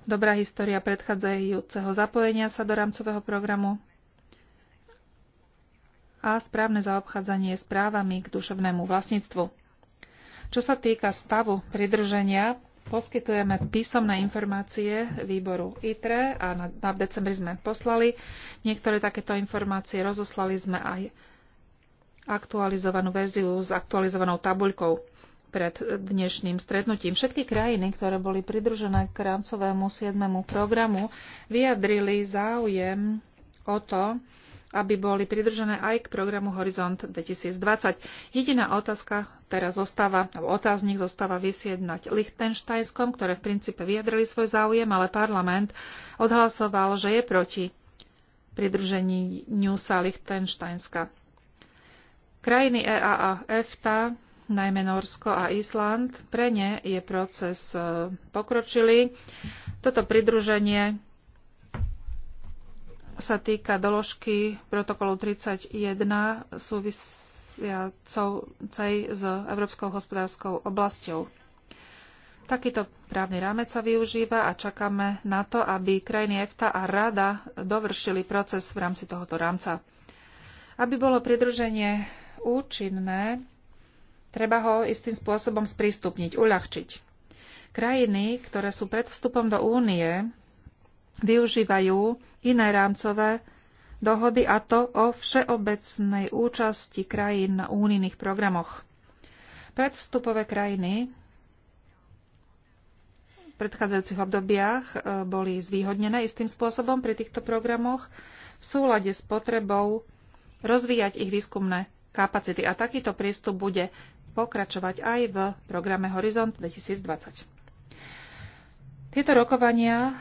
dobrá história predchádzajúceho zapojenia sa do rámcového programu a správne zaobchádzanie s právami k duševnému vlastníctvu. Čo sa týka stavu pridruženia, poskytujeme písomné informácie výboru ITRE a na, na v decembri sme poslali. Niektoré takéto informácie rozoslali sme aj aktualizovanú verziu s aktualizovanou tabuľkou pred dnešným stretnutím. Všetky krajiny, ktoré boli pridružené k rámcovému 7. programu, vyjadrili záujem o to, aby boli pridržené aj k programu Horizont 2020. Jediná otázka teraz zostáva, alebo otáznik zostáva vysieť nad Lichtenštajskom, ktoré v princípe vyjadrili svoj záujem, ale parlament odhlasoval, že je proti pridruženiu sa Lichtenštajska. Krajiny EA a EFTA, najmä Norsko a Island, pre ne je proces e, pokročilý. Toto pridruženie sa týka doložky protokolu 31 súvisiacej s Európskou hospodárskou oblasťou. Takýto právny rámec sa využíva a čakáme na to, aby krajiny EFTA a Rada dovršili proces v rámci tohoto rámca. Aby bolo pridruženie účinné, treba ho istým spôsobom sprístupniť, uľahčiť. Krajiny, ktoré sú pred vstupom do únie, využívajú iné rámcové dohody a to o všeobecnej účasti krajín na únijných programoch. Predvstupové krajiny v predchádzajúcich obdobiach e, boli zvýhodnené istým spôsobom pri týchto programoch v súlade s potrebou rozvíjať ich výskumné kapacity. A takýto prístup bude pokračovať aj v programe Horizont 2020. Tieto rokovania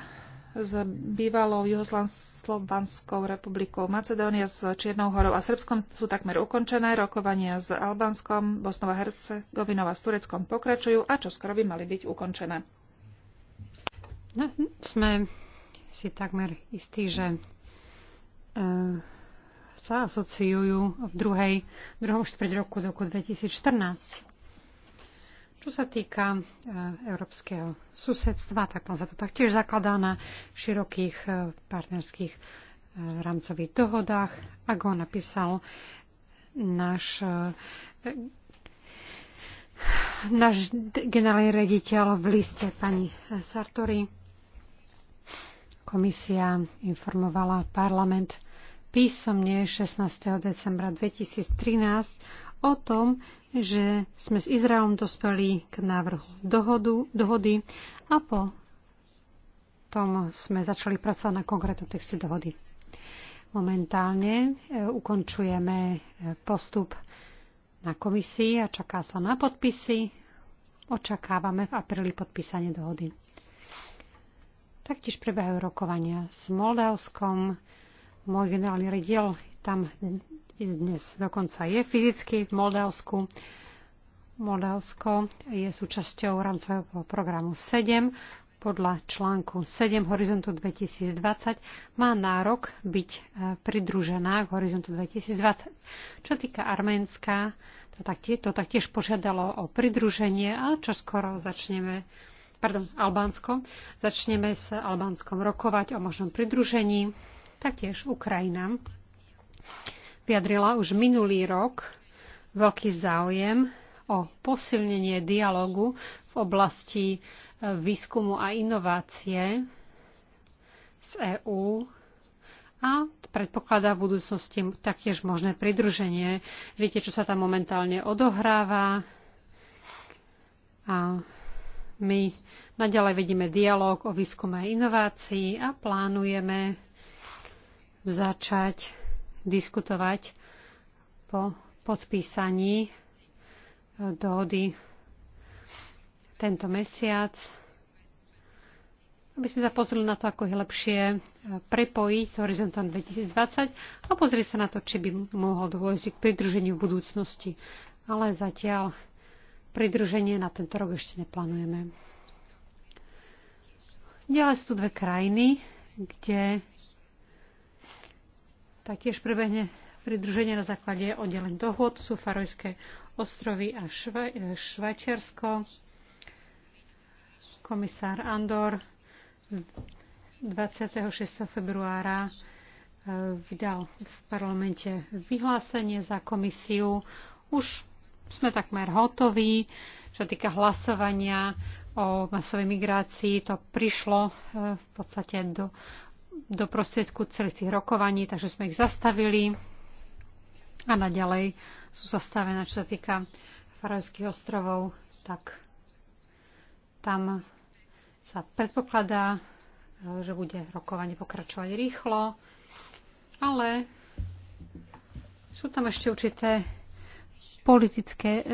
s bývalou Juhoslovanskou republikou Macedónia, s Čiernou horou a Srbskom sú takmer ukončené. Rokovania s Albánskom, Bosnova Hercegovinova s Tureckom pokračujú a čo skoro by mali byť ukončené. No, sme si takmer istí, že uh, sa asociujú v, druhej, v druhom štvrť roku, roku 2014 čo sa týka e, európskeho susedstva, tak tam sa to taktiež zakladá na širokých e, partnerských e, rámcových dohodách. Ako napísal náš náš generálny rediteľ v liste pani Sartori. Komisia informovala parlament písomne 16. decembra 2013 o tom, že sme s Izraelom dospeli k návrhu dohodu, dohody a po tom sme začali pracovať na konkrétnom texte dohody. Momentálne e, ukončujeme e, postup na komisii a čaká sa na podpisy. Očakávame v apríli podpísanie dohody. Taktiež prebiehajú rokovania s Moldavskom. Môj generálny rediel tam dnes dokonca je fyzicky v Moldavsku. Moldavsko je súčasťou rámcového programu 7. Podľa článku 7 Horizontu 2020 má nárok byť e, pridružená k Horizontu 2020. Čo týka Arménska, to, to taktiež požiadalo o pridruženie a čo skoro začneme pardon, Albánsko. Začneme s Albánskom rokovať o možnom pridružení. Taktiež Ukrajina vyjadrila už minulý rok veľký záujem o posilnenie dialogu v oblasti e, výskumu a inovácie z EÚ a predpokladá v budúcnosti taktiež možné pridruženie. Viete, čo sa tam momentálne odohráva a my naďalej vedíme dialog o výskume a inovácii a plánujeme začať diskutovať po podpísaní e, dohody tento mesiac, aby sme sa pozreli na to, ako je lepšie e, prepojiť s horizontom 2020 a pozrieť sa na to, či by mohol dôjsť k pridruženiu v budúcnosti. Ale zatiaľ pridruženie na tento rok ešte neplánujeme. Ďalej sú tu dve krajiny, kde Taktiež prebehne pridruženie na základe oddelených dohôd. Sú Farojské ostrovy a Švaj, e, Švajčiarsko. Komisár Andor 26. februára e, vydal v parlamente vyhlásenie za komisiu. Už sme takmer hotoví, čo týka hlasovania o masovej migrácii. To prišlo e, v podstate do do prostriedku celých tých rokovaní, takže sme ich zastavili a naďalej sú zastavené, čo sa týka Farajských ostrovov, tak tam sa predpokladá, že bude rokovanie pokračovať rýchlo, ale sú tam ešte určité politické e,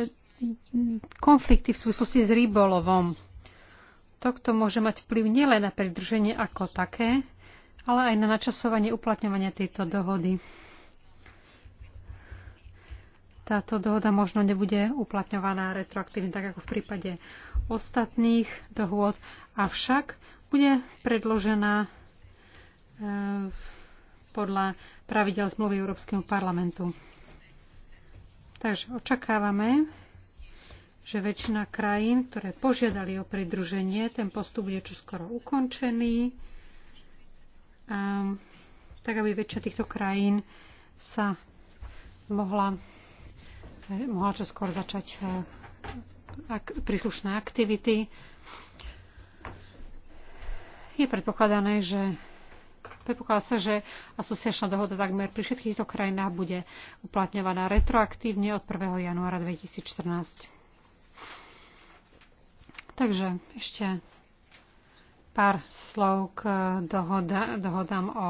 konflikty v súvislosti s rybolovom. Tohto môže mať vplyv nielen na pridruženie ako také, ale aj na načasovanie uplatňovania tejto dohody. Táto dohoda možno nebude uplatňovaná retroaktívne, tak ako v prípade ostatných dohôd, avšak bude predložená eh, podľa pravidel zmluvy Európskeho parlamentu. Takže očakávame, že väčšina krajín, ktoré požiadali o pridruženie, ten postup bude čoskoro ukončený tak aby väčšia týchto krajín sa mohla, eh, mohla čoskôr začať eh, ak, príslušné aktivity. Je predpokladané, že Predpokladá sa, že asociačná dohoda takmer pri všetkých týchto krajinách bude uplatňovaná retroaktívne od 1. januára 2014. Takže ešte Pár slov k dohoda, dohodám o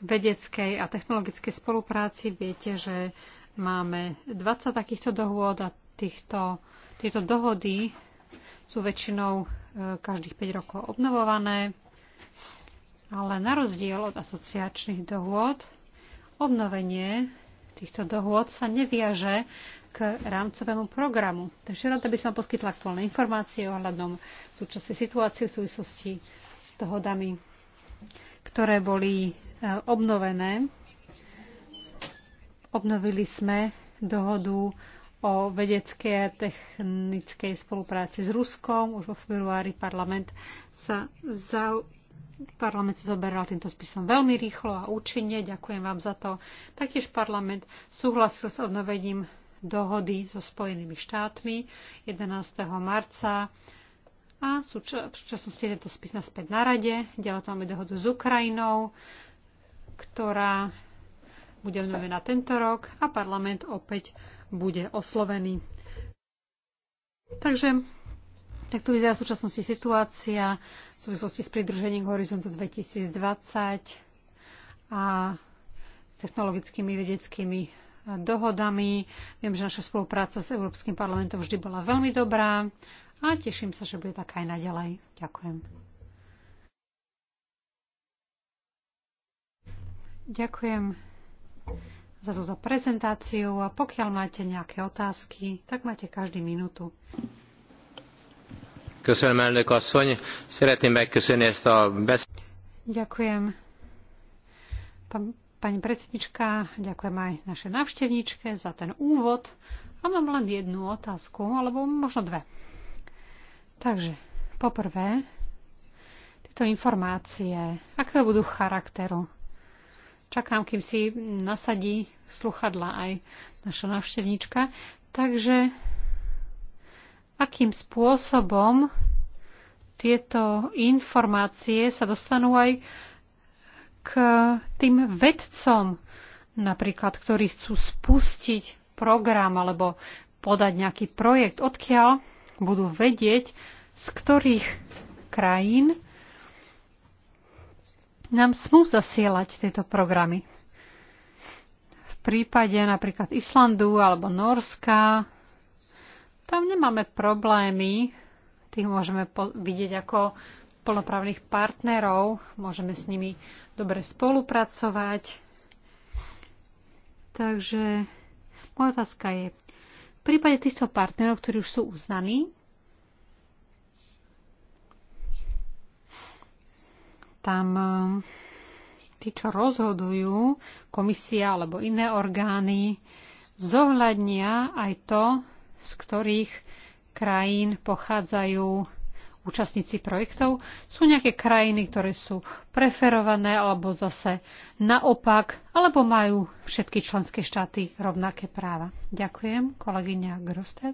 vedeckej a technologickej spolupráci. Viete, že máme 20 takýchto dohôd a týchto, tieto dohody sú väčšinou e, každých 5 rokov obnovované. Ale na rozdiel od asociačných dohôd, obnovenie týchto dohôd sa neviaže k rámcovému programu. Takže rada by som poskytla aktuálne informácie hľadnom súčasnej situácie v súvislosti s dohodami, ktoré boli e, obnovené. Obnovili sme dohodu o vedeckej a technickej spolupráci s Ruskom. Už vo februári parlament sa za parlament sa zoberal týmto spisom veľmi rýchlo a účinne. Ďakujem vám za to. Taktiež parlament súhlasil s obnovením dohody so Spojenými štátmi 11. marca a v súčasnosti je to spis naspäť na rade. Ďalej tu máme dohodu s Ukrajinou, ktorá bude obnovená tento rok a parlament opäť bude oslovený. Takže tak tu vyzerá v súčasnosti situácia v súvislosti s pridružením Horizontu 2020 a technologickými vedeckými dohodami. Viem, že naša spolupráca s Európskym parlamentom vždy bola veľmi dobrá a teším sa, že bude taká aj naďalej. Ďakujem. Ďakujem za túto prezentáciu a pokiaľ máte nejaké otázky, tak máte každý minútu. Köszönöm, elnök asszony. Szeretném megköszönni ezt a beszélgetést. Ďakujem. Pán Pani predsednička, ďakujem aj našej návštevničke za ten úvod. A mám len jednu otázku, alebo možno dve. Takže, poprvé, tieto informácie, aké budú charakteru? Čakám, kým si nasadí sluchadla aj naša návštevnička. Takže, akým spôsobom tieto informácie sa dostanú aj k tým vedcom, napríklad, ktorí chcú spustiť program alebo podať nejaký projekt, odkiaľ budú vedieť, z ktorých krajín nám smú zasielať tieto programy. V prípade napríklad Islandu alebo Norska, tam nemáme problémy, tých môžeme vidieť ako plnoprávnych partnerov, môžeme s nimi dobre spolupracovať. Takže moja otázka je, v prípade týchto partnerov, ktorí už sú uznaní, tam e, tí, čo rozhodujú, komisia alebo iné orgány, zohľadnia aj to, z ktorých krajín pochádzajú účastníci projektov. Sú nejaké krajiny, ktoré sú preferované alebo zase naopak, alebo majú všetky členské štáty rovnaké práva. Ďakujem, kolegyňa Grostev.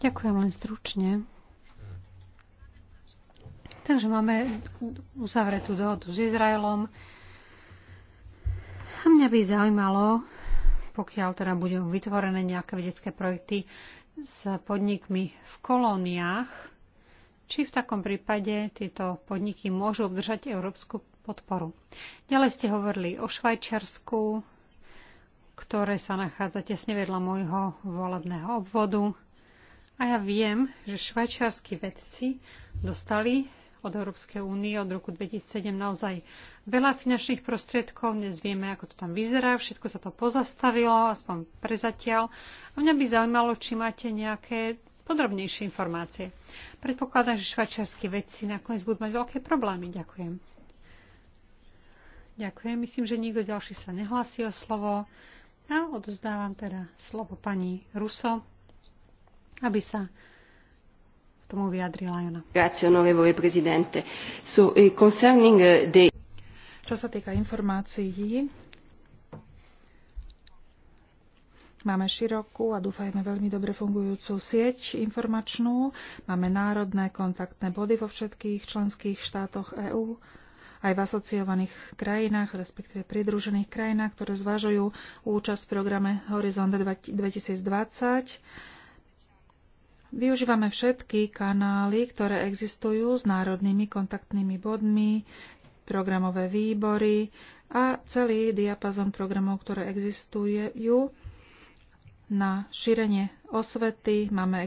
Ďakujem len stručne. Takže máme uzavretú dohodu s Izraelom. A mňa by zaujímalo, pokiaľ teda budú vytvorené nejaké vedecké projekty s podnikmi v kolóniách, či v takom prípade tieto podniky môžu obdržať európsku podporu. Ďalej ste hovorili o Švajčiarsku, ktoré sa nachádza tesne vedľa môjho volebného obvodu. A ja viem, že švajčiarskí vedci dostali od Európskej únie od roku 2007 naozaj veľa finančných prostriedkov. Dnes vieme, ako to tam vyzerá. Všetko sa to pozastavilo, aspoň prezatiaľ. A mňa by zaujímalo, či máte nejaké podrobnejšie informácie. Predpokladám, že švajčiarskí vedci nakoniec budú mať veľké problémy. Ďakujem. Ďakujem. Myslím, že nikto ďalší sa nehlási o slovo. A odozdávam teda slovo pani Ruso, aby sa tomu vyjadrila Jana. Eh, eh, Čo sa týka informácií, máme širokú a dúfajme veľmi dobre fungujúcu sieť informačnú, máme národné kontaktné body vo všetkých členských štátoch EÚ, aj v asociovaných krajinách, respektíve pridružených krajinách, ktoré zvažujú účasť v programe Horizonte 2020 Využívame všetky kanály, ktoré existujú s národnými kontaktnými bodmi, programové výbory a celý diapazon programov, ktoré existujú na šírenie osvety. Máme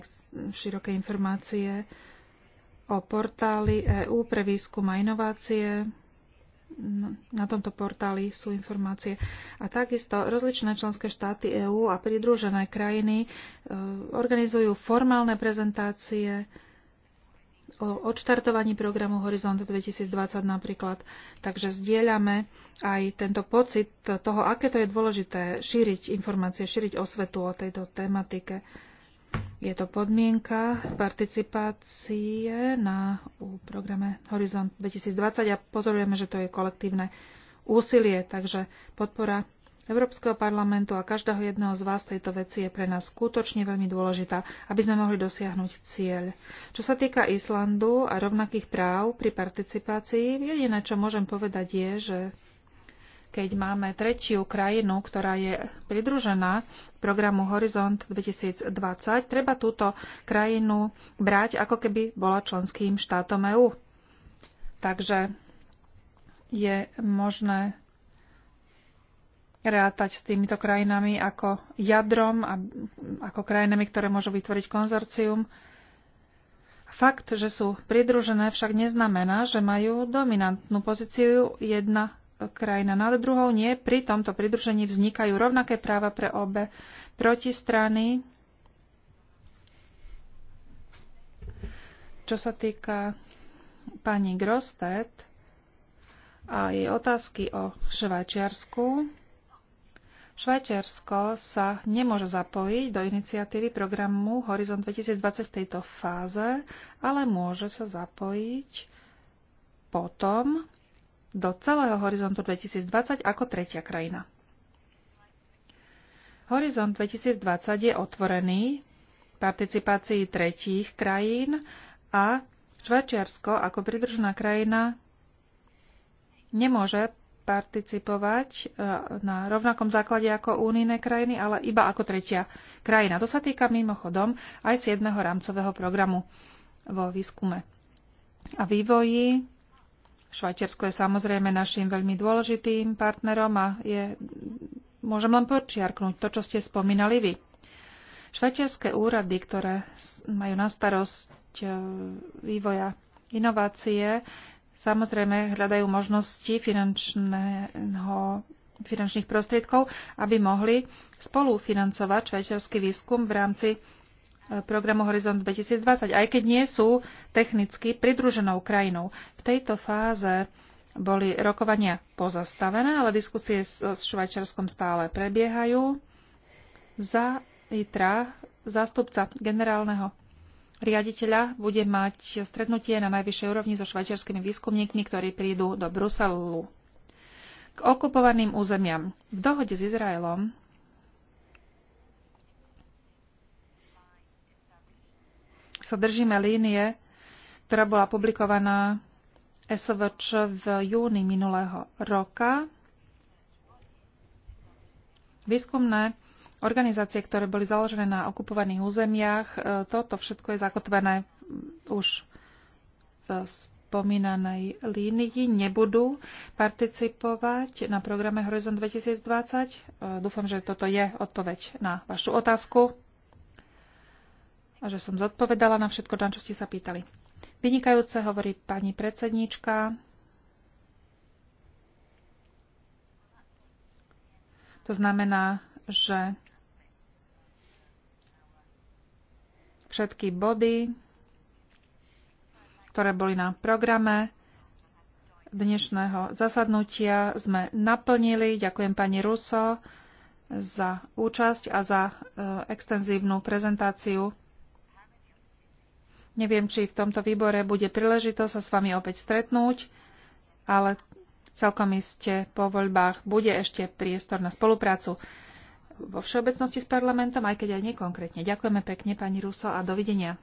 široké informácie o portáli EÚ pre výskum a inovácie, No, na tomto portáli sú informácie. A takisto rozličné členské štáty EÚ a pridružené krajiny e, organizujú formálne prezentácie o odštartovaní programu Horizont 2020 napríklad. Takže zdieľame aj tento pocit toho, aké to je dôležité šíriť informácie, šíriť osvetu o tejto tematike. Je to podmienka participácie na programe Horizont 2020 a pozorujeme, že to je kolektívne úsilie, takže podpora Európskeho parlamentu a každého jedného z vás tejto veci je pre nás skutočne veľmi dôležitá, aby sme mohli dosiahnuť cieľ. Čo sa týka Islandu a rovnakých práv pri participácii, jediné, čo môžem povedať je, že keď máme tretiu krajinu, ktorá je pridružená programu Horizont 2020, treba túto krajinu brať, ako keby bola členským štátom EÚ. Takže je možné rátať s týmito krajinami ako jadrom a ako krajinami, ktoré môžu vytvoriť konzorcium. Fakt, že sú pridružené, však neznamená, že majú dominantnú pozíciu jedna krajina nad no druhou. Nie, pri tomto pridružení vznikajú rovnaké práva pre obe protistrany. Čo sa týka pani Grostet a jej otázky o Švajčiarsku, Švajčiarsko sa nemôže zapojiť do iniciatívy programu Horizon 2020 v tejto fáze, ale môže sa zapojiť potom, do celého horizontu 2020 ako tretia krajina. Horizont 2020 je otvorený participácii tretích krajín a Švajčiarsko ako pridružená krajina nemôže participovať e, na rovnakom základe ako únijné krajiny, ale iba ako tretia krajina. To sa týka mimochodom aj 7. rámcového programu vo výskume a vývoji Švajčiarsko je samozrejme našim veľmi dôležitým partnerom a je, môžem len počiarknúť to, čo ste spomínali vy. Švajčiarske úrady, ktoré majú na starosť e, vývoja inovácie, samozrejme hľadajú možnosti finančného, finančných prostriedkov, aby mohli spolufinancovať švajčiarsky výskum v rámci programu Horizont 2020, aj keď nie sú technicky pridruženou krajinou. V tejto fáze boli rokovania pozastavené, ale diskusie s Švajčiarskom stále prebiehajú. Za ITRA zástupca generálneho riaditeľa bude mať stretnutie na najvyššej úrovni so švajčiarskými výskumníkmi, ktorí prídu do Bruselu. K okupovaným územiam. V dohode s Izraelom sa držíme línie, ktorá bola publikovaná SVČ v júni minulého roka, výskumné organizácie, ktoré boli založené na okupovaných územiach, e, toto všetko je zakotvené už v spomínanej línii, nebudú participovať na programe Horizon 2020. E, dúfam, že toto je odpoveď na vašu otázku a že som zodpovedala na všetko, na čo ste sa pýtali. Vynikajúce, hovorí pani predsedníčka. To znamená, že všetky body, ktoré boli na programe dnešného zasadnutia, sme naplnili. Ďakujem pani Ruso za účasť a za e, extenzívnu prezentáciu Neviem, či v tomto výbore bude príležitosť sa s vami opäť stretnúť, ale celkom iste po voľbách bude ešte priestor na spoluprácu vo všeobecnosti s parlamentom, aj keď aj nekonkrétne. Ďakujeme pekne, pani Ruso, a dovidenia.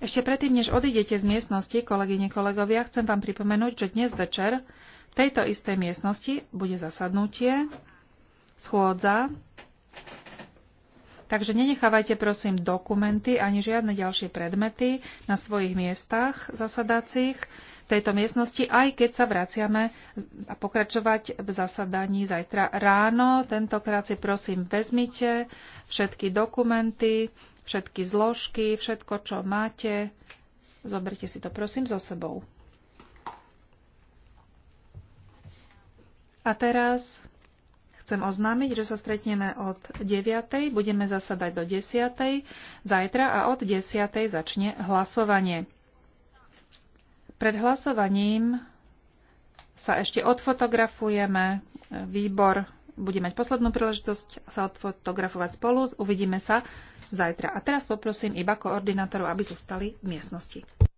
Ešte predtým, než odídete z miestnosti, kolegyne, kolegovia, chcem vám pripomenúť, že dnes večer v tejto istej miestnosti bude zasadnutie, schôdza Takže nenechávajte prosím dokumenty ani žiadne ďalšie predmety na svojich miestach zasadacích v tejto miestnosti, aj keď sa vraciame a pokračovať v zasadaní zajtra ráno. Tentokrát si prosím vezmite všetky dokumenty, všetky zložky, všetko, čo máte. Zoberte si to prosím so sebou. A teraz Chcem oznámiť, že sa stretneme od 9. Budeme zasadať do 10. Zajtra a od 10. začne hlasovanie. Pred hlasovaním sa ešte odfotografujeme. Výbor bude mať poslednú príležitosť sa odfotografovať spolu. Uvidíme sa zajtra. A teraz poprosím iba koordinátorov, aby zostali v miestnosti.